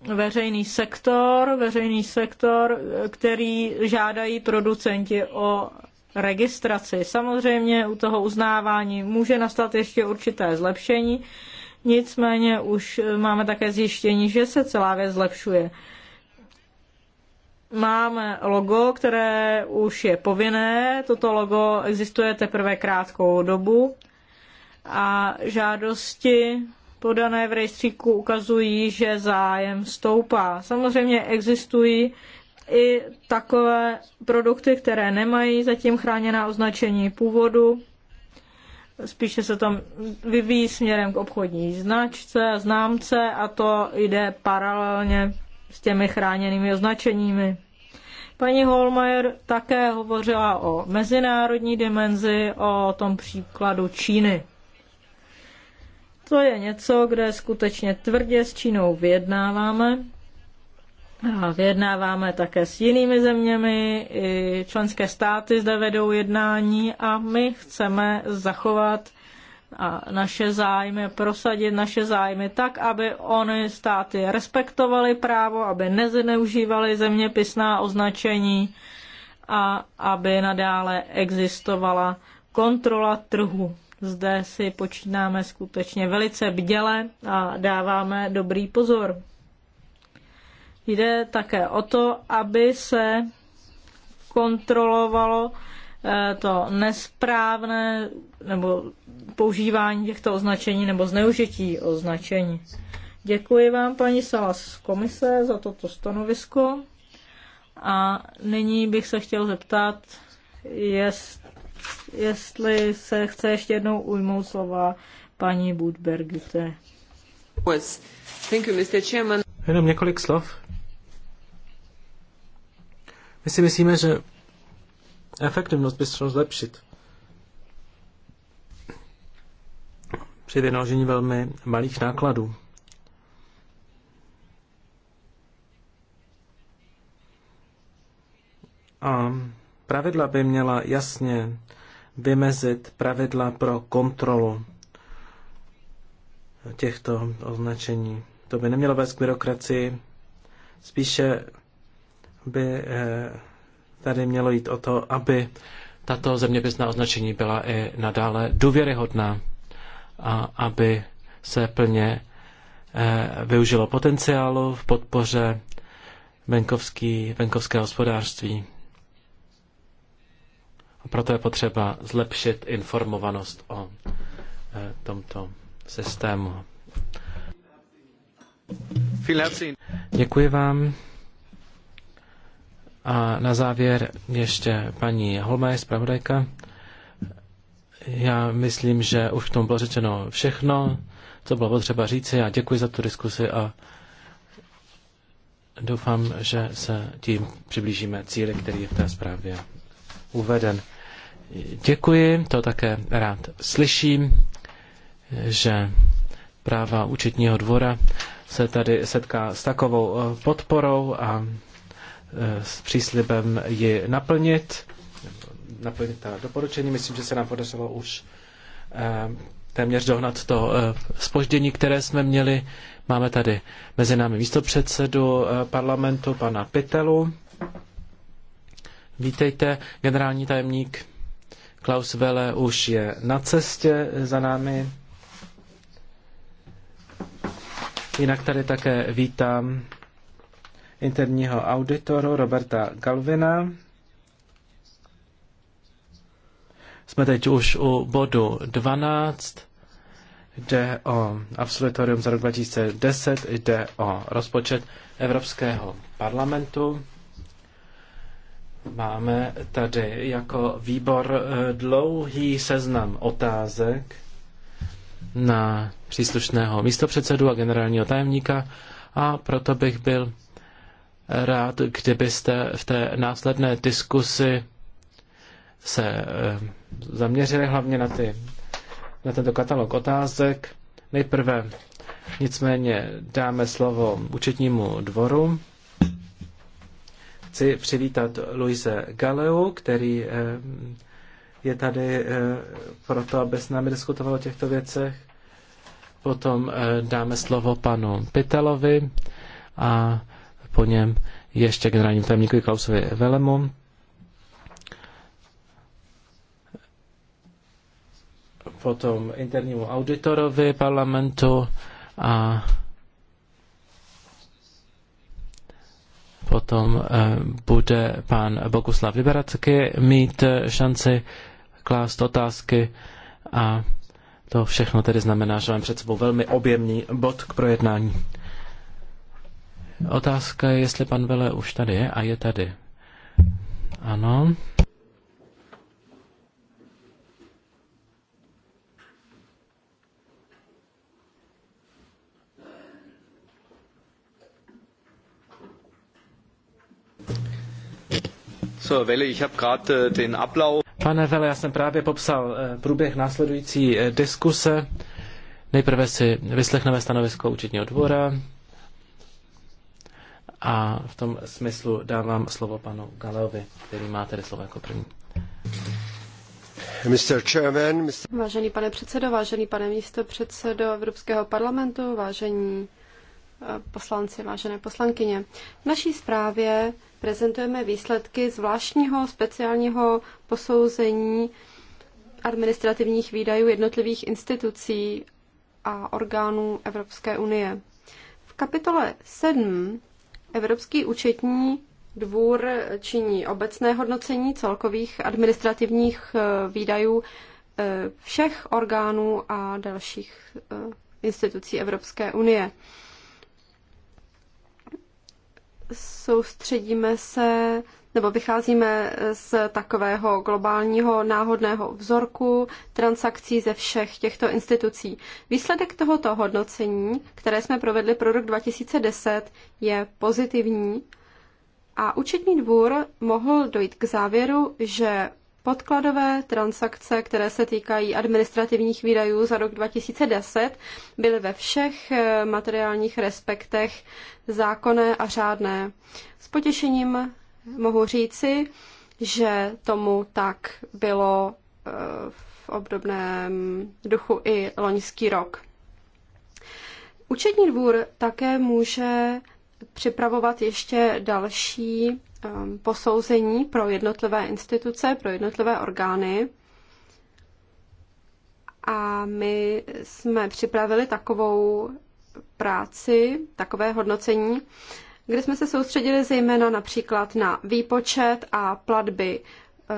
veřejný sektor, veřejný sektor, který žádají producenti o registraci. Samozřejmě u toho uznávání může nastat ještě určité zlepšení, Nicméně už eh, máme také zjištění, že se celá věc zlepšuje. Máme logo, které už je povinné. Toto logo existuje teprve krátkou dobu a žádosti podané v rejstříku ukazují, že zájem stoupá. Samozřejmě existují i takové produkty, které nemají zatím chráněná označení původu, spíše se tam vyvíjí směrem k obchodní značce a známce a to jde paralelně s těmi chráněnými označeními. Paní Holmeyer také hovořila o mezinárodní dimenzi, o tom příkladu Číny. To je něco, kde skutečně tvrdě s Čínou vyjednáváme a vyjednáváme také s jinými zeměmi, i členské státy zde vedou jednání a my chceme zachovat a naše zájmy, prosadit naše zájmy tak, aby ony státy respektovaly právo, aby nezneužívaly zeměpisná označení a aby nadále existovala kontrola trhu. Zde si počínáme skutečně velice bděle a dáváme dobrý pozor. Jde také o to, aby se kontrolovalo eh, to nesprávné nebo používání těchto označení nebo zneužití označení. Děkuji vám, paní Salas z komise, za toto stanovisko. A nyní bych se chtěl zeptat, jest, jestli se chce ještě jednou ujmout slova paní Budbergite. Jenom několik slov. My si myslíme, že efektivnost by se šlo zlepšit. Při vynaložení velmi malých nákladů. A pravidla by měla jasně vymezit pravidla pro kontrolu těchto označení. To by nemělo vést k byrokracii, spíše by eh, tady mělo jít o to, aby tato zeměpisná označení byla i nadále důvěryhodná a aby se plně eh, využilo potenciálu v podpoře venkovský, venkovské hospodářství. A proto je potřeba zlepšit informovanost o eh, tomto systému. Děkuji vám. A na závěr ještě paní Holmé, zpravodajka. Já myslím, že už k tomu bylo řečeno všechno, co bylo potřeba říci. Já děkuji za tu diskusi a doufám, že se tím přiblížíme cíli, který je v té zprávě uveden. Děkuji, to také rád slyším, že práva účetního dvora se tady setká s takovou podporou a Eh, s příslibem ji naplnit, naplnit ta doporučení. Myslím, že se nám podařilo už eh, téměř dohnat to spoždění, eh, které jsme měli. Máme tady mezi námi místopředsedu parlamentu, pana Pitelu. Vítejte, generální tajemník Klaus Vele už je na cestě za námi. Jinak tady také vítám interního auditoru Roberta Galvina. Jsme teď už u bodu 12. Jde o absolutorium za rok 2010, jde o rozpočet Evropského parlamentu. Máme tady jako výbor eh, dlouhý seznam otázek na příslušného místopředsedu a generálního tajemníka a proto bych byl rád, kdybyste v té následné diskusi se eh, zaměřili hlavně na, ty, na tento katalog otázek. Nejprve nicméně dáme slovo účetnímu dvoru. Chci přivítat Luise Galeu, který eh, je tady eh, proto, aby s námi diskutoval o těchto věcech. Potom dáme slovo panu Pitelovi a po něm ještě generálním tajemníkovi Klausovi Velemu. potom internímu auditorovi parlamentu a potom eh, bude pan Boguslav Liberacky mít eh, šanci klást otázky a to všechno tedy znamená, že mám před sebou velmi objemný bod k projednání. Otázka je, jestli pan Vele už tady je a je tady. Ano. Äh, Pane Vele, já jsem právě popsal äh, průběh následující äh, diskuse. Nejprve si vyslechneme stanovisko účetního dvora, a v tom smyslu dávám slovo panu Galeovi, který má tedy slovo jako první. Mr. Chairman, Mr. Vážený pane předsedo, vážený pane místo předsedo Evropského parlamentu, vážení eh, poslanci, vážené poslankyně. V naší zprávě prezentujeme výsledky zvláštního speciálního posouzení administrativních výdajů jednotlivých institucí a orgánů Evropské unie. V kapitole 7 Evropský účetní dvůr činí obecné hodnocení celkových administrativních eh, výdajů eh, všech orgánů a dalších eh, institucí Evropské unie. Soustředíme se nebo vycházíme z takového globálního náhodného vzorku transakcí ze všech těchto institucí. Výsledek tohoto hodnocení, které jsme provedli pro rok 2010, je pozitivní a účetní dvůr mohl dojít k závěru, že podkladové transakce, které se týkají administrativních výdajů za rok 2010, byly ve všech eh, materiálních respektech zákonné a řádné. S potěšením mohu říci, že tomu tak bylo eh, v obdobném duchu i loňský rok. Účetní dvůr také může připravovat ještě další ehm, posouzení pro jednotlivé instituce, pro jednotlivé orgány. A my jsme připravili takovou práci, takové hodnocení, kde jsme se soustředili zejména například na výpočet a platby eh,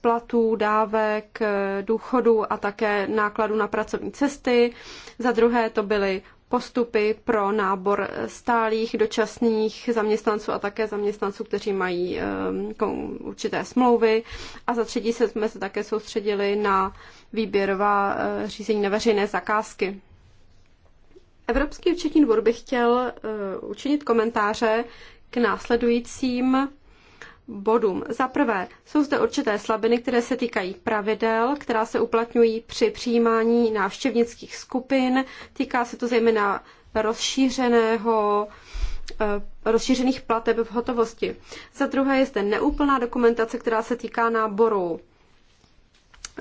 platů, dávek, eh, důchodů a také nákladů na pracovní cesty. Za druhé to byly postupy pro nábor stálých, dočasných zaměstnanců a také zaměstnanců, kteří mají eh, určité smlouvy. A za třetí se jsme se také soustředili na výběrová řízení na veřejné zakázky. Evropský účetní dvor by chtěl eh, učinit komentáře k následujícím bodům. Za prvé, jsou zde určité slabiny, které se týkají pravidel, která se uplatňují při přijímání návštěvnických skupin. Týká se to zejména rozšířeného eh, rozšířených plateb v hotovosti. Za druhé je zde neúplná dokumentace, která se týká náboru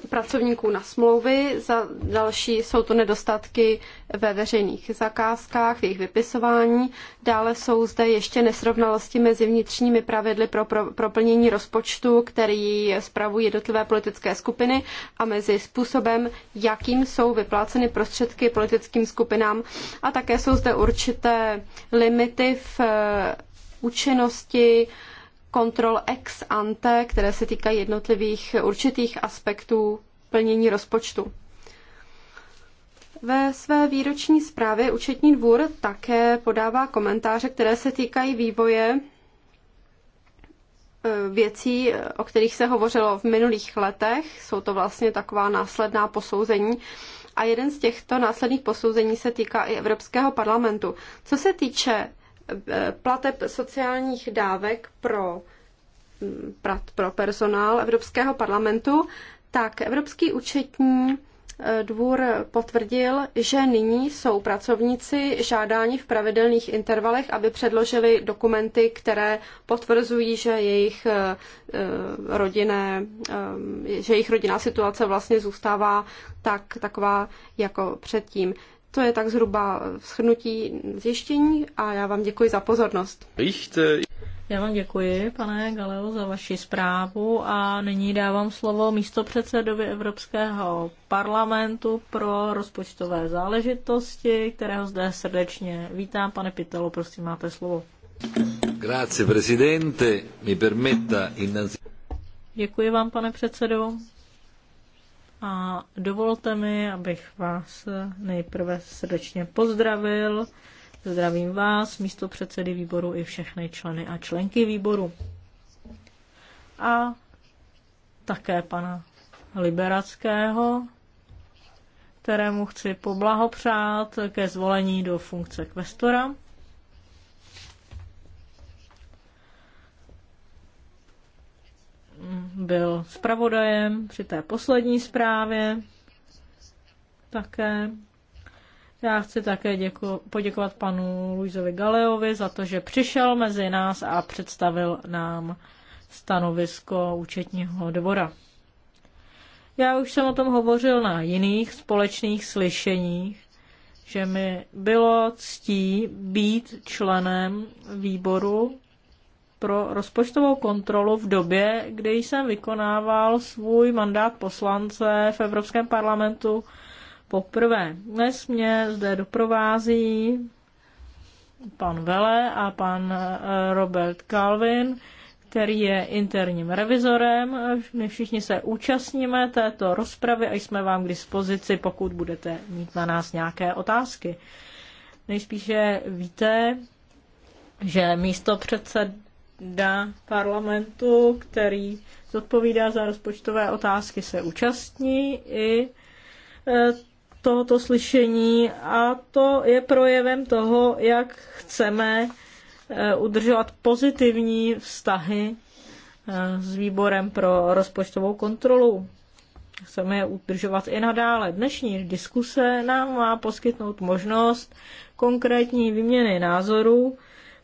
pracovníků na smlouvy, za další jsou to nedostatky ve veřejných zakázkách, v jejich vypisování, dále jsou zde ještě nesrovnalosti mezi vnitřními pravidly pro, pro, pro plnění rozpočtu, který zpravují jednotlivé politické skupiny a mezi způsobem, jakým jsou vypláceny prostředky politickým skupinám a také jsou zde určité limity v eh, účinnosti, uh, kontrol ex ante, které se týkají jednotlivých určitých aspektů plnění rozpočtu. Ve své výroční zprávě Účetní dvůr také podává komentáře, které se týkají vývoje e, věcí, o kterých se hovořilo v minulých letech. Jsou to vlastně taková následná posouzení. A jeden z těchto následných posouzení se týká i Evropského parlamentu. Co se týče plateb sociálních dávek pro, pro personál Evropského parlamentu, tak Evropský účetní eh, dvůr potvrdil, že nyní jsou pracovníci žádáni v pravidelných intervalech, aby předložili dokumenty, které potvrzují, že jejich, eh, eh, rodinné, že jejich rodinná situace vlastně zůstává tak, taková jako předtím. To je tak zhruba shrnutí zjištění a já vám děkuji za pozornost. Já vám děkuji, pane Galeo, za vaši zprávu a nyní dávám slovo místopředsedovi Evropského parlamentu pro rozpočtové záležitosti, kterého zde srdečně vítám. Pane Pitelo, prosím, máte slovo. Grazie, presidente. Mi permetta innanzitutto... Děkuji vám, pane předsedo a dovolte mi, abych vás nejprve srdečně pozdravil. Zdravím vás, místo předsedy výboru i všechny členy a členky výboru. A také pana Liberackého, kterému chci poblahopřát ke zvolení do funkce kvestora. byl zpravodajem při té poslední zprávě také. Já chci také děku, poděkovat panu Luizovi Galeovi za to, že přišel mezi nás a představil nám stanovisko účetního dvora. Já už jsem o tom hovořil na jiných společných slyšeních, že mi bylo ctí být členem výboru pro rozpočtovou kontrolu v době, kdy jsem vykonával svůj mandát poslance v Evropském parlamentu poprvé. Dnes mě zde doprovází pan Vele a pan eh, Robert Calvin, který je interním revizorem. My všichni se účastníme této rozpravy a jsme vám k dispozici, pokud budete mít na nás nějaké otázky. Nejspíše víte, že místo předsed parlamentu, který zodpovídá za rozpočtové otázky, se účastní i e, tohoto slyšení a to je projevem toho, jak chceme e, udržovat pozitivní vztahy e, s výborem pro rozpočtovou kontrolu. Chceme je udržovat i nadále. Dnešní diskuse nám má poskytnout možnost konkrétní výměny názorů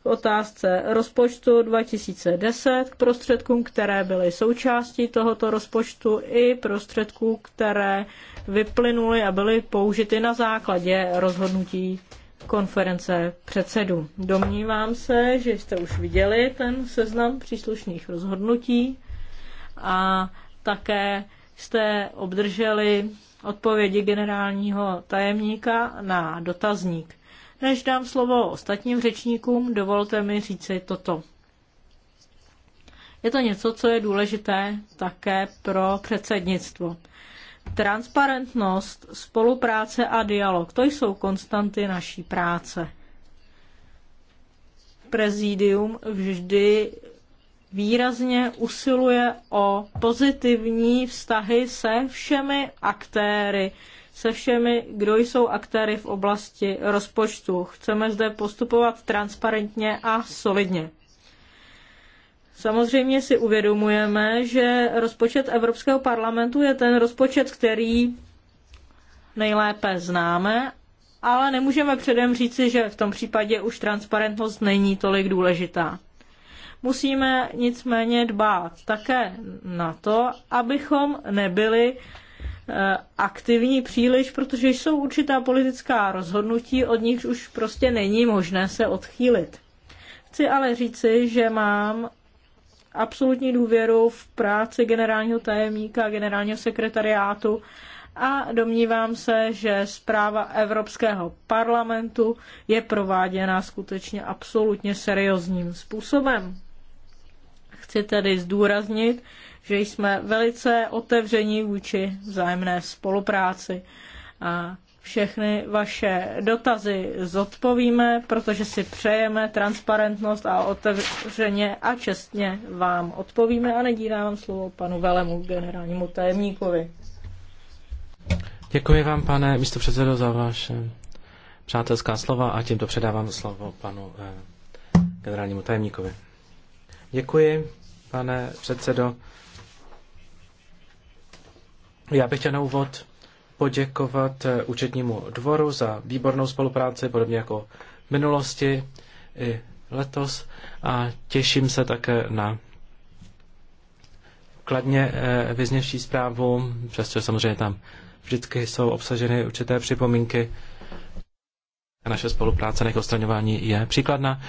v otázce rozpočtu 2010 k prostředkům, které byly součástí tohoto rozpočtu i prostředků, které vyplynuly a byly použity na základě rozhodnutí konference předsedů. Domnívám se, že jste už viděli ten seznam příslušných rozhodnutí a také jste obdrželi odpovědi generálního tajemníka na dotazník. Než dám slovo ostatním řečníkům, dovolte mi říci toto. Je to něco, co je důležité také pro předsednictvo. Transparentnost, spolupráce a dialog, to jsou konstanty naší práce. Prezidium vždy výrazně usiluje o pozitivní vztahy se všemi aktéry, se všemi, kdo jsou aktéry v oblasti rozpočtu. Chceme zde postupovat transparentně a solidně. Samozřejmě si uvědomujeme, že rozpočet Evropského parlamentu je ten rozpočet, který nejlépe známe, ale nemůžeme předem říci, že v tom případě už transparentnost není tolik důležitá. Musíme nicméně dbát také na to, abychom nebyli Eh, aktivní příliš, protože jsou určitá politická rozhodnutí, od nichž už prostě není možné se odchýlit. Chci ale říci, že mám absolutní důvěru v práci generálního tajemníka, generálního sekretariátu a domnívám se, že zpráva Evropského parlamentu je prováděna skutečně absolutně seriózním způsobem. Chci tedy zdůraznit, že jsme velice otevření vůči vzájemné spolupráci. A všechny vaše dotazy zodpovíme, protože si přejeme transparentnost a otevřeně a čestně vám odpovíme a nedírám slovo panu Velemu, generálnímu tajemníkovi. Děkuji vám, pane předsedo, za vaše přátelská slova a tímto předávám slovo panu eh, generálnímu tajemníkovi. Děkuji, pane předsedo. Já bych chtěl na úvod poděkovat eh, účetnímu dvoru za výbornou spolupráci, podobně jako v minulosti i letos a těším se také na kladně eh, vyzněvší zprávu, přestože samozřejmě tam vždycky jsou obsaženy určité připomínky. Naše spolupráce na odstraňování je příkladná.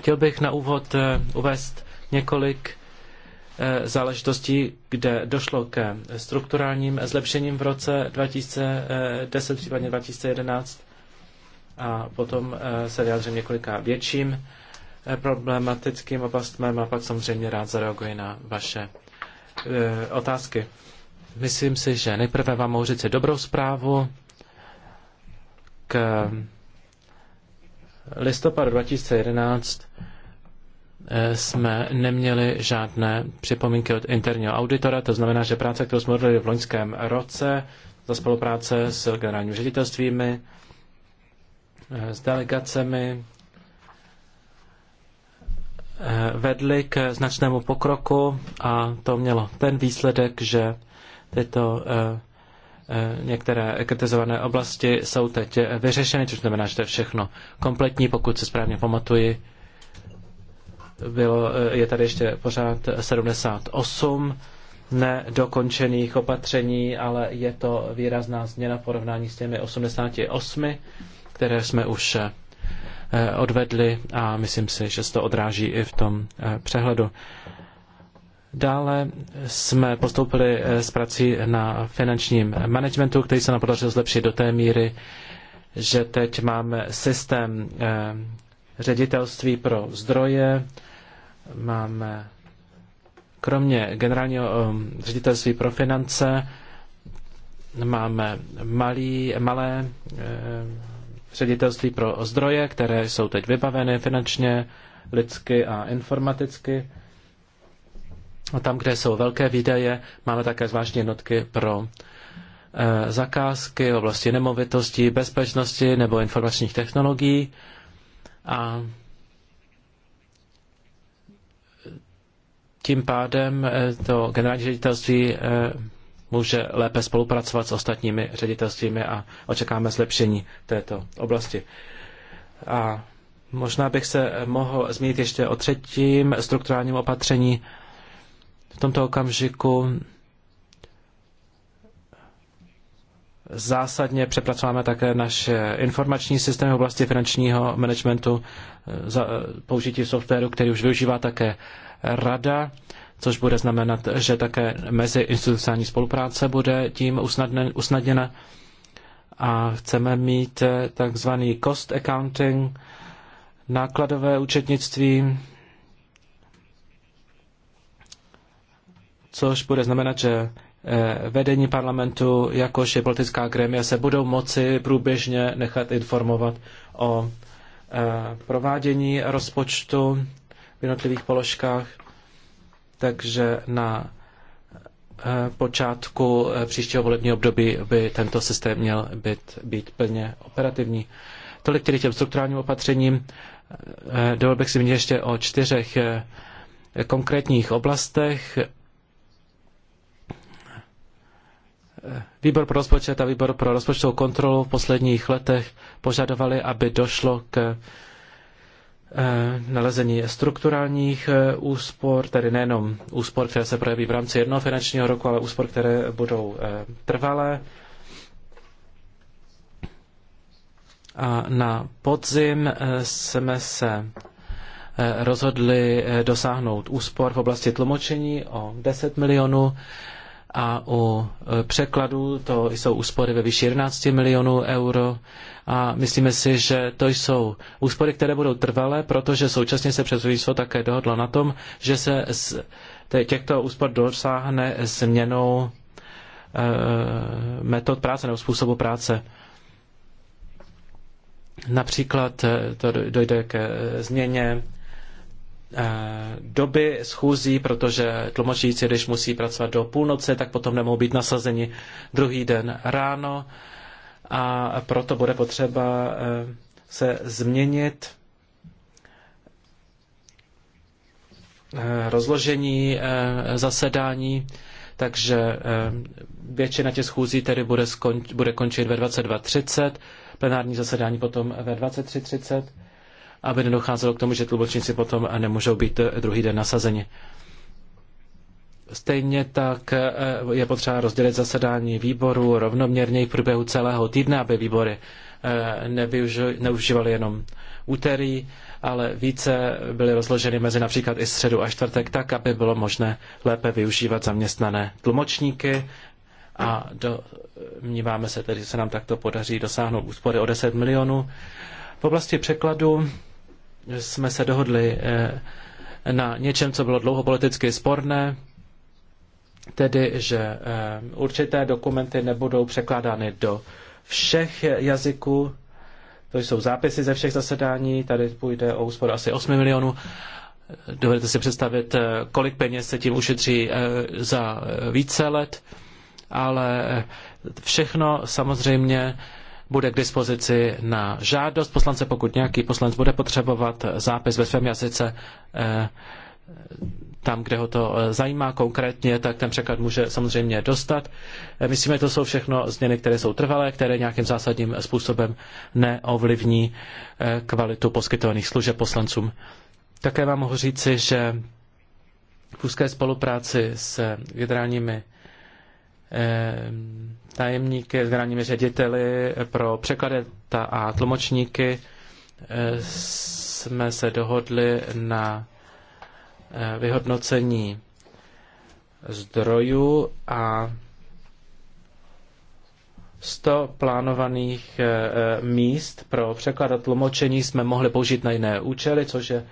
Chtěl bych na úvod eh, uvést několik Eh, záležitostí, kde došlo ke strukturálním zlepšením v roce 2010, případně 2011 a potom eh, se vyjádřím několika větším eh, problematickým oblastem a pak samozřejmě rád zareaguji na vaše otázky. Myslím si, že nejprve vám mohu říct dobrou zprávu k listopadu 2011 Eh, jsme neměli žádné připomínky od interního auditora, to znamená, že práce, kterou jsme odvedli v loňském roce, za spolupráce s generálními ředitelstvími, eh, s delegacemi, eh, vedly k značnému pokroku a to mělo ten výsledek, že tyto některé kritizované oblasti jsou teď vyřešeny, což znamená, že to je všechno kompletní, pokud se správně pamatuji bylo, eh, je tady ještě pořád 78 nedokončených opatření, ale je to výrazná změna v porovnání s těmi 88, které jsme už eh, odvedli a myslím si, že se to odráží i v tom eh, přehledu. Dále jsme postoupili s prací na finančním managementu, který se nám podařil zlepšit do té míry, že teď máme systém ředitelství pro zdroje, Máme kromě generálního um, ředitelství pro finance máme malý, malé eh, ředitelství pro zdroje, které jsou teď vybaveny finančně, lidsky a informaticky. A tam, kde jsou velké výdaje, máme také zvláštní jednotky pro eh, zakázky v oblasti nemovitostí, bezpečnosti nebo informačních technologií. A tím pádem eh, to generální ředitelství eh, může lépe spolupracovat s ostatními ředitelstvími a očekáme zlepšení této oblasti. A možná bych se mohl zmínit ještě o třetím strukturálním opatření. V tomto okamžiku zásadně přepracováme také naše informační systémy v oblasti finančního managementu eh, za použití softwaru, který už využívá také rada, což bude znamenat, že také meziinstitucionální spolupráce bude tím usnadněna. A chceme mít eh, takzvaný cost accounting, nákladové účetnictví, což bude znamenat, že eh, vedení parlamentu, jakož je politická grémia, se budou moci průběžně nechat informovat o eh, provádění rozpočtu v jednotlivých položkách. Takže na eh, počátku eh, příštího volebního období by tento systém měl být, být plně operativní. Tolik tedy těm strukturálním opatřením. Eh, Dovol bych si mít ještě o čtyřech konkrétních oblastech. Výbor pro rozpočet a výbor pro rozpočtovou kontrolu v posledních letech požadovali, aby došlo k Eh, nalezení strukturálních eh, úspor, tedy nejenom úspor, které se projeví v rámci jednoho finančního roku, ale úspor, které budou eh, trvalé. A na podzim jsme se rozhodli dosáhnout úspor v oblasti tlumočení o 10 milionů a u e, překladu to jsou úspory ve výši 11 milionů euro a myslíme si, že to jsou úspory, které budou trvalé, protože současně se předsednictvo také dohodlo na tom, že se z těchto úspor dosáhne změnou e, metod práce nebo způsobu práce. Například e, to dojde ke změně Eh, doby schůzí, protože tlumočníci, když musí pracovat do půlnoce, tak potom nemohou být nasazeni druhý den ráno a proto bude potřeba eh, se změnit eh, rozložení zasedání, takže většina těch schůzí tedy bude, skonč, bude končit ve 22.30, plenární zasedání potom ve 23.30 aby nedocházelo k tomu, že tlubočníci potom nemůžou být druhý den nasazeni. Stejně tak eh, je potřeba rozdělit zasedání výboru rovnoměrně v průběhu celého týdne, aby výbory eh, neužívaly jenom úterý, ale více byly rozloženy mezi například i středu a čtvrtek tak, aby bylo možné lépe využívat zaměstnané tlumočníky a do mníváme se tedy, že se nám takto podaří dosáhnout úspory o 10 milionů. V oblasti překladu jsme se dohodli eh, na něčem, co bylo dlouho politicky sporné, tedy, že eh, určité dokumenty nebudou překládány do všech jazyků, to jsou zápisy ze všech zasedání, tady půjde o úsporu asi 8 milionů. Dovedete si představit, eh, kolik peněz se tím ušetří za více let, ale všechno samozřejmě bude k dispozici na žádost poslance, pokud nějaký poslanec bude potřebovat zápis ve svém jazyce eh, tam, kde ho to eh, zajímá konkrétně, tak ten překlad může samozřejmě dostat. Eh, myslíme, že to jsou všechno změny, které jsou trvalé, které nějakým zásadním způsobem neovlivní kvalitu poskytovaných služeb poslancům. Také vám mohu říci, že v úzké spolupráci s generálními tajemníky, s generálními řediteli pro překlady a tlumočníky eh, jsme se dohodli na eh, vyhodnocení zdrojů a 100 plánovaných eh, míst pro překlad a tlumočení jsme mohli použít na jiné účely, což je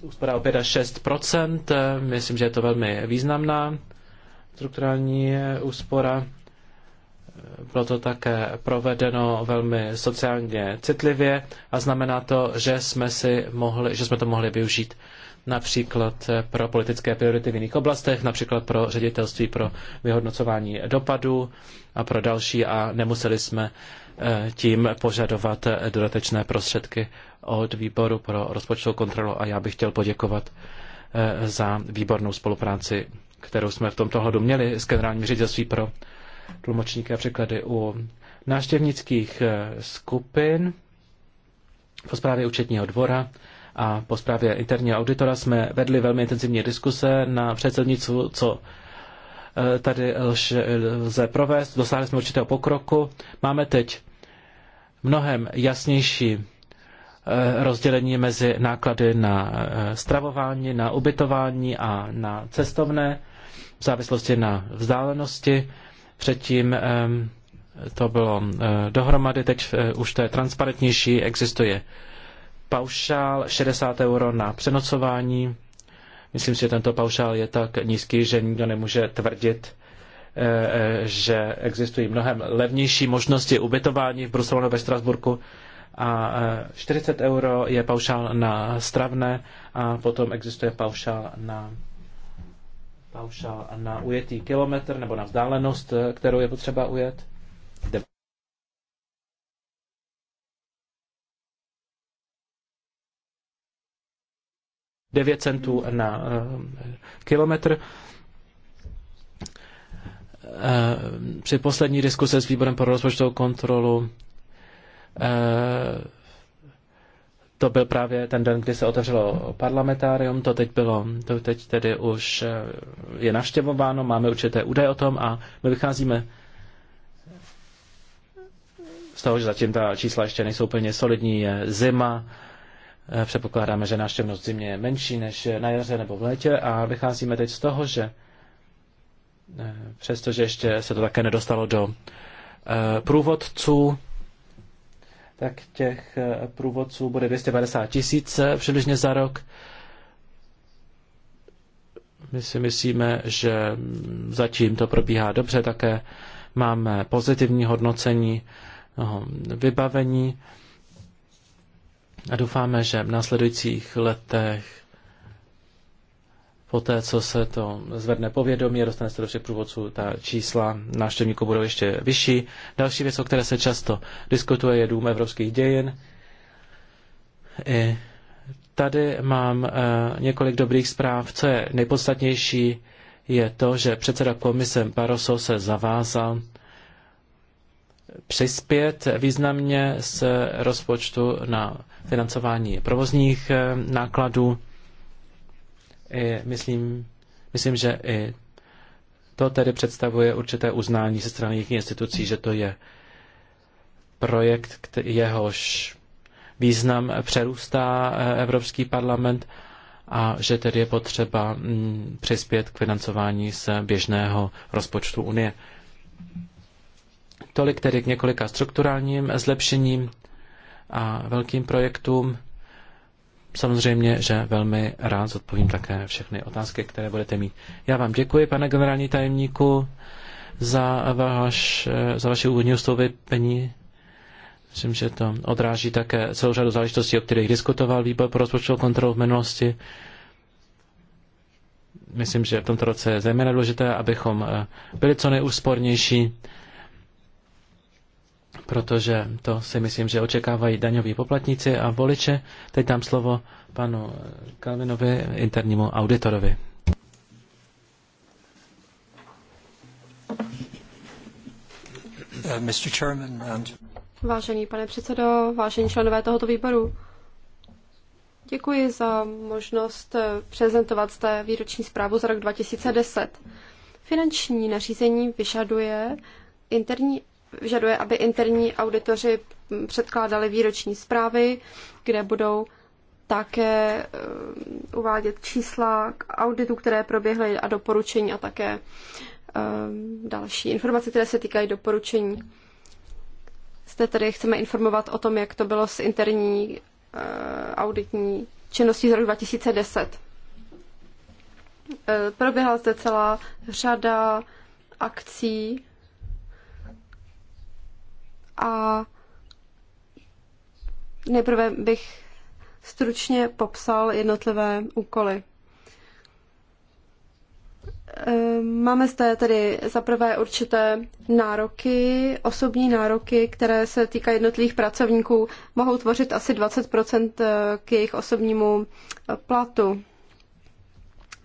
úspora o 5 až 6 Myslím, že je to velmi významná strukturální úspora. Bylo to také provedeno velmi sociálně citlivě a znamená to, že jsme, si mohli, že jsme to mohli využít například pro politické priority v jiných oblastech, například pro ředitelství pro vyhodnocování dopadů a pro další a nemuseli jsme eh, tím požadovat dodatečné prostředky od výboru pro rozpočtovou kontrolu a já bych chtěl poděkovat eh, za výbornou spolupráci kterou jsme v tomto hledu měli s generálním ředitelství pro tlumočníky a překlady u náštěvnických eh, skupin po zprávě účetního dvora a po zprávě interního auditora jsme vedli velmi intenzivní diskuse na předsednictvu, co eh, tady eh, lze provést. Dosáhli jsme určitého pokroku. Máme teď mnohem jasnější rozdělení mezi náklady na stravování, na ubytování a na cestovné v závislosti na vzdálenosti. Předtím to bylo dohromady, teď eh, už to je transparentnější, existuje paušál 60 euro na přenocování. Myslím si, že tento paušál je tak nízký, že nikdo nemůže tvrdit, eh, eh, že existují mnohem levnější možnosti ubytování v Bruselu nebo ve Strasburku. A 40 euro je paušál na stravné a potom existuje paušál na paušál na ujetý kilometr nebo na vzdálenost, eh, kterou je potřeba ujet. Devět centů na eh, kilometr. Eh, při poslední diskuse s výborem pro rozpočtovou kontrolu to byl právě ten den, kdy se otevřelo parlamentárium, to teď bylo, to teď tedy už eh, je naštěvováno, máme určité údaje o tom a my vycházíme z toho, že zatím ta čísla ještě nejsou úplně solidní, je zima, eh, předpokládáme, že návštěvnost zimě je menší než na jaře nebo v létě a vycházíme teď z toho, že eh, přestože ještě se to také nedostalo do průvodců, tak těch eh, průvodců bude 250 tisíc eh, přibližně za rok. My si myslíme, že mm, zatím to probíhá dobře, také máme pozitivní hodnocení eh, vybavení a doufáme, že v následujících letech Poté, co se to zvedne povědomí, dostane se do všech průvodců, ta čísla návštěvníků budou ještě vyšší. Další věc, o které se často diskutuje, je Dům evropských dějin. I tady mám eh, několik dobrých zpráv. Co je nejpodstatnější, je to, že předseda komise Barroso se zavázal přispět významně z rozpočtu na financování provozních eh, nákladů i myslím, myslím, že i to tedy představuje určité uznání ze strany jejich institucí, že to je projekt, který jehož význam přerůstá e, Evropský parlament a že tedy je potřeba mm, přispět k financování se běžného rozpočtu Unie. Tolik tedy k několika strukturálním zlepšením a velkým projektům. Samozřejmě, že velmi rád zodpovím také všechny otázky, které budete mít. Já vám děkuji, pane generální tajemníku, za, vaš, za vaše úvodní ustoupení. Myslím, že to odráží také celou řadu záležitostí, o kterých diskutoval výbor pro rozpočtovou kontrolu v minulosti. Myslím, že v tomto roce je zejména důležité, abychom eh, byli co nejúspornější protože to si myslím, že očekávají daňoví poplatníci a voliče. Teď dám slovo panu Kalvinovi, internímu auditorovi. Uh, Vážený pane předsedo, vážení členové tohoto výboru, děkuji za možnost eh, prezentovat zde výroční zprávu za rok 2010. Finanční nařízení vyžaduje interní vyžaduje, aby interní auditoři předkládali výroční zprávy, kde budou také eh, uvádět čísla k auditu, které proběhly a doporučení a také eh, další informace, které se týkají doporučení. Zde tedy chceme informovat o tom, jak to bylo s interní eh, auditní činností z roku 2010. Proběhla zde celá řada akcí, a nejprve bych stručně popsal jednotlivé úkoly. Ehm, máme zde tedy zaprvé určité nároky, osobní nároky, které se týkají jednotlivých pracovníků, mohou tvořit asi 20 eh, k jejich osobnímu eh, platu.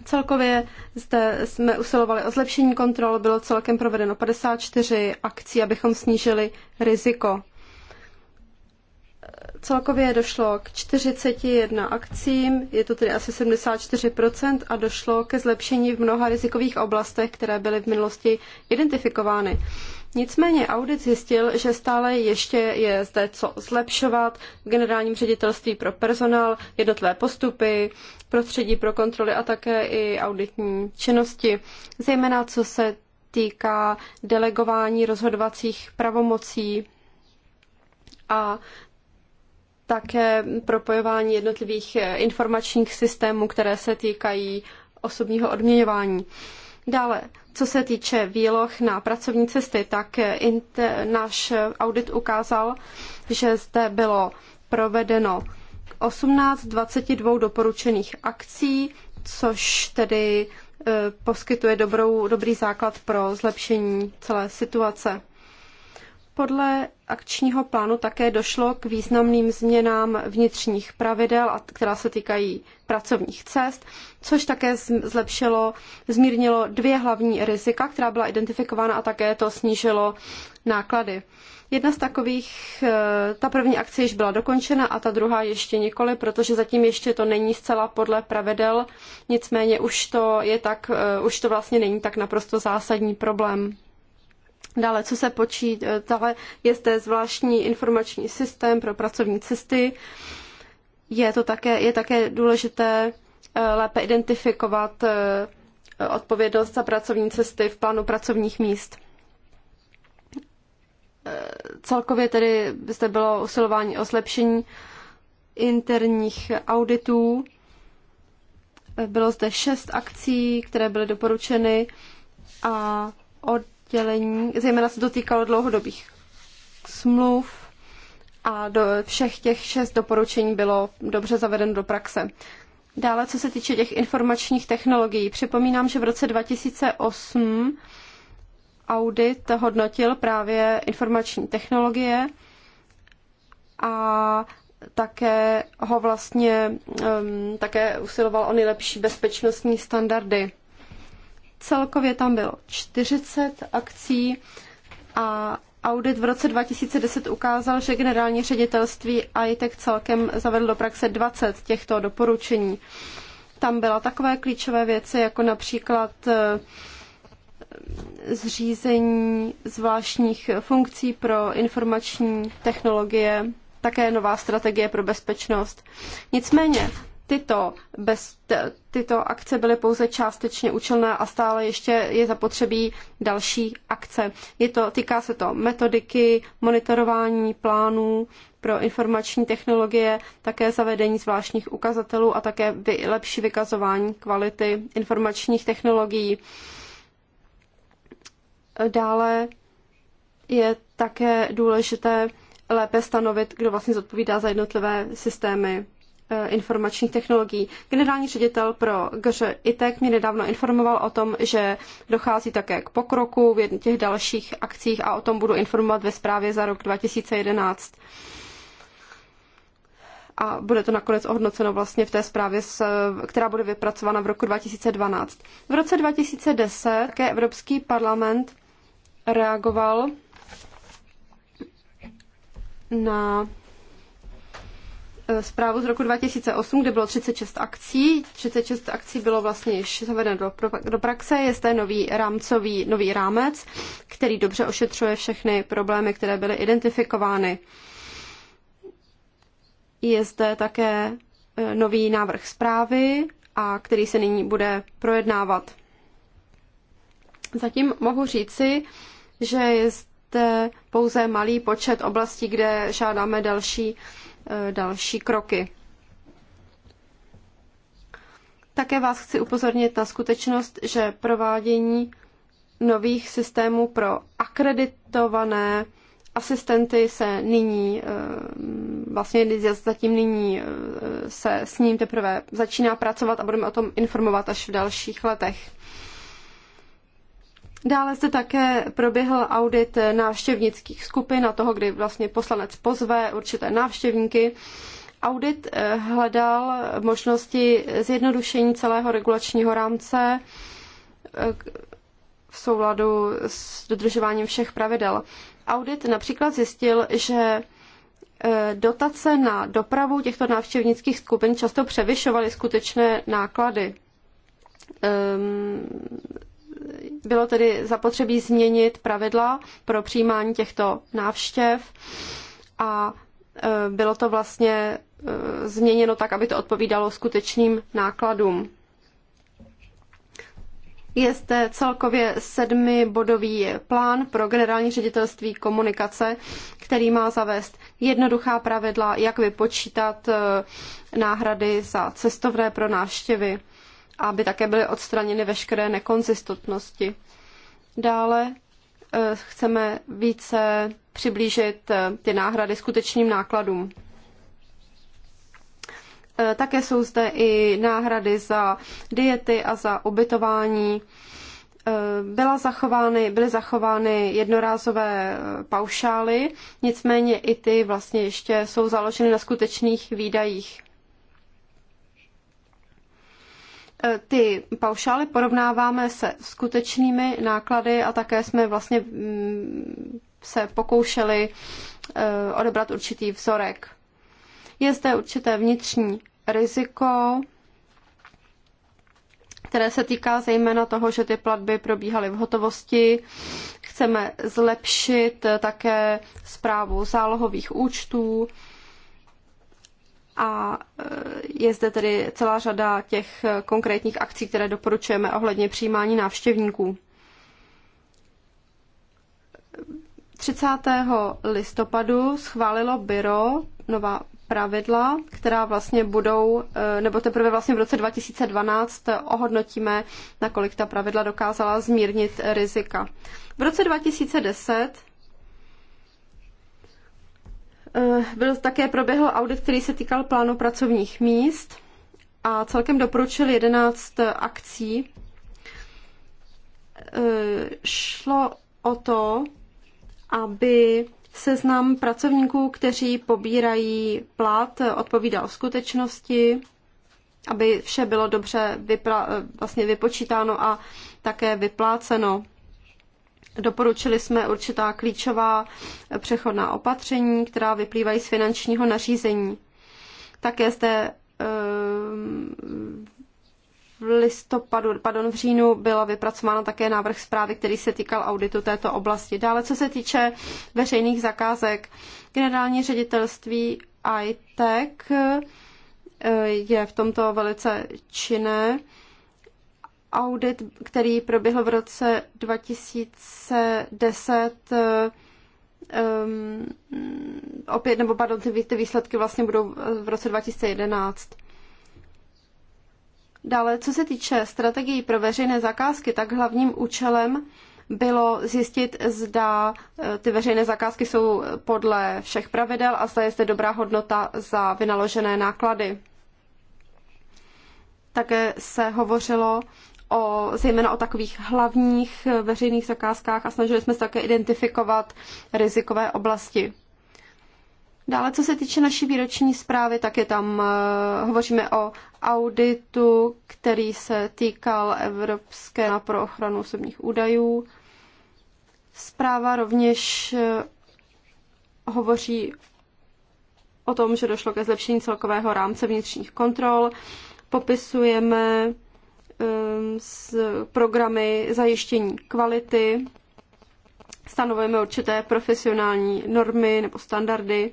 Celkově zde jsme usilovali o zlepšení kontrol, bylo celkem provedeno 54 akcí, abychom snížili riziko. Celkově došlo k 41 akcím, je to tedy asi 74% a došlo ke zlepšení v mnoha rizikových oblastech, které byly v minulosti identifikovány. Nicméně audit zjistil, že stále ještě je zde co zlepšovat v generálním ředitelství pro personál, jednotlivé postupy, prostředí pro kontroly a také i auditní činnosti, zejména co se týká delegování rozhodovacích pravomocí a také propojování jednotlivých informačních systémů, které se týkají osobního odměňování. Dále, co se týče výloh na pracovní cesty, tak náš audit ukázal, že zde bylo provedeno 18 22 doporučených akcí, což tedy e, poskytuje dobrou, dobrý základ pro zlepšení celé situace. Podle akčního plánu také došlo k významným změnám vnitřních pravidel, která se týkají pracovních cest, což také zlepšilo, zmírnilo dvě hlavní rizika, která byla identifikována a také to snížilo náklady. Jedna z takových, eh, ta první akce již byla dokončena a ta druhá ještě nikoli, protože zatím ještě to není zcela podle pravidel, nicméně už to je tak, eh, už to vlastně není tak naprosto zásadní problém. Dále, co se počítá, eh, je zde zvláštní informační systém pro pracovní cesty. Je, to také, je také důležité eh, lépe identifikovat eh, odpovědnost za pracovní cesty v plánu pracovních míst. Celkově tedy zde bylo usilování o zlepšení interních auditů. Bylo zde šest akcí, které byly doporučeny a od oddělení, zejména se dotýkalo dlouhodobých smluv a do všech těch šest doporučení bylo dobře zavedeno do praxe. Dále, co se týče těch informačních technologií, připomínám, že v roce 2008 audit hodnotil právě informační technologie a také ho vlastně um, také usiloval o nejlepší bezpečnostní standardy. Celkově tam bylo 40 akcí a audit v roce 2010 ukázal, že generální ředitelství ITEC celkem zavedl do praxe 20 těchto doporučení. Tam byla takové klíčové věci, jako například eh, zřízení zvláštních funkcí pro informační technologie, také nová strategie pro bezpečnost. Nicméně tyto, bez, tyto akce byly pouze částečně účelné a stále ještě je zapotřebí další akce. Je to, týká se to metodiky, monitorování plánů pro informační technologie, také zavedení zvláštních ukazatelů a také vy, lepší vykazování kvality informačních technologií. Dále je také důležité lépe stanovit, kdo vlastně zodpovídá za jednotlivé systémy Eh, informačních technologií. Generální ředitel pro GŘ ITEC mě nedávno informoval o tom, že dochází také k pokroku v těch dalších akcích a o tom budu informovat ve zprávě za rok 2011. A bude to nakonec ohodnoceno vlastně v té zprávě, která bude vypracována v roku 2012. V roce 2010 také Evropský parlament reagoval na Eh, zprávu z roku 2008, kde bylo 36 akcí. 36 akcí bylo vlastně již zavedeno do, do praxe. Je zde nový rámcový, nový rámec, který dobře ošetřuje všechny problémy, které byly identifikovány. Je zde také eh, nový návrh zprávy, a který se nyní bude projednávat. Zatím mohu říci, že je zde pouze malý počet oblastí, kde žádáme další uh, Eh, další kroky. Také vás chci upozornit na skutečnost, že provádění nových systémů pro akreditované asistenty se nyní, eh, vlastně zatím nyní eh, se s ním teprve začíná pracovat a budeme o tom informovat až v dalších letech. Dále se také proběhl audit návštěvnických skupin a toho, kdy vlastně poslanec pozve určité návštěvníky. Audit eh, hledal možnosti zjednodušení celého regulačního rámce eh, v souladu s dodržováním všech pravidel. Audit například zjistil, že eh, dotace na dopravu těchto návštěvnických skupin často převyšovaly skutečné náklady. Ehm, bylo tedy zapotřebí změnit pravidla pro přijímání těchto návštěv a e, bylo to vlastně e, změněno tak, aby to odpovídalo skutečným nákladům. Je zde celkově sedmibodový plán pro generální ředitelství komunikace, který má zavést jednoduchá pravidla, jak vypočítat e, náhrady za cestovné pro návštěvy aby také byly odstraněny veškeré nekonzistentnosti. Dále eh, chceme více přiblížit eh, ty náhrady skutečným nákladům. Eh, také jsou zde i náhrady za diety a za ubytování. Byla zachovány, byly zachovány jednorázové paušály, nicméně i ty vlastně ještě jsou založeny na skutečných výdajích. ty paušály porovnáváme se skutečnými náklady a také jsme vlastně mm, se pokoušeli e, odebrat určitý vzorek. Je zde určité vnitřní riziko, které se týká zejména toho, že ty platby probíhaly v hotovosti. Chceme zlepšit také zprávu zálohových účtů, a e, je zde tedy celá řada těch e, konkrétních akcí, které doporučujeme ohledně přijímání návštěvníků. 30. listopadu schválilo byro nová pravidla, která vlastně budou, e, nebo teprve vlastně v roce 2012 ohodnotíme, nakolik ta pravidla dokázala zmírnit rizika. V roce 2010 Eh, byl, také proběhl audit, který se týkal plánu pracovních míst a celkem doporučil 11 akcí. Eh, šlo o to, aby seznam pracovníků, kteří pobírají plat, odpovídal skutečnosti, aby vše bylo dobře vypla- eh, vlastně vypočítáno a také vypláceno. Doporučili jsme určitá klíčová přechodná opatření, která vyplývají z finančního nařízení. Také zde ehm, v listopadu, pardon, v říjnu byla vypracována také návrh zprávy, který se týkal auditu této oblasti. Dále, co se týče veřejných zakázek, generální ředitelství ITEC eh, je v tomto velice činné audit, který proběhl v roce 2010, um, ehm, opět, nebo pardon, ty, ty výsledky vlastně budou v roce 2011. Dále, co se týče strategií pro veřejné zakázky, tak hlavním účelem bylo zjistit, zda eh, ty veřejné zakázky jsou podle všech pravidel a zda je zde dobrá hodnota za vynaložené náklady. Také se hovořilo o, zejména o takových hlavních eh, veřejných zakázkách a snažili jsme se také identifikovat rizikové oblasti. Dále, co se týče naší výroční zprávy, tak je tam, eh, hovoříme o auditu, který se týkal Evropské na pro ochranu osobních údajů. Zpráva rovněž eh, hovoří o tom, že došlo ke zlepšení celkového rámce vnitřních kontrol. Popisujeme Um, s programy zajištění kvality, stanovujeme určité profesionální normy nebo standardy.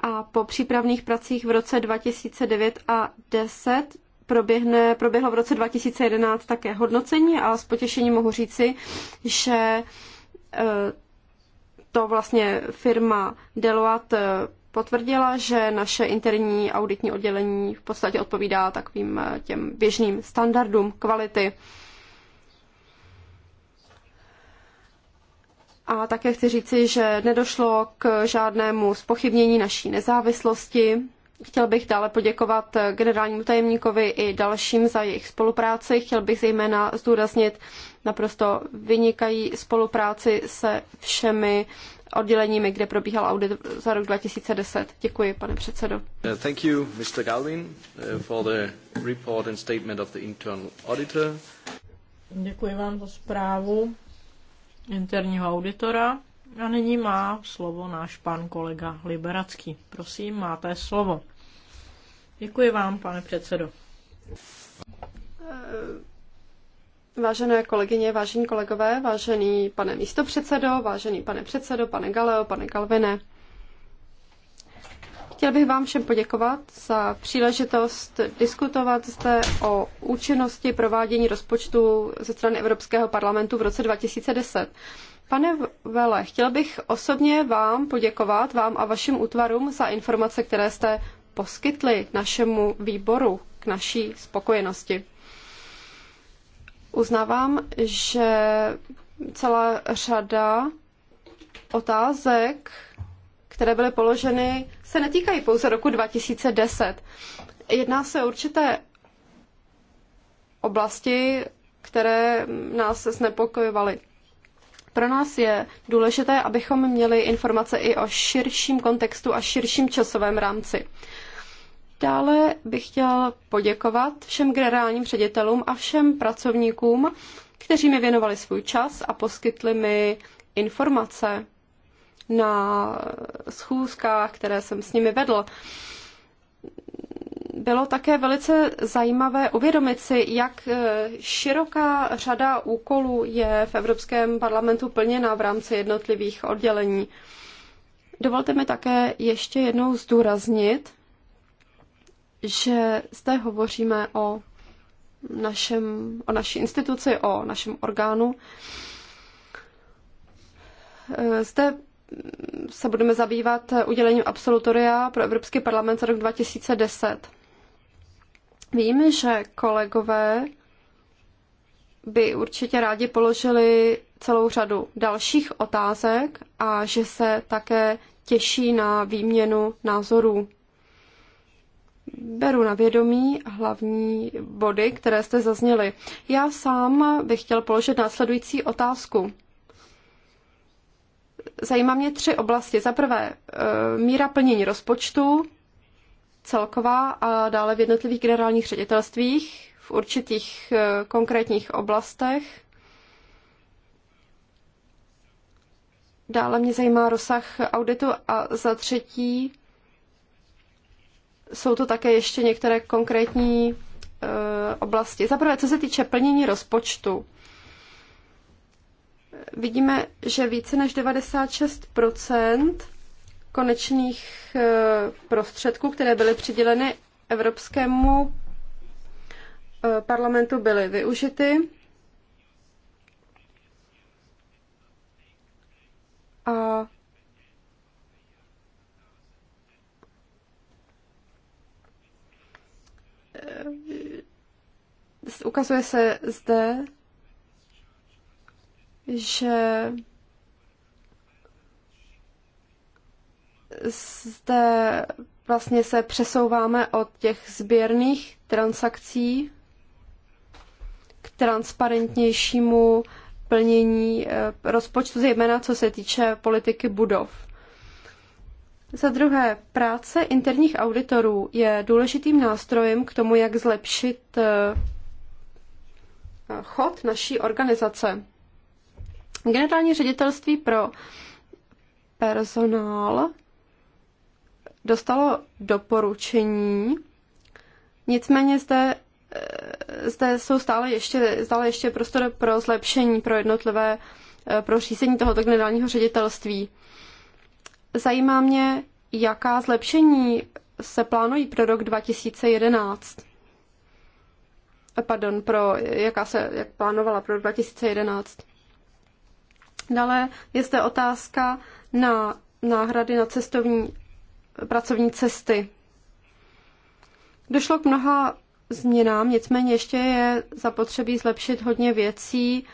A po přípravných pracích v roce 2009 a 10 proběhne, proběhlo v roce 2011 také hodnocení a s potěšením mohu říci, že eh, to vlastně firma Deloitte eh, potvrdila, že naše interní auditní oddělení v podstatě odpovídá takovým eh, těm běžným standardům kvality. A také chci říci, že nedošlo k žádnému spochybnění naší nezávislosti. Chtěl bych dále poděkovat eh, generálnímu tajemníkovi i dalším za jejich spolupráci. Chtěl bych zejména zdůraznit naprosto vynikají spolupráci se všemi odděleními, kde probíhal audit za rok 2010. Děkuji, pane předsedo. Uh, thank you, Mr. Galvin, uh, for the report and statement of the internal auditor. Děkuji vám za zprávu interního auditora. A nyní má slovo náš pan kolega Liberacký. Prosím, máte slovo. Děkuji vám, pane předsedo. Eh, Vážené kolegyně, vážení kolegové, vážený pane místopředsedo, vážený pane předsedo, pane Galeo, pane Kalvine. Chtěl bych vám všem poděkovat za příležitost diskutovat zde o účinnosti provádění rozpočtu ze strany Evropského parlamentu v roce 2010. Pane Vele, chtěl bych osobně vám poděkovat, vám a vašim útvarům, za informace, které jste poskytli našemu výboru k naší spokojenosti. Uznávám, že celá řada otázek, které byly položeny, se netýkají pouze roku 2010. Jedná se o určité oblasti, které nás znepokojovaly. Pro nás je důležité, abychom měli informace i o širším kontextu a širším časovém rámci. Dále bych chtěl poděkovat všem generálním ředitelům a všem pracovníkům, kteří mi věnovali svůj čas a poskytli mi informace na schůzkách, které jsem s nimi vedl. Bylo také velice zajímavé uvědomit si, jak eh, široká řada úkolů je v Evropském parlamentu plněna v rámci jednotlivých oddělení. Dovolte mi také ještě jednou zdůraznit, že zde hovoříme o, našem, o naší instituci, o našem orgánu. Eh, zde se budeme zabývat udělením absolutoria pro Evropský parlament za rok 2010. Vím, že kolegové by určitě rádi položili celou řadu dalších otázek a že se také těší na výměnu názorů beru na vědomí hlavní body, které jste zazněli. Já sám bych chtěl položit následující otázku. Zajímá mě tři oblasti. Za prvé, e, míra plnění rozpočtu celková a dále v jednotlivých generálních ředitelstvích v určitých e, konkrétních oblastech. Dále mě zajímá rozsah auditu a za třetí jsou to také ještě některé konkrétní eh, oblasti. Zaprvé, co se týče plnění rozpočtu, vidíme, že více než 96 konečných eh, prostředků, které byly přiděleny Evropskému eh, parlamentu, byly využity. A ukazuje se zde, že zde vlastně se přesouváme od těch sběrných transakcí k transparentnějšímu plnění eh, rozpočtu, zejména co se týče politiky budov. Za druhé, práce interních auditorů je důležitým nástrojem k tomu, jak zlepšit eh, chod naší organizace. Generální ředitelství pro personál dostalo doporučení, nicméně zde, eh, zde jsou stále ještě, stále ještě prostor pro zlepšení pro jednotlivé eh, pro řízení tohoto generálního ředitelství. Zajímá mě, jaká zlepšení se plánují pro rok 2011. Pardon, pro jaká se jak plánovala pro 2011. Dále je zde otázka na náhrady na cestovní pracovní cesty. Došlo k mnoha změnám, nicméně ještě je zapotřebí zlepšit hodně věcí.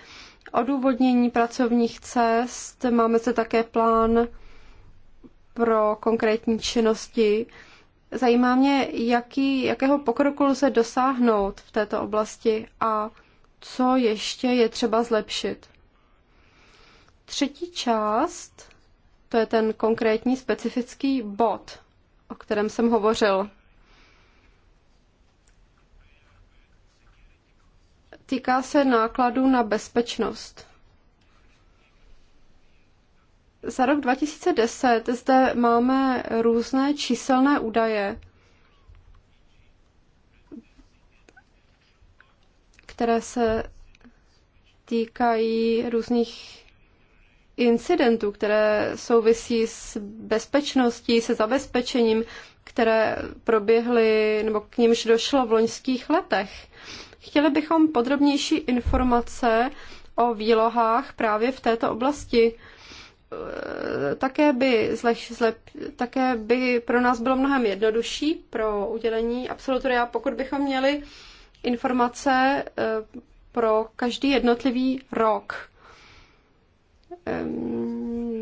Odůvodnění pracovních cest, máme se také plán pro konkrétní činnosti. Zajímá mě, jaký, jakého pokroku lze dosáhnout v této oblasti a co ještě je třeba zlepšit. Třetí část, to je ten konkrétní specifický bod, o kterém jsem hovořil. Týká se nákladů na bezpečnost. Za rok 2010 zde máme různé číselné údaje, které se týkají různých incidentů, které souvisí s bezpečností, se zabezpečením, které proběhly nebo k nímž došlo v loňských letech. Chtěli bychom podrobnější informace o výlohách právě v této oblasti. Eh, také by, zlep, zlep, také by pro nás bylo mnohem jednodušší pro udělení absolutoria, pokud bychom měli informace eh, pro každý jednotlivý rok.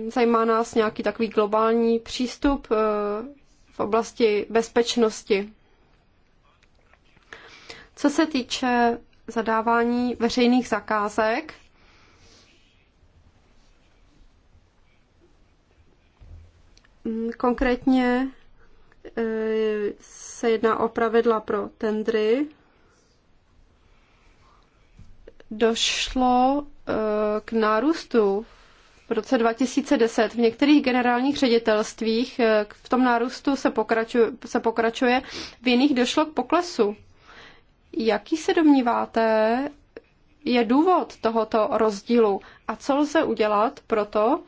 Zajímá nás nějaký takový globální přístup eh, v oblasti bezpečnosti. Co se týče zadávání veřejných zakázek, Mm, konkrétně e, se jedná o pravidla pro tendry. Došlo e, k nárůstu v roce 2010 v některých generálních ředitelstvích. E, v tom nárůstu se pokračuje, se pokračuje, v jiných došlo k poklesu. Jaký se domníváte, je důvod tohoto rozdílu a co lze udělat pro to,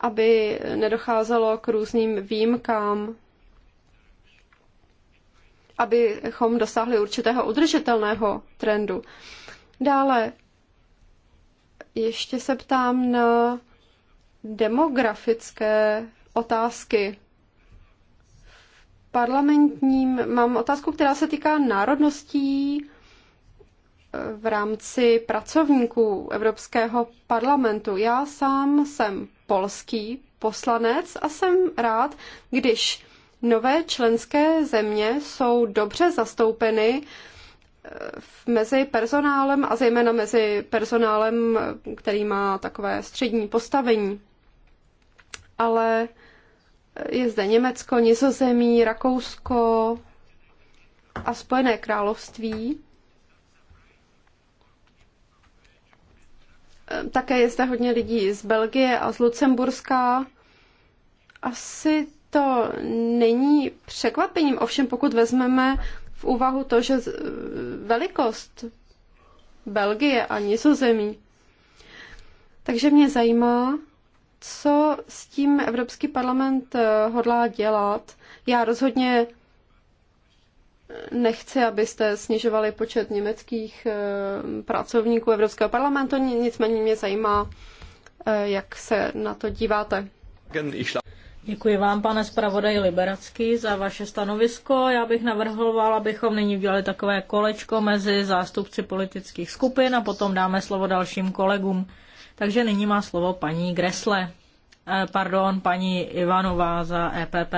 aby nedocházelo k různým výjimkám, abychom dosáhli určitého udržitelného trendu. Dále ještě se ptám na demografické otázky. V parlamentním mám otázku, která se týká národností v rámci pracovníků Evropského parlamentu. Já sám jsem polský poslanec a jsem rád, když nové členské země jsou dobře zastoupeny eh, mezi personálem a zejména mezi personálem, který má takové střední postavení. Ale je zde Německo, Nizozemí, Rakousko a Spojené království. Také je zde hodně lidí z Belgie a z Lucemburska. Asi to není překvapením, ovšem pokud vezmeme v úvahu to, že velikost Belgie a Nizozemí. Takže mě zajímá, co s tím Evropský parlament eh, hodlá dělat. Já rozhodně Nechci, abyste snižovali počet německých eh, pracovníků Evropského parlamentu, nicméně mě zajímá, eh, jak se na to díváte. Děkuji vám, pane zpravodaj Liberacký, za vaše stanovisko. Já bych navrhoval, abychom nyní udělali takové kolečko mezi zástupci politických skupin a potom dáme slovo dalším kolegům. Takže nyní má slovo paní Gresle, eh, pardon, paní Ivanová za EPP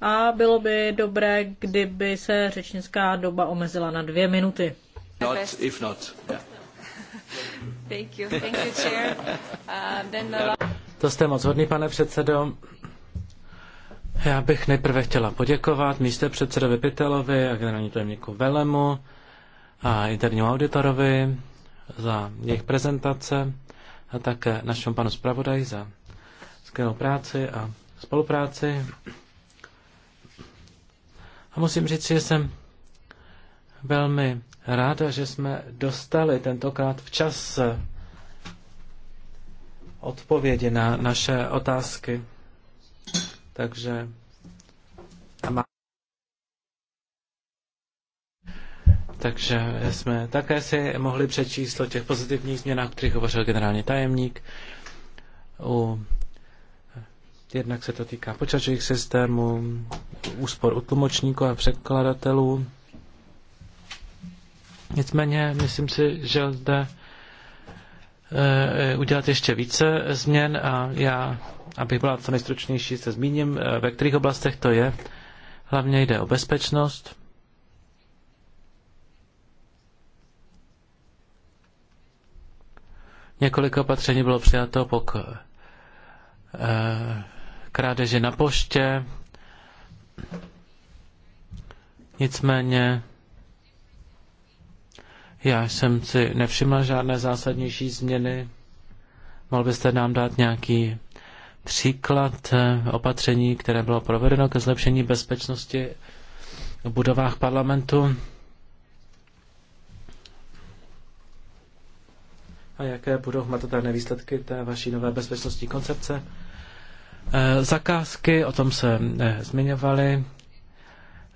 a bylo by dobré, kdyby se řečnická doba omezila na dvě minuty. Not, if not. Yeah. Thank you. Thank you, chair. Uh, then the... To jste moc hodný, pane předsedo. Já bych nejprve chtěla poděkovat místě předsedovi Pitelovi a generální tajemníku Velemu a internímu auditorovi za jejich prezentace a také našemu panu zpravodaji za skvělou práci a spolupráci. A musím říct, že jsem velmi ráda, že jsme dostali tentokrát včas odpovědi na naše otázky. Takže Takže jsme také si mohli přečíst o těch pozitivních změnách, kterých hovořil generální tajemník. U Jednak se to týká počítačových systémů, úspor u tlumočníků a překladatelů. Nicméně, myslím si, že zde eh, eh, udělat ještě více změn a já, abych byla co nejstručnější, se zmíním, eh, ve kterých oblastech to je. Hlavně jde o bezpečnost. Několik opatření bylo přijato po Krádeže na poště. Nicméně já jsem si nevšiml žádné zásadnější změny. Mohl byste nám dát nějaký příklad eh, opatření, které bylo provedeno ke zlepšení bezpečnosti v budovách parlamentu? A jaké budou hmatatelné výsledky té vaší nové bezpečnostní koncepce? Eh, zakázky, o tom se eh, zmiňovali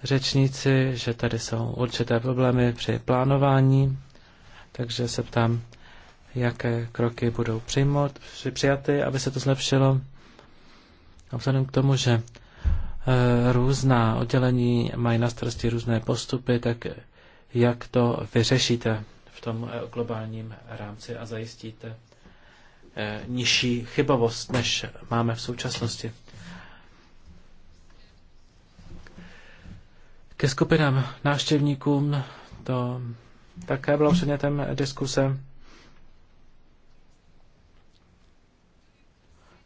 řečníci, že tady jsou určité problémy při plánování, takže se ptám, jaké kroky budou přijmout, přijaty, aby se to zlepšilo. A vzhledem k tomu, že eh, různá oddělení mají na starosti různé postupy, tak jak to vyřešíte v tom globálním rámci a zajistíte Eh, nižší chybovost, než máme v současnosti. Ke skupinám návštěvníkům to také bylo předmětem diskuse.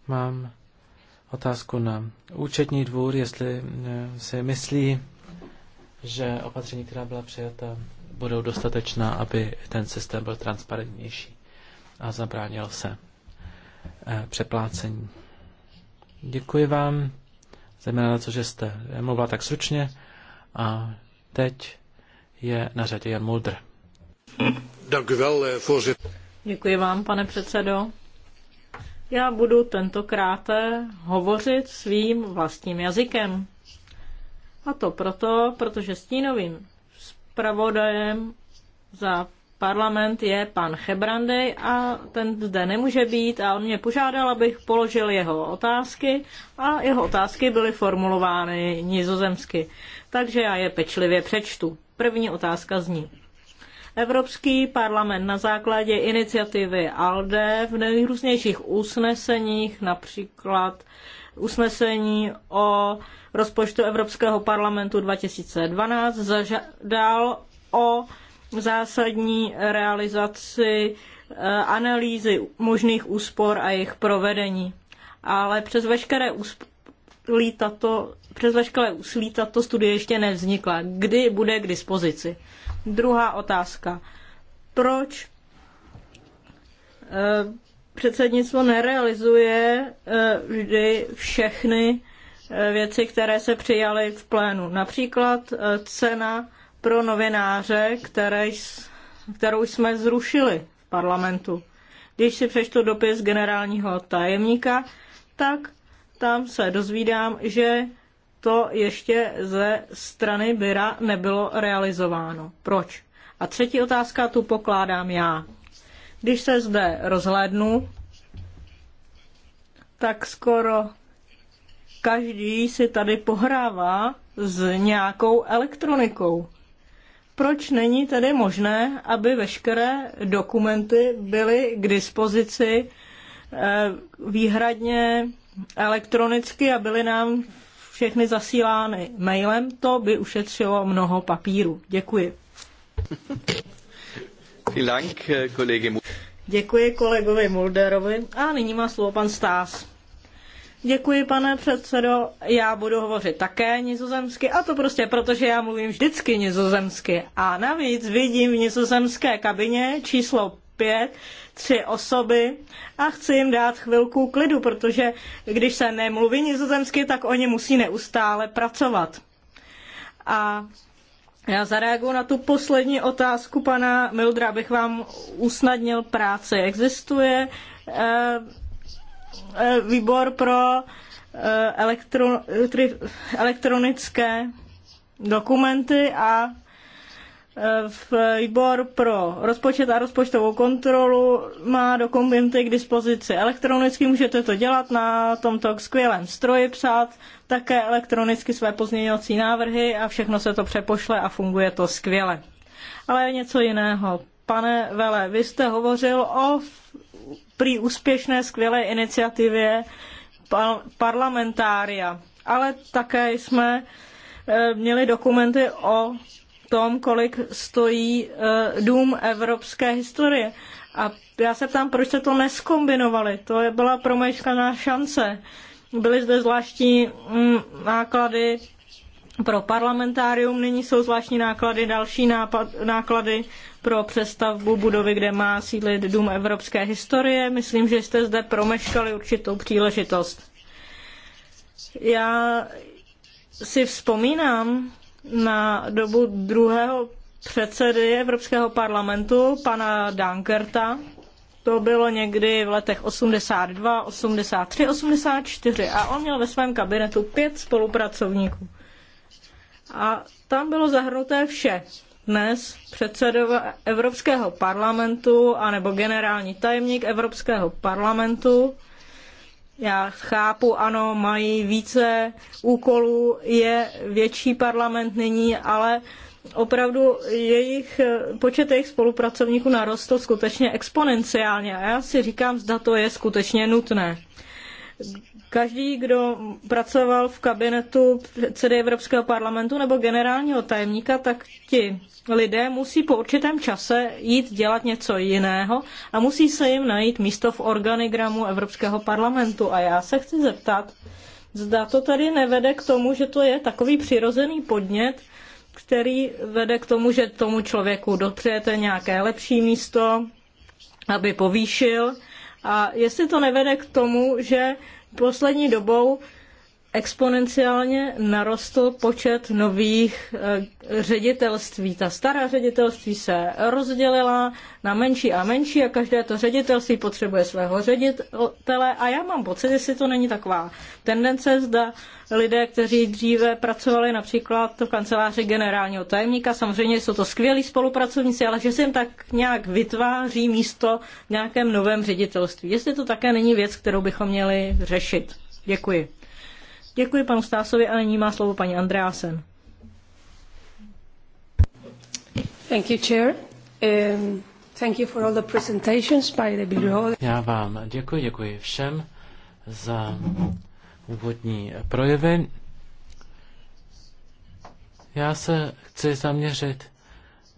Mám otázku na účetní dvůr, jestli eh, si myslí, že opatření, která byla přijata, budou dostatečná, aby ten systém byl transparentnější a zabránil se Eh, přeplácení. Děkuji vám, zejména na to, že jste mluvila tak sručně A teď je na řadě Jan Muldr. Eh, Děkuji vám, pane předsedo. Já budu tentokrát eh, hovořit svým vlastním jazykem. A to proto, protože stínovým zpravodajem za parlament je pan Chebrandej a ten zde nemůže být a on mě požádal, abych položil jeho otázky a jeho otázky byly formulovány nizozemsky. Takže já je pečlivě přečtu. První otázka zní. Evropský parlament na základě iniciativy ALDE v nejrůznějších usneseních, například usnesení o rozpočtu Evropského parlamentu 2012, zažadal o zásadní realizaci eh, analýzy možných úspor a jejich provedení. Ale přes veškeré úsilí tato, přes veškeré úsilí tato studie ještě nevznikla. Kdy bude k dispozici? Druhá otázka. Proč eh, předsednictvo nerealizuje eh, vždy všechny věci, které se přijaly v plénu? Například cena pro novináře, které, kterou jsme zrušili v parlamentu. Když si přečtu dopis generálního tajemníka, tak tam se dozvídám, že to ještě ze strany Byra nebylo realizováno. Proč? A třetí otázka tu pokládám já. Když se zde rozhlédnu, tak skoro každý si tady pohrává s nějakou elektronikou proč není tedy možné, aby veškeré dokumenty byly k dispozici eh, výhradně elektronicky a byly nám všechny zasílány mailem, to by ušetřilo mnoho papíru. Děkuji. Eh, Děkuji kolegovi Mulderovi a nyní má slovo pan Stás. Děkuji, pane předsedo. Já budu hovořit také nizozemsky a to prostě proto, že já mluvím vždycky nizozemsky. A navíc vidím v nizozemské kabině číslo pět, tři osoby a chci jim dát chvilku klidu, protože když se nemluví nizozemsky, tak oni musí neustále pracovat. A já zareaguju na tu poslední otázku pana Mildra, abych vám usnadnil práci. Existuje eh, Eh, výbor pro eh, elektro, elektronické dokumenty a eh, výbor pro rozpočet a rozpočtovou kontrolu má dokumenty k dispozici elektronicky, můžete to dělat na tomto skvělém stroji, psát také elektronicky své pozměňovací návrhy a všechno se to přepošle a funguje to skvěle. Ale je něco jiného. Pane Vele, vy jste hovořil o prý úspěšné, skvělé iniciativě parlamentária, ale také jsme e, měli dokumenty o tom, kolik stojí e, dům evropské historie. A já se ptám, proč se to neskombinovali. To je byla promeškaná šance. Byly zde zvláštní mm, náklady pro parlamentárium, nyní jsou zvláštní náklady, další nápad, náklady pro přestavbu budovy, kde má sídlit Dům evropské historie. Myslím, že jste zde promeškali určitou příležitost. Já si vzpomínám na dobu druhého předsedy Evropského parlamentu, pana Dankerta. To bylo někdy v letech 82, 83, 84 a on měl ve svém kabinetu pět spolupracovníků. A tam bylo zahrnuté vše dnes předsedové Evropského parlamentu anebo generální tajemník Evropského parlamentu. Já chápu, ano, mají více úkolů, je větší parlament nyní, ale opravdu jejich, počet jejich spolupracovníků narostl skutečně exponenciálně a já si říkám, zda to je skutečně nutné. Každý, kdo pracoval v kabinetu předsedy Evropského parlamentu nebo generálního tajemníka, tak ti lidé musí po určitém čase jít dělat něco jiného a musí se jim najít místo v organigramu Evropského parlamentu. A já se chci zeptat, zda to tady nevede k tomu, že to je takový přirozený podnět, který vede k tomu, že tomu člověku dopřejete nějaké lepší místo, aby povýšil a jestli to nevede k tomu, že poslední dobou exponenciálně narostl počet nových eh, ředitelství. Ta stará ředitelství se rozdělila na menší a menší a každé to ředitelství potřebuje svého ředitele a já mám pocit, jestli to není taková tendence, zda lidé, kteří dříve pracovali například v kanceláři generálního tajemníka, samozřejmě jsou to skvělí spolupracovníci, ale že se jim tak nějak vytváří místo v nějakém novém ředitelství. Jestli to také není věc, kterou bychom měli řešit. Děkuji. Děkuji panu Stásovi a nyní má slovo paní Andreasen. Thank you, Chair. Um, thank you for all the presentations by the Bureau. Já vám děkuji, děkuji všem za úvodní projevy. Já se chci zaměřit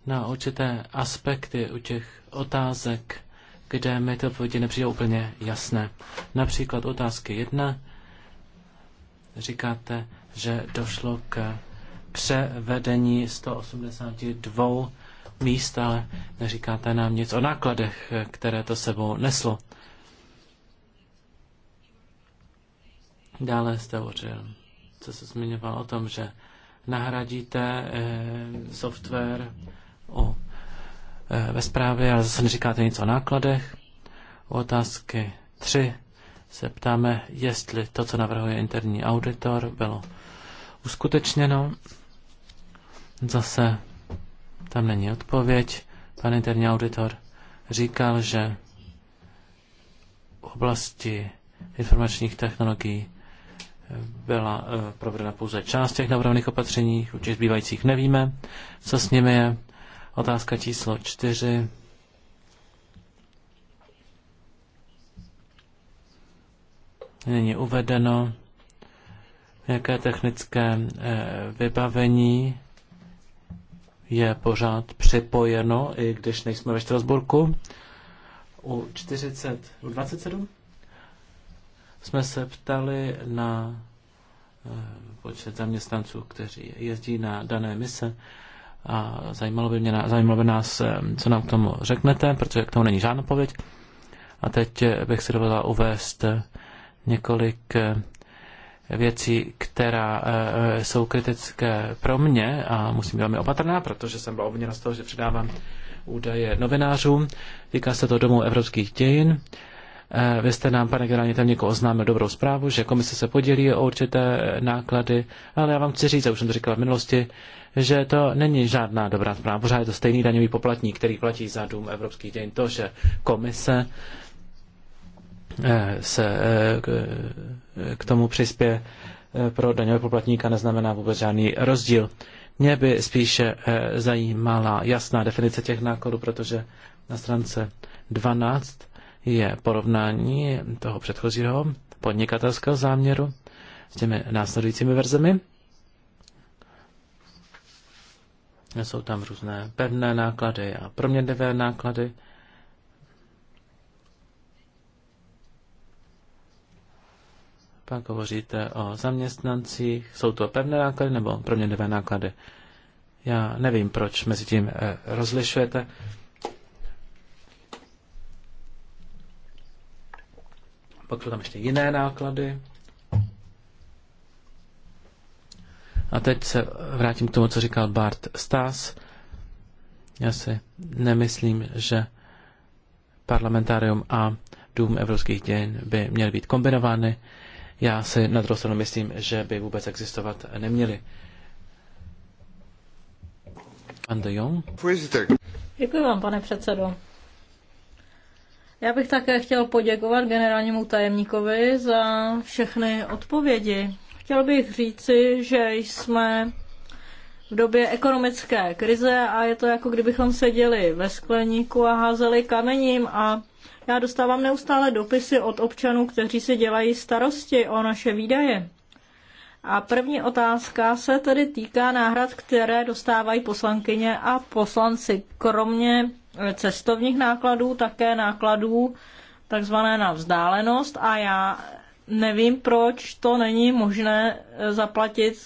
na určité aspekty u těch otázek, kde mi to odpovědi nepřijde úplně jasné. Například otázky jedna, říkáte, že došlo k převedení 182 míst, ale neříkáte nám nic o nákladech, které to sebou neslo. Dále jste hovořil, co se zmiňoval o tom, že nahradíte eh, software o, eh, ve zprávě, ale zase neříkáte nic o nákladech. U otázky 3 se ptáme, jestli to, co navrhuje interní auditor, bylo uskutečněno. Zase tam není odpověď. Pan interní auditor říkal, že v oblasti informačních technologií byla eh, provedena pouze část těch navrhovaných opatření, u těch zbývajících nevíme, co s nimi je. Otázka číslo čtyři. není uvedeno, jaké technické eh, vybavení je pořád připojeno, i když nejsme ve Štrasburku. U 40, u 27 jsme se ptali na eh, počet zaměstnanců, kteří jezdí na dané mise. A zajímalo by, mě, zajímalo by nás, eh, co nám k tomu řeknete, protože k tomu není žádná pověď. A teď bych si dovolila uvést několik eh, věcí, která eh, eh, jsou kritické pro mě a musím být velmi opatrná, protože jsem byla obviněna z toho, že předávám údaje novinářům. Týká se to Domů evropských dějin. Vy jste nám, pane generální tajemníku, oznámil dobrou zprávu, že komise se podělí o určité náklady, ale já vám chci říct, a už jsem to říkal v minulosti, že to není žádná dobrá zpráva. Pořád je to stejný daňový poplatník, který platí za dům evropských dějin. To, že komise Eh, se eh, eh, k tomu přispěje pro daňové poplatníka, neznamená vůbec žádný rozdíl. Mě by spíše zajímala jasná definice těch nákladů, protože na stránce 12 je porovnání toho předchozího podnikatelského záměru s těmi následujícími verzemi. Jsou tam různé pevné náklady a proměnlivé náklady. Pak hovoříte o zaměstnancích. Jsou to pevné náklady nebo proměnlivé náklady? Já nevím, proč mezi tím eh, rozlišujete. Pak jsou tam ještě jiné náklady. A teď se vrátím k tomu, co říkal Bart Stas. Já si nemyslím, že parlamentárium a dům evropských dějin by měly být kombinovány. Já si na druhou stranu myslím, že by vůbec existovat neměly. Pan de Jong? Děkuji vám, pane předsedo. Já bych také chtěl poděkovat generálnímu tajemníkovi za všechny odpovědi. Chtěl bych říci, že jsme v době ekonomické krize a je to jako kdybychom seděli ve skleníku a házeli kamením a já dostávám neustále dopisy od občanů, kteří si dělají starosti o naše výdaje. A první otázka se tedy týká náhrad, které dostávají poslankyně a poslanci. Kromě eh, cestovních nákladů, také nákladů takzvané na vzdálenost a já nevím, proč to není možné eh, zaplatit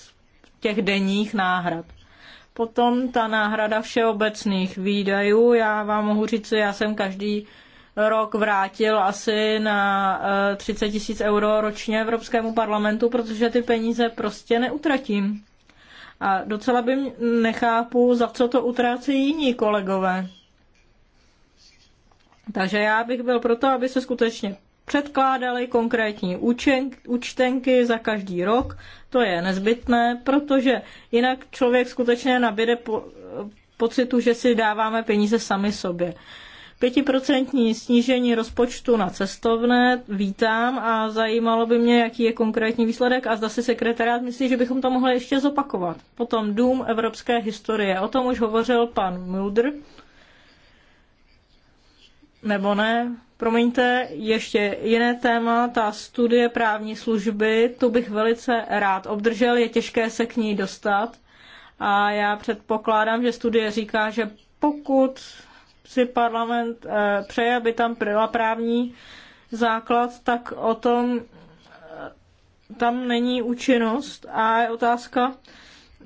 těch denních náhrad. Potom ta náhrada všeobecných výdajů, já vám mohu říct, že já jsem každý rok vrátil asi na 30 eh, tisíc euro ročně Evropskému parlamentu, protože ty peníze prostě neutratím. A docela bym nechápu, za co to utrácí jiní kolegové. Takže já bych byl proto, aby se skutečně předkládali konkrétní účtenky za každý rok. To je nezbytné, protože jinak člověk skutečně nabíde po, pocitu, že si dáváme peníze sami sobě. Pětiprocentní snížení rozpočtu na cestovné vítám a zajímalo by mě, jaký je konkrétní výsledek a zda si sekretariát myslí, že bychom to mohli ještě zopakovat. Potom Dům evropské historie. O tom už hovořil pan Mulder. Nebo ne? Promiňte, ještě jiné téma, ta studie právní služby, tu bych velice rád obdržel, je těžké se k ní dostat. A já předpokládám, že studie říká, že pokud si parlament eh, přeje, aby tam byla právní základ, tak o tom eh, tam není účinnost a je otázka,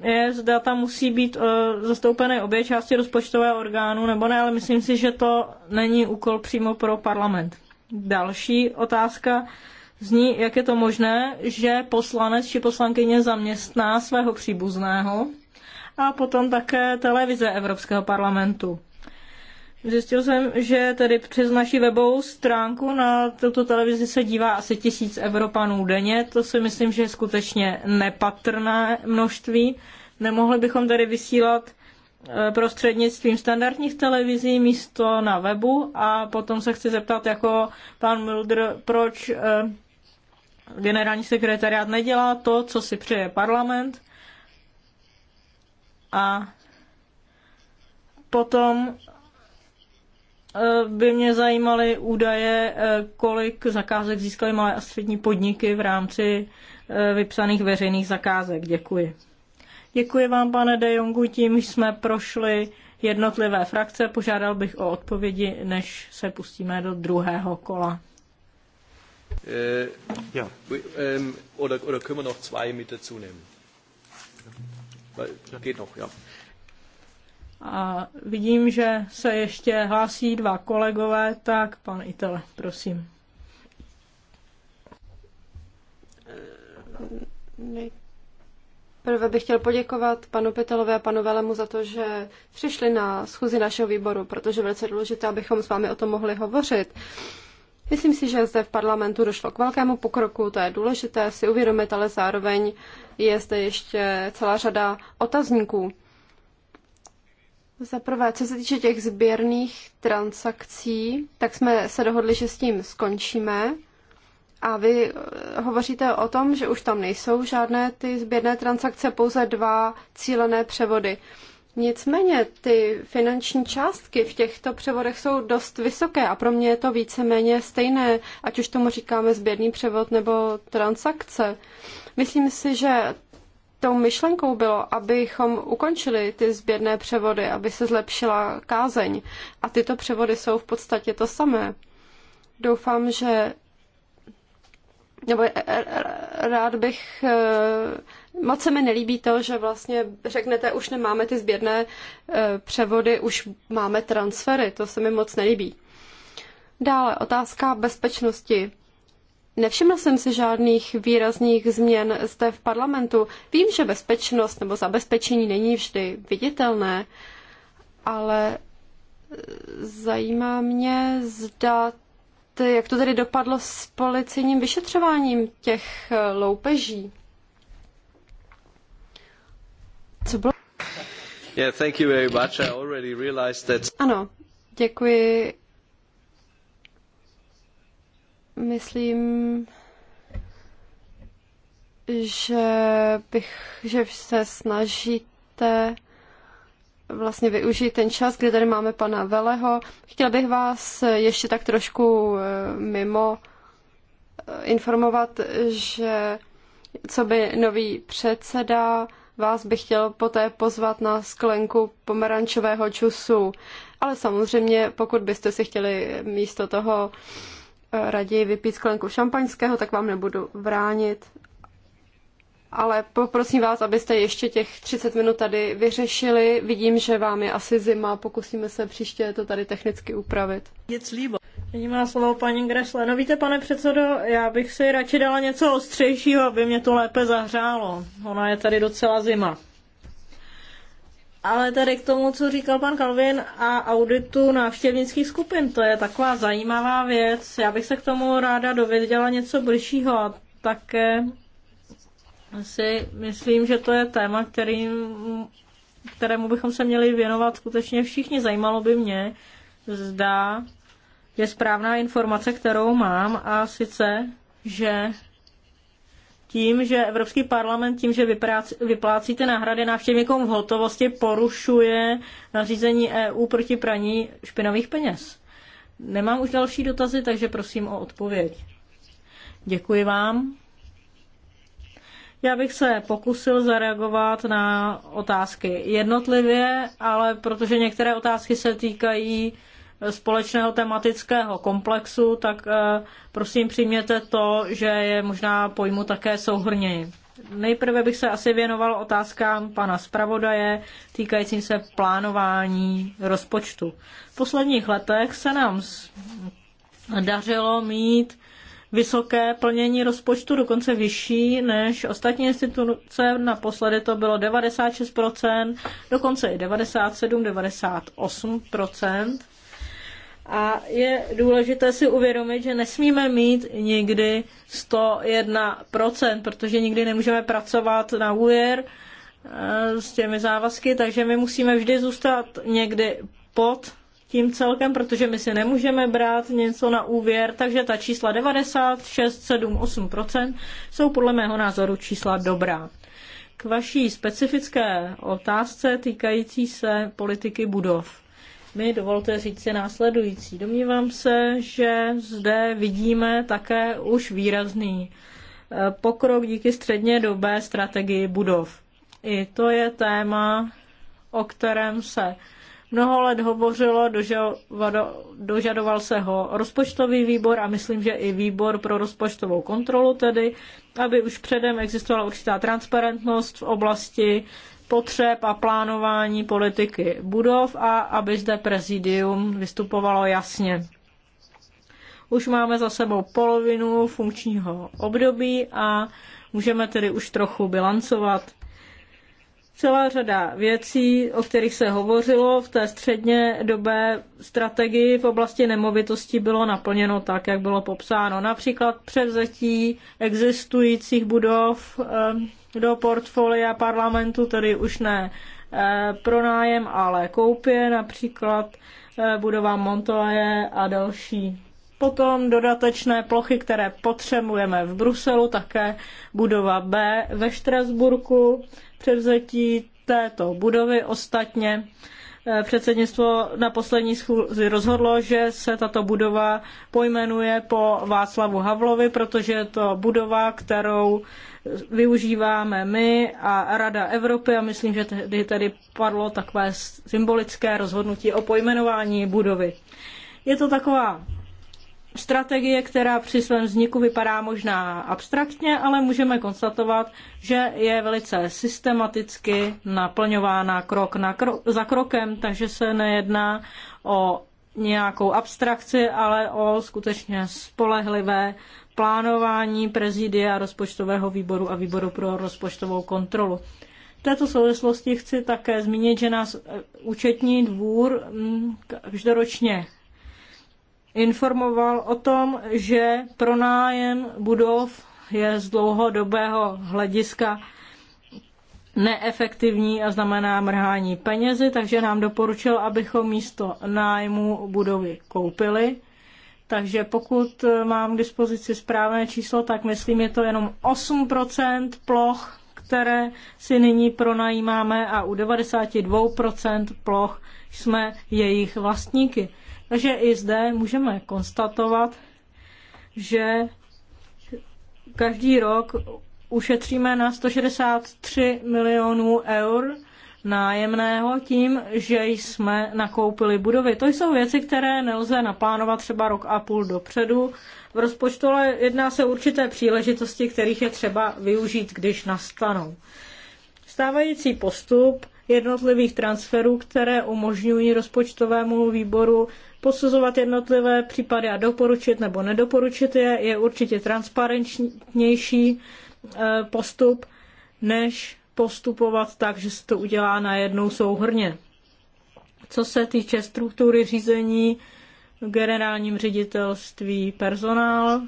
je, zda tam musí být eh, zastoupeny obě části rozpočtového orgánu nebo ne, ale myslím si, že to není úkol přímo pro parlament. Další otázka zní, jak je to možné, že poslanec či poslankyně zaměstná svého příbuzného a potom také televize Evropského parlamentu. Zjistil jsem, že tedy přes naši webovou stránku na tuto televizi se dívá asi tisíc Evropanů denně. To si myslím, že je skutečně nepatrné množství. Nemohli bychom tedy vysílat eh, prostřednictvím standardních televizí místo na webu a potom se chci zeptat jako pan Mulder, proč eh, generální sekretariát nedělá to, co si přeje parlament a potom Eh, by mě zajímaly údaje, eh, kolik zakázek získaly malé a střední podniky v rámci eh, vypsaných veřejných zakázek. Děkuji. Děkuji vám, pane De Jongu, tím jsme prošli jednotlivé frakce. Požádal bych o odpovědi, než se pustíme do druhého kola. Uh, ja. um, oder, oder können wir noch zwei mit dazu nehmen? Geht noch, ja. A vidím, že se ještě hlásí dva kolegové, tak pan Itele, prosím. Prvé bych chtěl poděkovat panu Petelové a panu Velemu za to, že přišli na schůzi našeho výboru, protože je velice důležité, abychom s vámi o tom mohli hovořit. Myslím si, že zde v parlamentu došlo k velkému pokroku, to je důležité si uvědomit, ale zároveň je zde ještě celá řada otazníků. Za prvé, co se týče těch sběrných transakcí, tak jsme se dohodli, že s tím skončíme. A vy eh, hovoříte o tom, že už tam nejsou žádné ty sběrné transakce, pouze dva cílené převody. Nicméně ty finanční částky v těchto převodech jsou dost vysoké a pro mě je to víceméně stejné, ať už tomu říkáme sběrný převod nebo transakce. Myslím si, že tou myšlenkou bylo, abychom ukončili ty sběrné převody, aby se zlepšila kázeň. A tyto převody jsou v podstatě to samé. Doufám, že nebo eh, eh, eh, rád bych, moc se mi nelíbí to, že vlastně řeknete, už nemáme ty sběrné převody, už máme transfery, to se mi moc nelíbí. Dále otázka bezpečnosti Nevšimla jsem si žádných výrazných změn zde v parlamentu. Vím, že bezpečnost nebo zabezpečení není vždy viditelné, ale e, zajímá mě, zda jak to tedy dopadlo s policijním vyšetřováním těch e, loupeží. Co bylo? Yeah, thank you very much. I already realized that... Ano, děkuji. Myslím, že bych, že se snažíte vlastně využít ten čas, kdy tady máme pana Veleho. Chtěla bych vás ještě tak trošku eh, mimo eh, informovat, že co by nový předseda vás bych chtěl poté pozvat na sklenku pomerančového čusu, Ale samozřejmě, pokud byste si chtěli místo toho raději vypít sklenku šampaňského, tak vám nebudu vránit. Ale poprosím vás, abyste ještě těch 30 minut tady vyřešili. Vidím, že vám je asi zima, pokusíme se příště to tady technicky upravit. Nyní má slovo paní Gresle. No víte, pane předsedo, já bych si radši dala něco ostřejšího, aby mě to lépe zahřálo. Ona je tady docela zima. Ale tady k tomu, co říkal pan Kalvin a auditu návštěvnických skupin, to je taková zajímavá věc. Já bych se k tomu ráda dověděla něco bližšího a také si myslím, že to je téma, kterým, kterému bychom se měli věnovat skutečně všichni. Zajímalo by mě, zda je správná informace, kterou mám a sice, že tím, že Evropský parlament tím, že vyplácí ty náhrady návštěvníkům v hotovosti, porušuje nařízení EU proti praní špinavých peněz. Nemám už další dotazy, takže prosím o odpověď. Děkuji vám. Já bych se pokusil zareagovat na otázky jednotlivě, ale protože některé otázky se týkají společného tematického komplexu, tak eh, prosím přijměte to, že je možná pojmu také souhrněji. Nejprve bych se asi věnoval otázkám pana zpravodaje týkajícím se plánování rozpočtu. V posledních letech se nám dařilo mít vysoké plnění rozpočtu, dokonce vyšší než ostatní instituce. Naposledy to bylo 96%, dokonce i 97-98%. A je důležité si uvědomit, že nesmíme mít nikdy 101%, protože nikdy nemůžeme pracovat na úvěr eh, s těmi závazky, takže my musíme vždy zůstat někdy pod tím celkem, protože my si nemůžeme brát něco na úvěr, takže ta čísla 96, 7, 8% jsou podle mého názoru čísla dobrá. K vaší specifické otázce týkající se politiky budov mi dovolte říct si následující. Domnívám se, že zde vidíme také už výrazný eh, pokrok díky středně dobé strategii budov. I to je téma, o kterém se mnoho let hovořilo, dožadoval se ho rozpočtový výbor a myslím, že i výbor pro rozpočtovou kontrolu tedy, aby už předem existovala určitá transparentnost v oblasti potřeb a plánování politiky budov a aby zde prezidium vystupovalo jasně. Už máme za sebou polovinu funkčního období a můžeme tedy už trochu bilancovat. Celá řada věcí, o kterých se hovořilo v té středně dobé strategii v oblasti nemovitosti, bylo naplněno tak, jak bylo popsáno. Například převzetí existujících budov, eh, do portfolia parlamentu, tedy už ne eh, pronájem, ale koupě, například eh, budova Montoje a další. Potom dodatečné plochy, které potřebujeme v Bruselu, také budova B ve Štrasburku, převzetí této budovy ostatně Eh, předsednictvo na poslední schůzi rozhodlo, že se tato budova pojmenuje po Václavu Havlovi, protože je to budova, kterou využíváme my a Rada Evropy a myslím, že tehdy tedy padlo takové symbolické rozhodnutí o pojmenování budovy. Je to taková strategie, která při svém vzniku vypadá možná abstraktně, ale můžeme konstatovat, že je velice systematicky naplňována krok na kro- za krokem, takže se nejedná o nějakou abstrakci, ale o skutečně spolehlivé plánování prezidia rozpočtového výboru a výboru pro rozpočtovou kontrolu. V této souvislosti chci také zmínit, že nás eh, účetní dvůr mm, každoročně informoval o tom, že pronájem budov je z dlouhodobého hlediska neefektivní a znamená mrhání penězi, takže nám doporučil, abychom místo nájmu budovy koupili. Takže pokud eh, mám k dispozici správné číslo, tak myslím, je to jenom 8% ploch, které si nyní pronajímáme a u 92% ploch jsme jejich vlastníky. Takže i zde můžeme konstatovat, že každý rok ušetříme na 163 milionů eur nájemného tím, že jsme nakoupili budovy. To jsou věci, které nelze naplánovat třeba rok a půl dopředu v rozpočtu, ale jedná se určité příležitosti, kterých je třeba využít, když nastanou. Stávající postup jednotlivých transferů, které umožňují rozpočtovému výboru posuzovat jednotlivé případy a doporučit nebo nedoporučit je, je určitě transparentnější e, postup, než postupovat tak, že se to udělá na jednou souhrně. Co se týče struktury řízení v generálním ředitelství personál,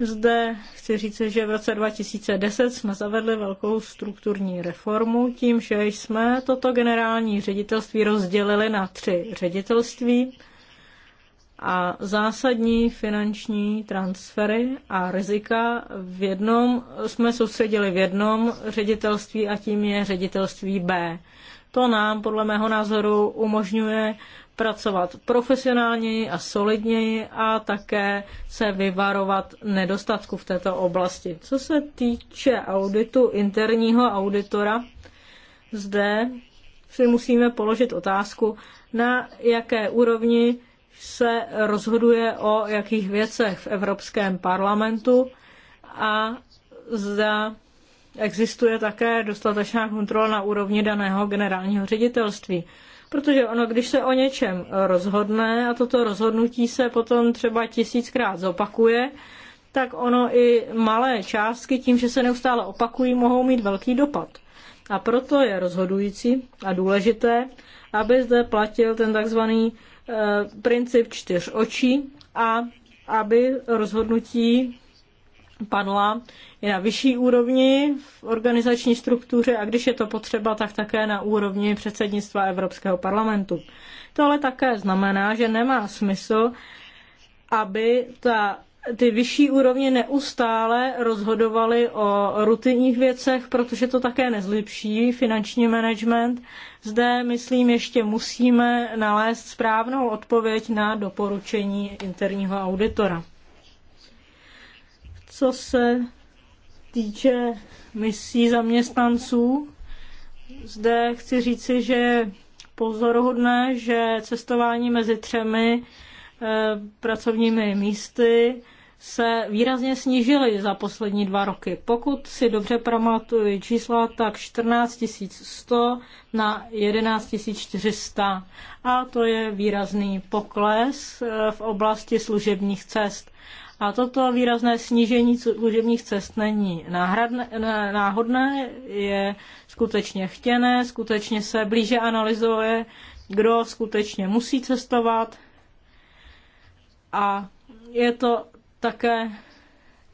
zde chci říct, že v roce 2010 jsme zavedli velkou strukturní reformu tím, že jsme toto generální ředitelství rozdělili na tři ředitelství a zásadní finanční transfery a rizika v jednom jsme soustředili v jednom ředitelství a tím je ředitelství B. To nám podle mého názoru umožňuje pracovat profesionálněji a solidněji a také se vyvarovat nedostatku v této oblasti. Co se týče auditu interního auditora, zde si musíme položit otázku, na jaké úrovni se rozhoduje o jakých věcech v Evropském parlamentu a zda existuje také dostatečná kontrola na úrovni daného generálního ředitelství. Protože ono, když se o něčem rozhodne a toto rozhodnutí se potom třeba tisíckrát zopakuje, tak ono i malé částky tím, že se neustále opakují, mohou mít velký dopad. A proto je rozhodující a důležité, aby zde platil ten takzvaný Eh, princip čtyř očí a aby rozhodnutí padla i na vyšší úrovni v organizační struktuře a když je to potřeba, tak také na úrovni předsednictva Evropského parlamentu. To ale také znamená, že nemá smysl, aby ta ty vyšší úrovně neustále rozhodovaly o rutinních věcech, protože to také nezlepší finanční management. Zde, myslím, ještě musíme nalézt správnou odpověď na doporučení interního auditora. Co se týče misí zaměstnanců, zde chci říci, že je pozoruhodné, že cestování mezi třemi eh, pracovními místy se výrazně snížily za poslední dva roky. Pokud si dobře pamatuju čísla, tak 14 100 na 11 400. A to je výrazný pokles eh, v oblasti služebních cest. A toto výrazné snížení služebních cest není náhradné, náhodné, je skutečně chtěné, skutečně se blíže analyzuje, kdo skutečně musí cestovat. A je to také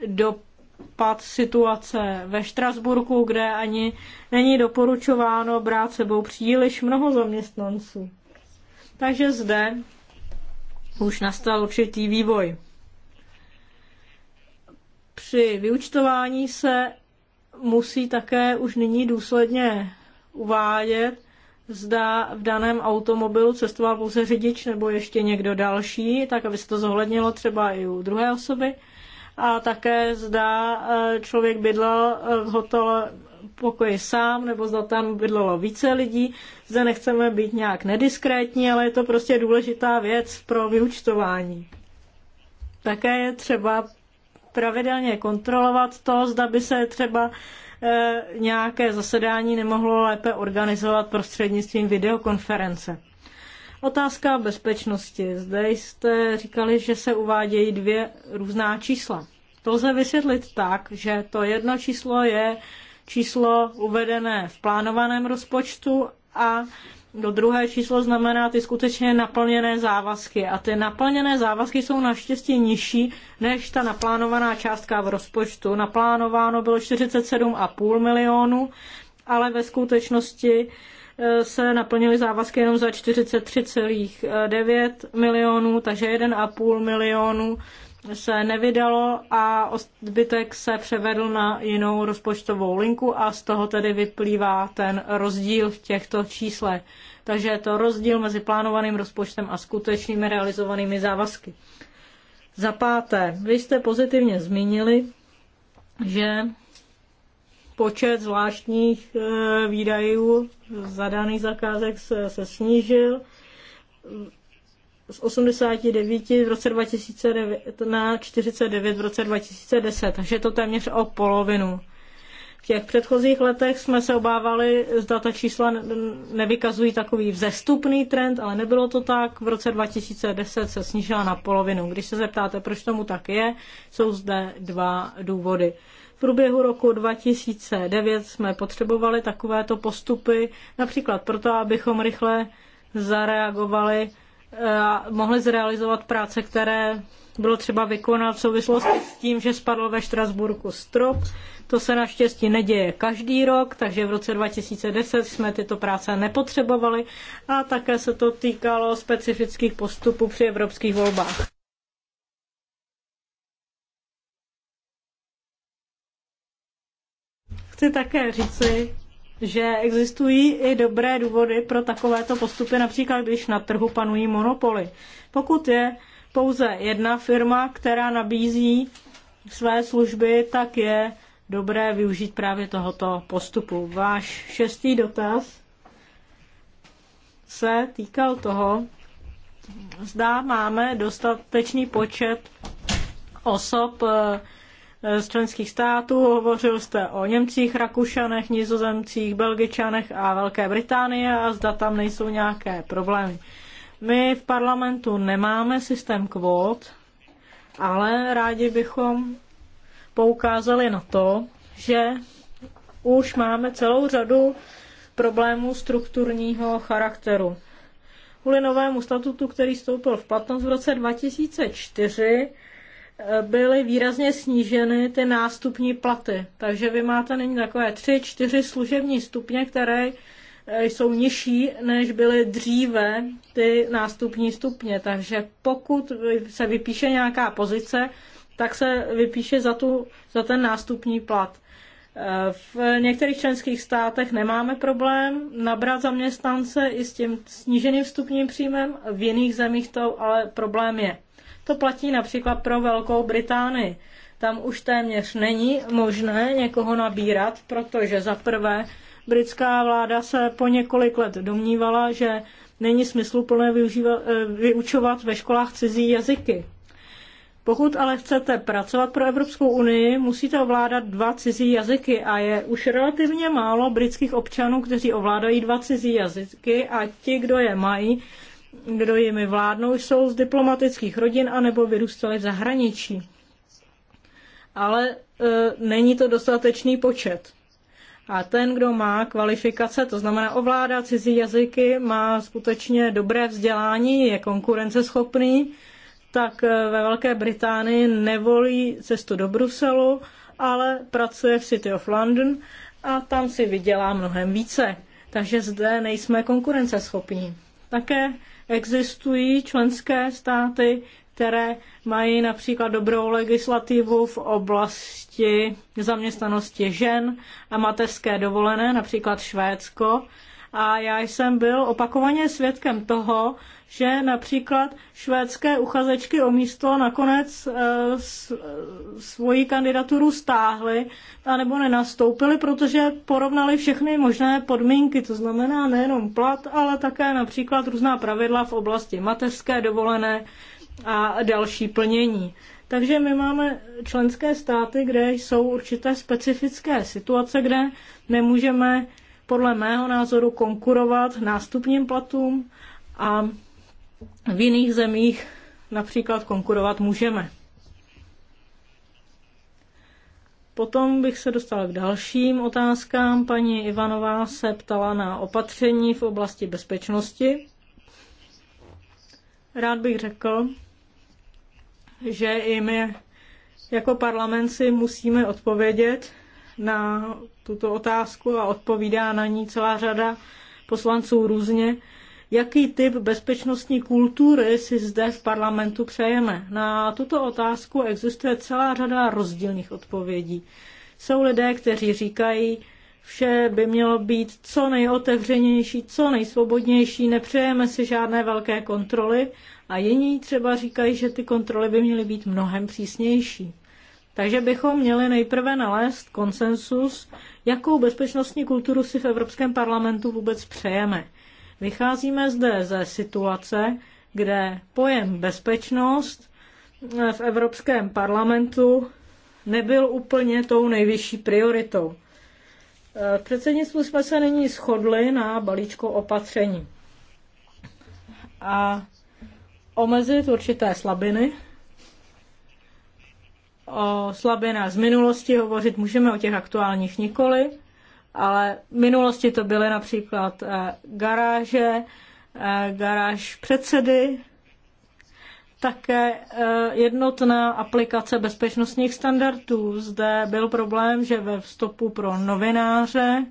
dopad situace ve Štrasburku, kde ani není doporučováno brát sebou příliš mnoho zaměstnanců. Takže zde už nastal určitý vývoj. Při vyučtování se musí také už nyní důsledně uvádět, zda v daném automobilu cestoval pouze řidič nebo ještě někdo další, tak aby se to zohlednilo třeba i u druhé osoby. A také zda e, člověk bydlel e, v hotelu pokoji sám, nebo zda tam bydlelo více lidí. Zde nechceme být nějak nediskrétní, ale je to prostě důležitá věc pro vyučtování. Také je třeba pravidelně kontrolovat to, zda by se třeba Eh, nějaké zasedání nemohlo lépe organizovat prostřednictvím videokonference. Otázka bezpečnosti. Zde jste říkali, že se uvádějí dvě různá čísla. To lze vysvětlit tak, že to jedno číslo je číslo uvedené v plánovaném rozpočtu a to druhé číslo znamená ty skutečně naplněné závazky. A ty naplněné závazky jsou naštěstí nižší než ta naplánovaná částka v rozpočtu. Naplánováno bylo 47,5 milionů, ale ve skutečnosti e, se naplnily závazky jenom za 43,9 e, milionů, takže 1,5 milionů se nevydalo a zbytek se převedl na jinou rozpočtovou linku a z toho tedy vyplývá ten rozdíl v těchto číslech. Takže je to rozdíl mezi plánovaným rozpočtem a skutečnými realizovanými závazky. Za páté, vy jste pozitivně zmínili, že počet zvláštních eh, výdajů zadaných zakázek se, se snížil z 89 v roce 2009 na 49 v roce 2010, takže je to téměř o polovinu. V těch předchozích letech jsme se obávali, zda ta čísla nevykazují takový vzestupný trend, ale nebylo to tak. V roce 2010 se snížila na polovinu. Když se zeptáte, proč tomu tak je, jsou zde dva důvody. V průběhu roku 2009 jsme potřebovali takovéto postupy, například proto, abychom rychle zareagovali Eh, mohli zrealizovat práce, které bylo třeba vykonat v souvislosti s tím, že spadl ve Štrasburku strop. To se naštěstí neděje každý rok, takže v roce 2010 jsme tyto práce nepotřebovali a také se to týkalo specifických postupů při evropských volbách. Chci také říci, že existují i dobré důvody pro takovéto postupy, například když na trhu panují monopoly. Pokud je pouze jedna firma, která nabízí své služby, tak je dobré využít právě tohoto postupu. Váš šestý dotaz se týkal toho, zda máme dostatečný počet osob, eh, Eh, z členských států. Hovořil jste o Němcích, Rakušanech, Nizozemcích, Belgičanech a Velké Británii a zda tam nejsou nějaké problémy. My v parlamentu nemáme systém kvót, ale rádi bychom poukázali na to, že už máme celou řadu problémů strukturního charakteru. Kvůli novému statutu, který vstoupil v platnost v roce 2004, byly výrazně sníženy ty nástupní platy. Takže vy máte nyní takové tři, čtyři služební stupně, které e, jsou nižší, než byly dříve ty nástupní stupně. Takže pokud se vypíše nějaká pozice, tak se vypíše za, tu, za ten nástupní plat. E, v některých členských státech nemáme problém nabrat zaměstnance i s tím sníženým vstupním příjmem, v jiných zemích to ale problém je. To platí například pro Velkou Británii. Tam už téměř není možné někoho nabírat, protože za prvé britská vláda se po několik let domnívala, že není smysluplné eh, vyučovat ve školách cizí jazyky. Pokud ale chcete pracovat pro Evropskou unii, musíte ovládat dva cizí jazyky a je už relativně málo britských občanů, kteří ovládají dva cizí jazyky a ti, kdo je mají, kdo jimi vládnou, jsou z diplomatických rodin anebo vyrůstali v zahraničí. Ale e, není to dostatečný počet. A ten, kdo má kvalifikace, to znamená ovládá cizí jazyky, má skutečně dobré vzdělání, je konkurenceschopný, tak e, ve Velké Británii nevolí cestu do Bruselu, ale pracuje v City of London a tam si vydělá mnohem více. Takže zde nejsme konkurenceschopní. Také Existují členské státy, které mají například dobrou legislativu v oblasti zaměstnanosti žen a mateřské dovolené, například Švédsko. A já jsem byl opakovaně svědkem toho, že například švédské uchazečky o místo nakonec eh, eh, svoji kandidaturu stáhly anebo nenastoupily, protože porovnali všechny možné podmínky, to znamená nejenom plat, ale také například různá pravidla v oblasti mateřské dovolené a další plnění. Takže my máme členské státy, kde jsou určité specifické situace, kde nemůžeme podle mého názoru konkurovat nástupním platům a v jiných zemích například konkurovat můžeme. Potom bych se dostala k dalším otázkám. Paní Ivanová se ptala na opatření v oblasti bezpečnosti. Rád bych řekl, že i my jako parlament si musíme odpovědět na tuto otázku a odpovídá na ní celá řada poslanců různě jaký typ bezpečnostní kultury si zde v parlamentu přejeme. Na tuto otázku existuje celá řada rozdílných odpovědí. Jsou lidé, kteří říkají, vše by mělo být co nejotevřenější, co nejsvobodnější, nepřejeme si žádné velké kontroly a jiní třeba říkají, že ty kontroly by měly být mnohem přísnější. Takže bychom měli nejprve nalézt konsensus, jakou bezpečnostní kulturu si v Evropském parlamentu vůbec přejeme. Vycházíme zde ze situace, kde pojem bezpečnost eh, v Evropském parlamentu nebyl úplně tou nejvyšší prioritou. Eh, v předsednictvu jsme se nyní shodli na balíčko opatření a omezit určité slabiny. O slabinách z minulosti hovořit můžeme, o těch aktuálních nikoli ale v minulosti to byly například eh, garáže, eh, garáž předsedy, také eh, jednotná aplikace bezpečnostních standardů. Zde byl problém, že ve vstupu pro novináře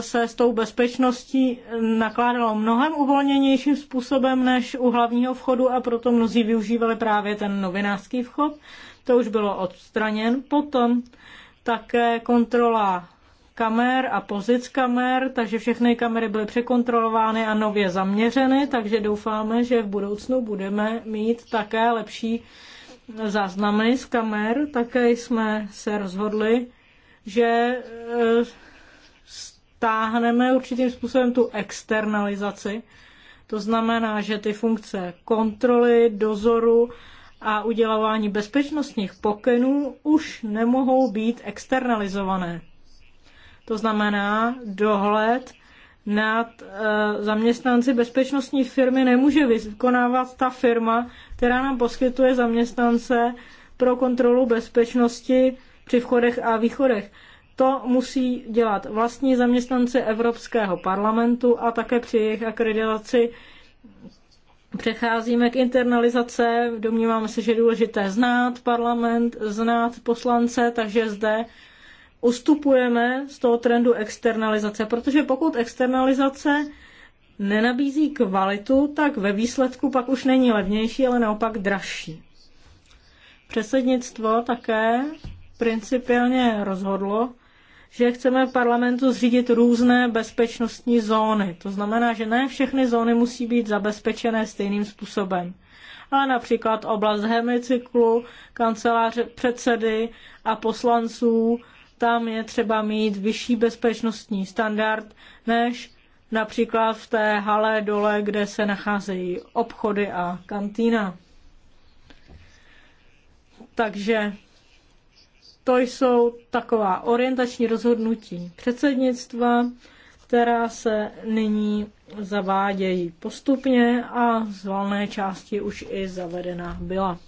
se s tou bezpečností nakládalo mnohem uvolněnějším způsobem než u hlavního vchodu a proto mnozí využívali právě ten novinářský vchod. To už bylo odstraněn. Potom také kontrola kamer a pozic kamer, takže všechny kamery byly překontrolovány a nově zaměřeny, takže doufáme, že v budoucnu budeme mít také lepší záznamy z kamer. Také jsme se rozhodli, že eh, stáhneme určitým způsobem tu externalizaci. To znamená, že ty funkce kontroly, dozoru, a udělování bezpečnostních pokynů už nemohou být externalizované to znamená dohled nad eh, zaměstnanci bezpečnostní firmy nemůže vykonávat ta firma, která nám poskytuje zaměstnance pro kontrolu bezpečnosti při vchodech a východech. To musí dělat vlastní zaměstnanci Evropského parlamentu a také při jejich akreditaci Přecházíme k internalizace. Domníváme se, že je důležité znát parlament, znát poslance, takže zde ustupujeme z toho trendu externalizace, protože pokud externalizace nenabízí kvalitu, tak ve výsledku pak už není levnější, ale naopak dražší. Předsednictvo také principiálně rozhodlo, že chceme v parlamentu zřídit různé bezpečnostní zóny. To znamená, že ne všechny zóny musí být zabezpečené stejným způsobem. Ale například oblast hemicyklu, kanceláře předsedy a poslanců tam je třeba mít vyšší bezpečnostní standard než například v té hale dole, kde se nacházejí obchody a kantýna. Takže to jsou taková orientační rozhodnutí předsednictva, která se nyní zavádějí postupně a z valné části už i zavedena byla.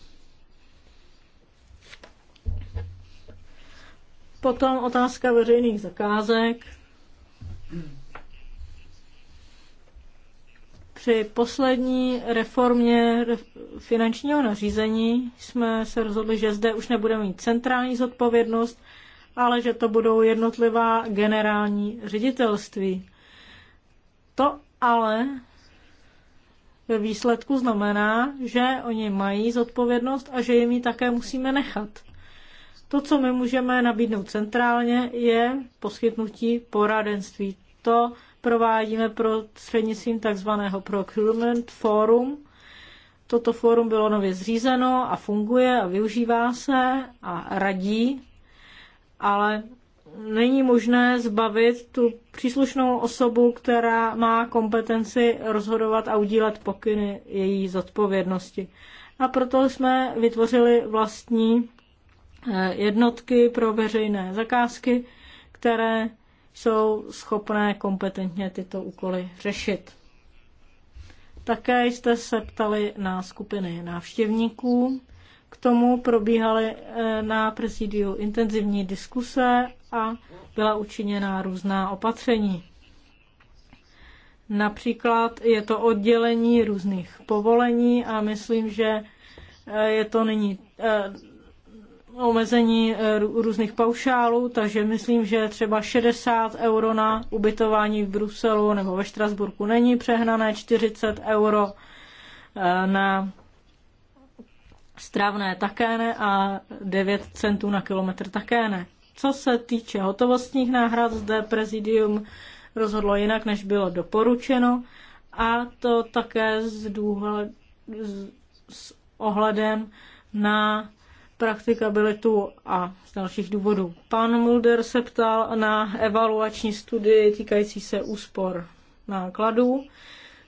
Potom otázka veřejných zakázek. Při poslední reformě finančního nařízení jsme se rozhodli, že zde už nebudeme mít centrální zodpovědnost, ale že to budou jednotlivá generální ředitelství. To ale ve výsledku znamená, že oni mají zodpovědnost a že jim ji také musíme nechat. To, co my můžeme nabídnout centrálně, je poskytnutí poradenství. To provádíme pro střednictvím takzvaného Procurement Forum. Toto fórum bylo nově zřízeno a funguje a využívá se a radí, ale není možné zbavit tu příslušnou osobu, která má kompetenci rozhodovat a udílet pokyny její zodpovědnosti. A proto jsme vytvořili vlastní Eh, jednotky pro veřejné zakázky, které jsou schopné kompetentně tyto úkoly řešit. Také jste se ptali na skupiny návštěvníků. K tomu probíhaly eh, na prezidiu intenzivní diskuse a byla učiněna různá opatření. Například je to oddělení různých povolení a myslím, že eh, je to nyní omezení eh, různých paušálů, takže myslím, že třeba 60 euro na ubytování v Bruselu nebo ve Štrasburku není přehnané, 40 euro eh, na stravné také ne a 9 centů na kilometr také ne. Co se týče hotovostních náhrad, zde prezidium rozhodlo jinak, než bylo doporučeno a to také s, důhled, s ohledem na praktikabilitu a z dalších důvodů. Pan Mulder se ptal na evaluační studii týkající se úspor nákladů.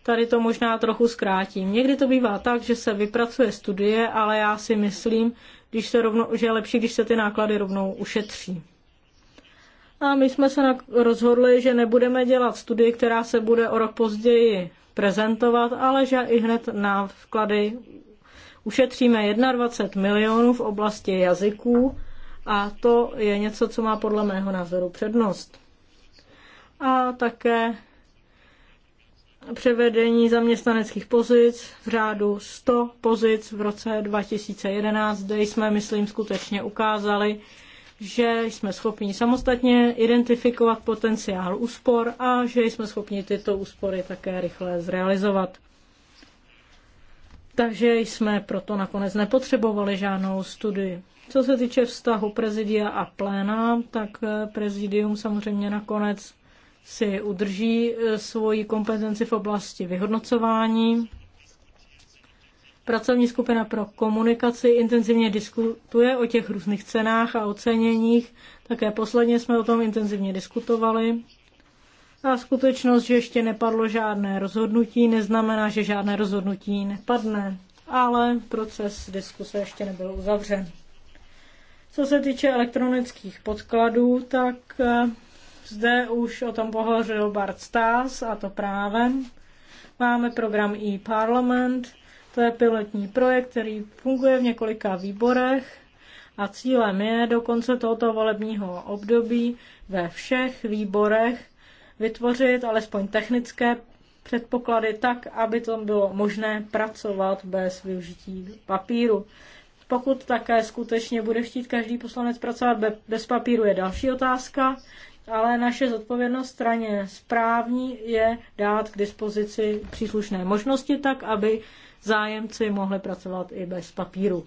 Tady to možná trochu zkrátím. Někdy to bývá tak, že se vypracuje studie, ale já si myslím, když se rovno, že je lepší, když se ty náklady rovnou ušetří. A my jsme se rozhodli, že nebudeme dělat studii, která se bude o rok později prezentovat, ale že i hned náklady ušetříme 21 milionů v oblasti jazyků a to je něco, co má podle mého názoru přednost. A také převedení zaměstnaneckých pozic v řádu 100 pozic v roce 2011, kde jsme, myslím, skutečně ukázali, že jsme schopni samostatně identifikovat potenciál úspor a že jsme schopni tyto úspory také rychle zrealizovat. Takže jsme proto nakonec nepotřebovali žádnou studii. Co se týče vztahu prezidia a pléna, tak eh, prezidium samozřejmě nakonec si udrží eh, svoji kompetenci v oblasti vyhodnocování. Pracovní skupina pro komunikaci intenzivně diskutuje o těch různých cenách a oceněních. Také posledně jsme o tom intenzivně diskutovali. A skutečnost, že ještě nepadlo žádné rozhodnutí, neznamená, že žádné rozhodnutí nepadne, ale proces diskuse ještě nebyl uzavřen. Co se týče elektronických podkladů, tak eh, zde už o tom pohořil Bart Stas a to právem. Máme program e-Parliament, to je pilotní projekt, který funguje v několika výborech a cílem je do konce tohoto volebního období ve všech výborech vytvořit alespoň technické předpoklady tak, aby to bylo možné pracovat bez využití papíru. Pokud také skutečně bude chtít každý poslanec pracovat bez papíru, je další otázka, ale naše zodpovědnost straně správní je dát k dispozici příslušné možnosti tak, aby zájemci mohli pracovat i bez papíru.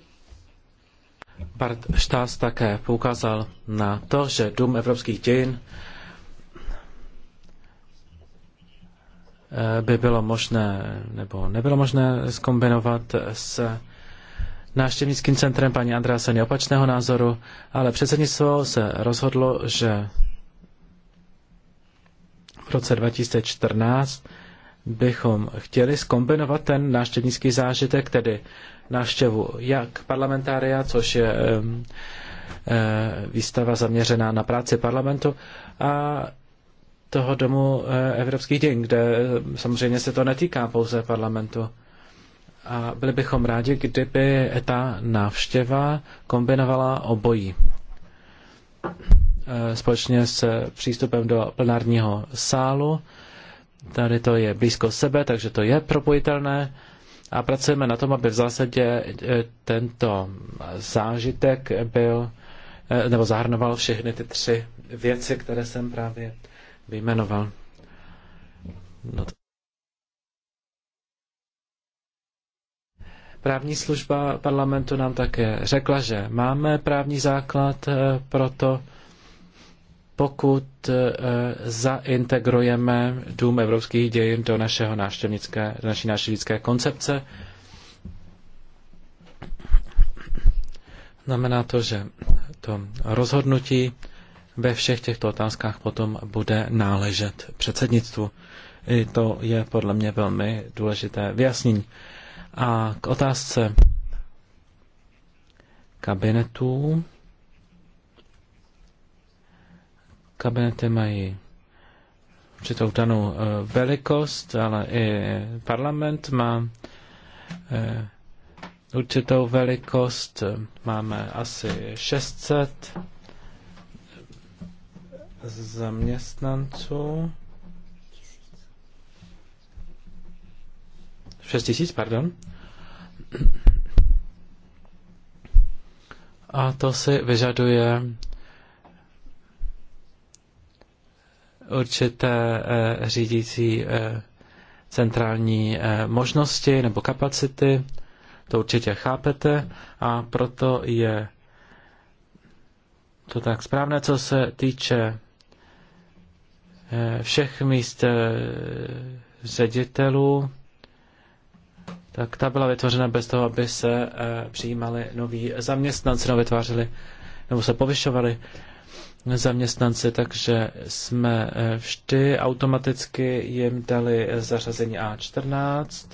Bart Štás také poukázal na to, že Dům evropských dějin Eh, by bylo možné, nebo nebylo možné skombinovat s návštěvnickým centrem paní Andrásen je opačného názoru, ale předsednictvo se rozhodlo, že v roce 2014 bychom chtěli skombinovat ten návštěvnický zážitek, tedy návštěvu jak parlamentária, což je eh, výstava zaměřená na práci parlamentu, a toho domu eh, evropských dějin, kde eh, samozřejmě se to netýká pouze parlamentu. A byli bychom rádi, kdyby ta návštěva kombinovala obojí. Eh, společně s přístupem do plenárního sálu. Tady to je blízko sebe, takže to je propojitelné. A pracujeme na tom, aby v zásadě tento zážitek byl nebo zahrnoval všechny ty tři věci, které jsem právě vyjmenoval. No to... Právní služba parlamentu nám také řekla, že máme právní základ eh, pro to, pokud eh, zaintegrujeme Dům evropských dějin do, našeho návštěvnické, do naší návštěvnické koncepce. Znamená to, že to rozhodnutí ve všech těchto otázkách potom bude náležet předsednictvu. I to je podle mě velmi důležité vyjasnění. A k otázce kabinetů. Kabinety mají určitou danou eh, velikost, ale i parlament má eh, určitou velikost. Máme asi 600 zaměstnanců. 6 tisíc, pardon. A to si vyžaduje určité eh, řídící eh, centrální eh, možnosti nebo kapacity. To určitě chápete a proto je to tak správné, co se týče všech míst eh, ředitelů, tak ta byla vytvořena bez toho, aby se eh, přijímali noví zaměstnanci, nebo vytvářeli, nebo se povyšovali zaměstnanci, takže jsme eh, vždy automaticky jim dali zařazení A14.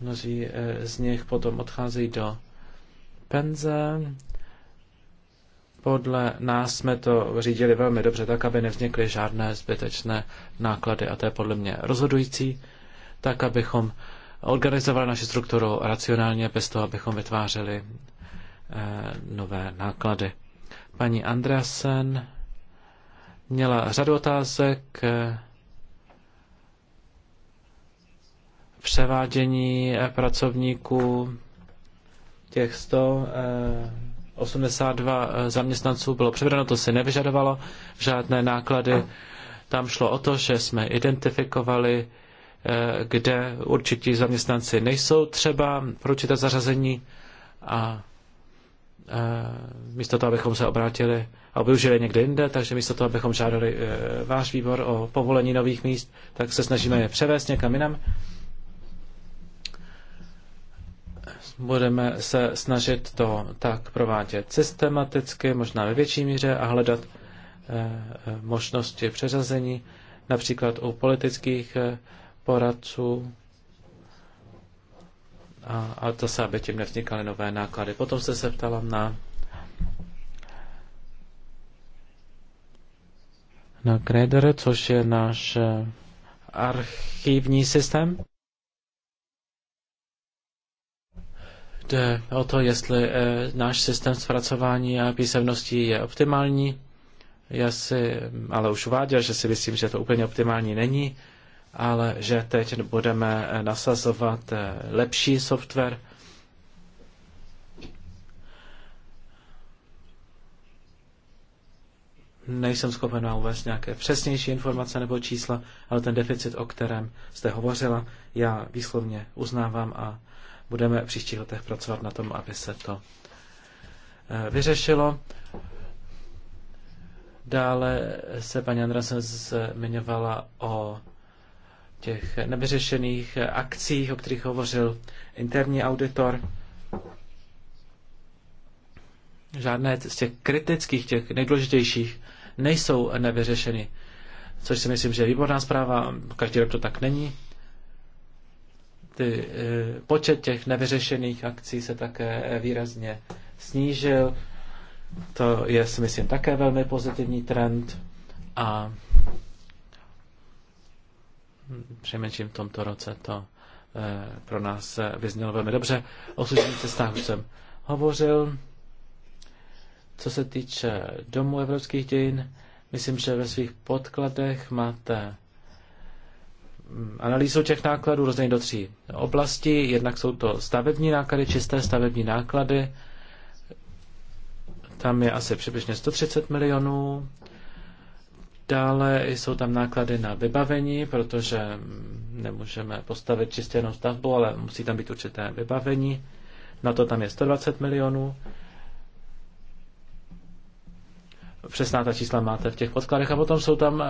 Mnozí z nich potom odcházejí do penze, podle nás jsme to řídili velmi dobře, tak aby nevznikly žádné zbytečné náklady a to je podle mě rozhodující, tak abychom organizovali naši strukturu racionálně, bez toho, abychom vytvářeli eh, nové náklady. Paní Andreasen měla řadu otázek. Eh, převádění eh, pracovníků těch 100 82 eh, zaměstnanců bylo převedeno, to si nevyžadovalo žádné náklady. Tam šlo o to, že jsme identifikovali, eh, kde určití zaměstnanci nejsou třeba pro určité zařazení a eh, místo toho, abychom se obrátili a využili někde jinde, takže místo toho, abychom žádali váš výbor o povolení nových míst, tak se snažíme je převést někam jinam. Budeme se snažit to tak provádět systematicky, možná ve větší míře a hledat eh, možnosti přeřazení, například u politických eh, poradců, a, a se, aby tím nevznikaly nové náklady. Potom se se ptala na, na Grader, což je náš eh, archivní systém. Jde eh, o to, jestli eh, náš systém zpracování a písemností je optimální. Já si ale už uváděl, že si myslím, že to úplně optimální není, ale že teď budeme eh, nasazovat lepší software. Nejsem schopen vám uvést nějaké přesnější informace nebo čísla, ale ten deficit, o kterém jste hovořila, já výslovně uznávám a budeme v příštích letech pracovat na tom, aby se to eh, vyřešilo. Dále se paní Andrasen zmiňovala o těch nevyřešených akcích, o kterých hovořil interní auditor. Žádné z těch kritických, těch nejdůležitějších, nejsou nevyřešeny, což si myslím, že je výborná zpráva. Každý rok to tak není ty, eh, počet těch nevyřešených akcí se také eh, výrazně snížil. To je, si myslím, také velmi pozitivní trend a přemýšlím v tomto roce to eh, pro nás vyznělo velmi dobře. O služebních cestách už jsem hovořil. Co se týče Domu evropských dějin, myslím, že ve svých podkladech máte analýzu těch nákladů rozdělení do tří oblastí. Jednak jsou to stavební náklady, čisté stavební náklady. Tam je asi přibližně 130 milionů. Dále jsou tam náklady na vybavení, protože nemůžeme postavit čistě jenom stavbu, ale musí tam být určité vybavení. Na to tam je 120 milionů. Přesná ta čísla máte v těch podkladech. A potom jsou tam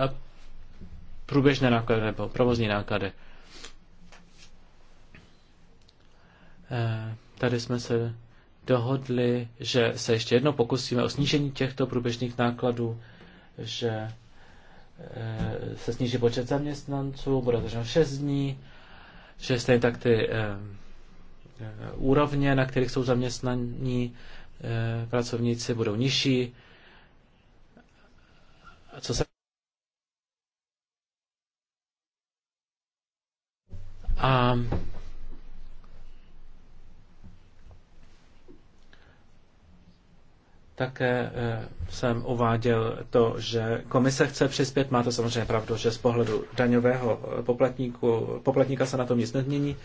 průběžné náklady nebo provozní náklady. Eh, tady jsme se dohodli, že se ještě jednou pokusíme o snížení těchto průběžných nákladů, že eh, se sníží počet zaměstnanců, bude to 6 dní, že stejně tak ty eh, úrovně, na kterých jsou zaměstnaní pracovníci, budou nižší. Co se A Také eh, jsem uváděl to, že komise chce přispět, má to samozřejmě pravdu, že z pohledu daňového eh, poplatníku, poplatníka se na tom nic nezmění,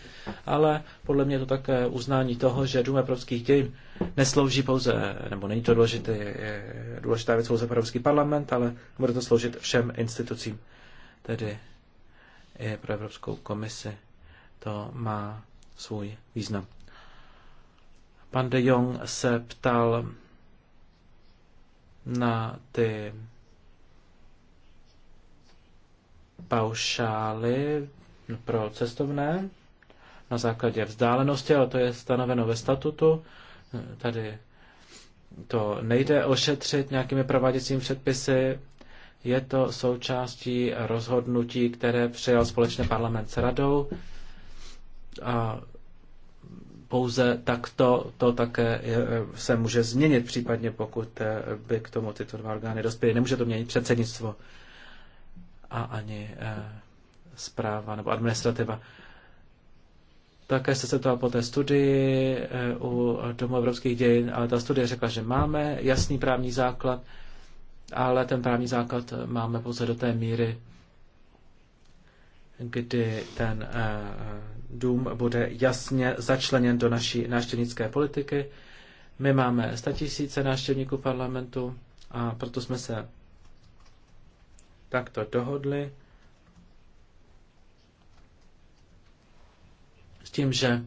ale podle mě to také uznání toho, že Dům evropských dějin neslouží pouze, eh, nebo není to důležitý, důležitá věc pouze pro Evropský parlament, ale bude to sloužit všem institucím, tedy i pro Evropskou komisi to má svůj význam. Pan de Jong se ptal na ty paušály pro cestovné na základě vzdálenosti, ale to je stanoveno ve statutu. Tady to nejde ošetřit nějakými prováděcími předpisy, je to součástí rozhodnutí, které přijal společně parlament s radou. A pouze takto to také se může změnit, případně pokud eh, by k tomu tyto dva orgány dospěly. Nemůže to měnit předsednictvo a ani zpráva eh, nebo administrativa. Také se ptal po té studii eh, u Domu evropských dějin, ale ta studie řekla, že máme jasný právní základ, ale ten právní základ máme pouze do té míry, kdy ten eh, eh, dům bude jasně začleněn do naší náštěvnické politiky. My máme statisíce náštěvníků parlamentu a proto jsme se takto dohodli s tím, že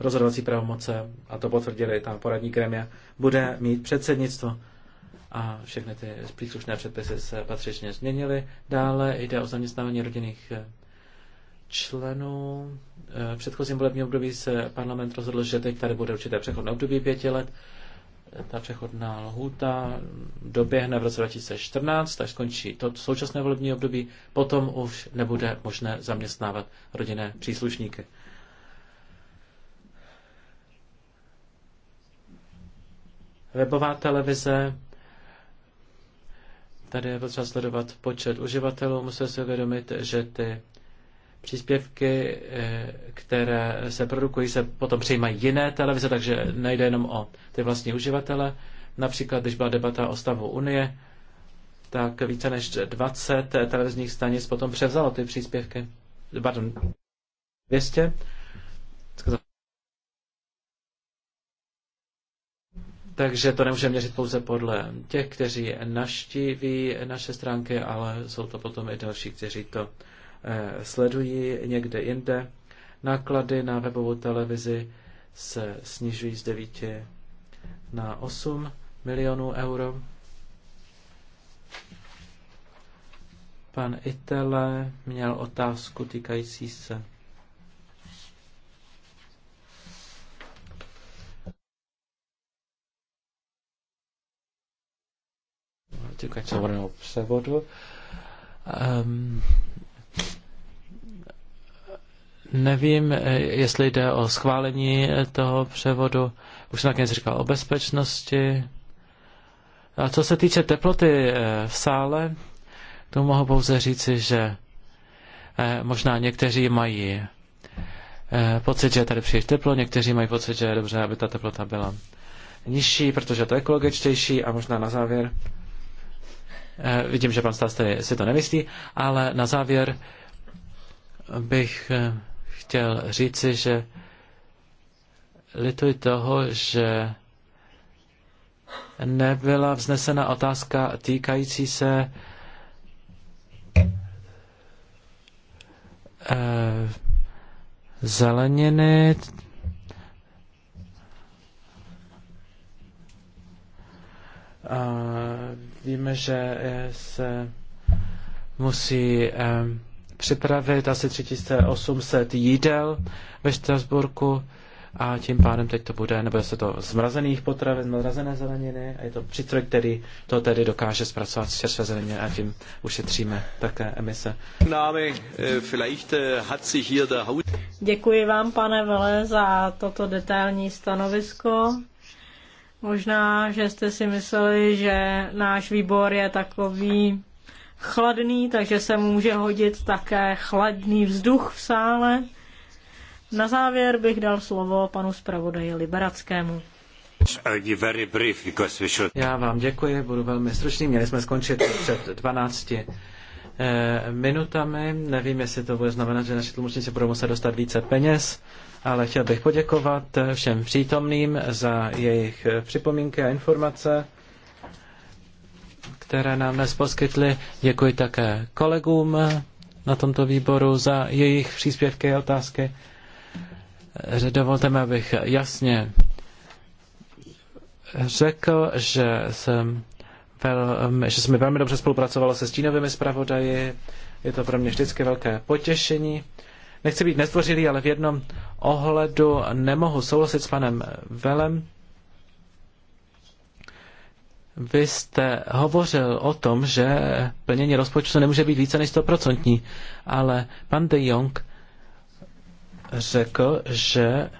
rozhodovací pravomoce, a to potvrdili tam poradní gremia, bude mít předsednictvo a všechny ty příslušné předpisy se patřičně změnily. Dále jde o zaměstnávání rodinných eh, členů. Eh, v předchozím volebním období se parlament rozhodl, že teď tady bude určité přechodné období pěti let. Eh, ta přechodná lhůta doběhne v roce 2014, tak skončí to současné volební období, potom už nebude možné zaměstnávat rodinné příslušníky. Webová televize Tady je potřeba sledovat počet uživatelů, musíme si uvědomit, že ty příspěvky, eh, které se produkují, se potom přijímají jiné televize, takže nejde jenom o ty vlastní uživatele. Například, když byla debata o stavu Unie, tak více než 20 televizních stanic potom převzalo ty příspěvky. Pardon, 200. Takže to nemůžeme měřit pouze podle těch, kteří naštíví naše stránky, ale jsou to potom i další, kteří to Eh, sledují někde jinde. Náklady na webovou televizi se snižují z 9 na 8 milionů euro. Pan Itele měl otázku týkající se týkající se převodu. Um, Nevím, eh, jestli jde o schválení eh, toho převodu. Už jsem také říkal o bezpečnosti. A co se týče teploty eh, v sále, to mohu pouze říci, že možná někteří mají pocit, že je tady příliš teplo, někteří mají pocit, že je dobře, aby ta teplota byla nižší, protože to je ekologičtější a možná na závěr vidím, že pan Stas si to nemyslí, ale na závěr bych chtěl říci, že lituji toho, že nebyla vznesena otázka týkající se eh, zeleniny, A víme, že eh, se musí eh, připravit asi 3800 jídel ve Štrasburku a tím pádem teď to bude, nebo se to zmrazených potravin, zmrazené zeleniny a je to přístroj, který to tedy dokáže zpracovat z čerstvé zeleniny a tím ušetříme také emise. Eh, eh, Děkuji vám, pane Vele, za toto detailní stanovisko. Možná, že jste si mysleli, že náš výbor je takový chladný, takže se může hodit také chladný vzduch v sále. Na závěr bych dal slovo panu zpravodaji Liberackému. Já vám děkuji, budu velmi stručný. Měli jsme skončit před 12 eh, minutami. Nevím, jestli to bude znamenat, že naši tlumočníci budou muset dostat více peněz, ale chtěl bych poděkovat eh, všem přítomným za jejich eh, připomínky a informace které nám dnes poskytli. Děkuji také kolegům na tomto výboru za jejich příspěvky a otázky. Eh, dovolte mi, abych jasně řekl, že jsem, velmi, že jsem velmi dobře spolupracoval se stínovými zpravodaji. Je to pro mě vždycky velké potěšení. Nechci být nestvořilý, ale v jednom ohledu nemohu souhlasit s panem Velem vy jste hovořil o tom, že plnění rozpočtu nemůže být více než 100%, ale pan de Jong řekl, že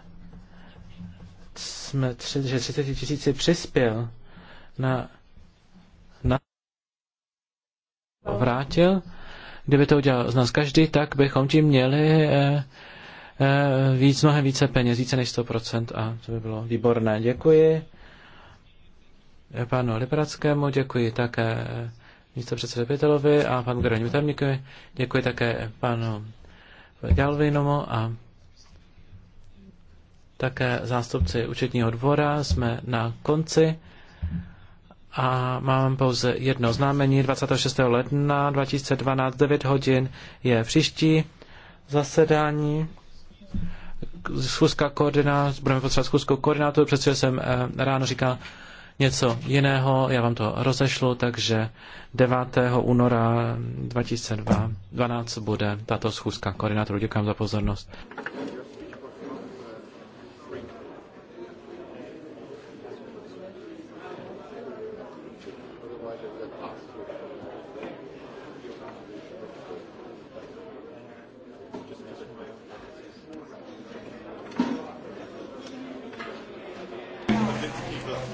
jsme tři, že 30 tisíc přispěl na, na vrátil. Kdyby to udělal z nás každý, tak bychom tím měli eh, eh, víc, mnohem více peněz, více než 100% a to by bylo výborné. Děkuji panu Liberackému, děkuji také místo předsedy Pětelovi a panu Geronimu Tamníkovi, děkuji také panu Galvinomu a také zástupci účetního dvora. Jsme na konci a mám pouze jedno známení. 26. ledna 2012 9 hodin je příští zasedání. Schůzka koordinátorů, budeme potřebovat schůzku koordinátorů, přestože jsem eh, ráno říkal, něco jiného. Já vám to rozešlu, takže 9. února 2012 bude tato schůzka koordinátorů. Děkám za pozornost.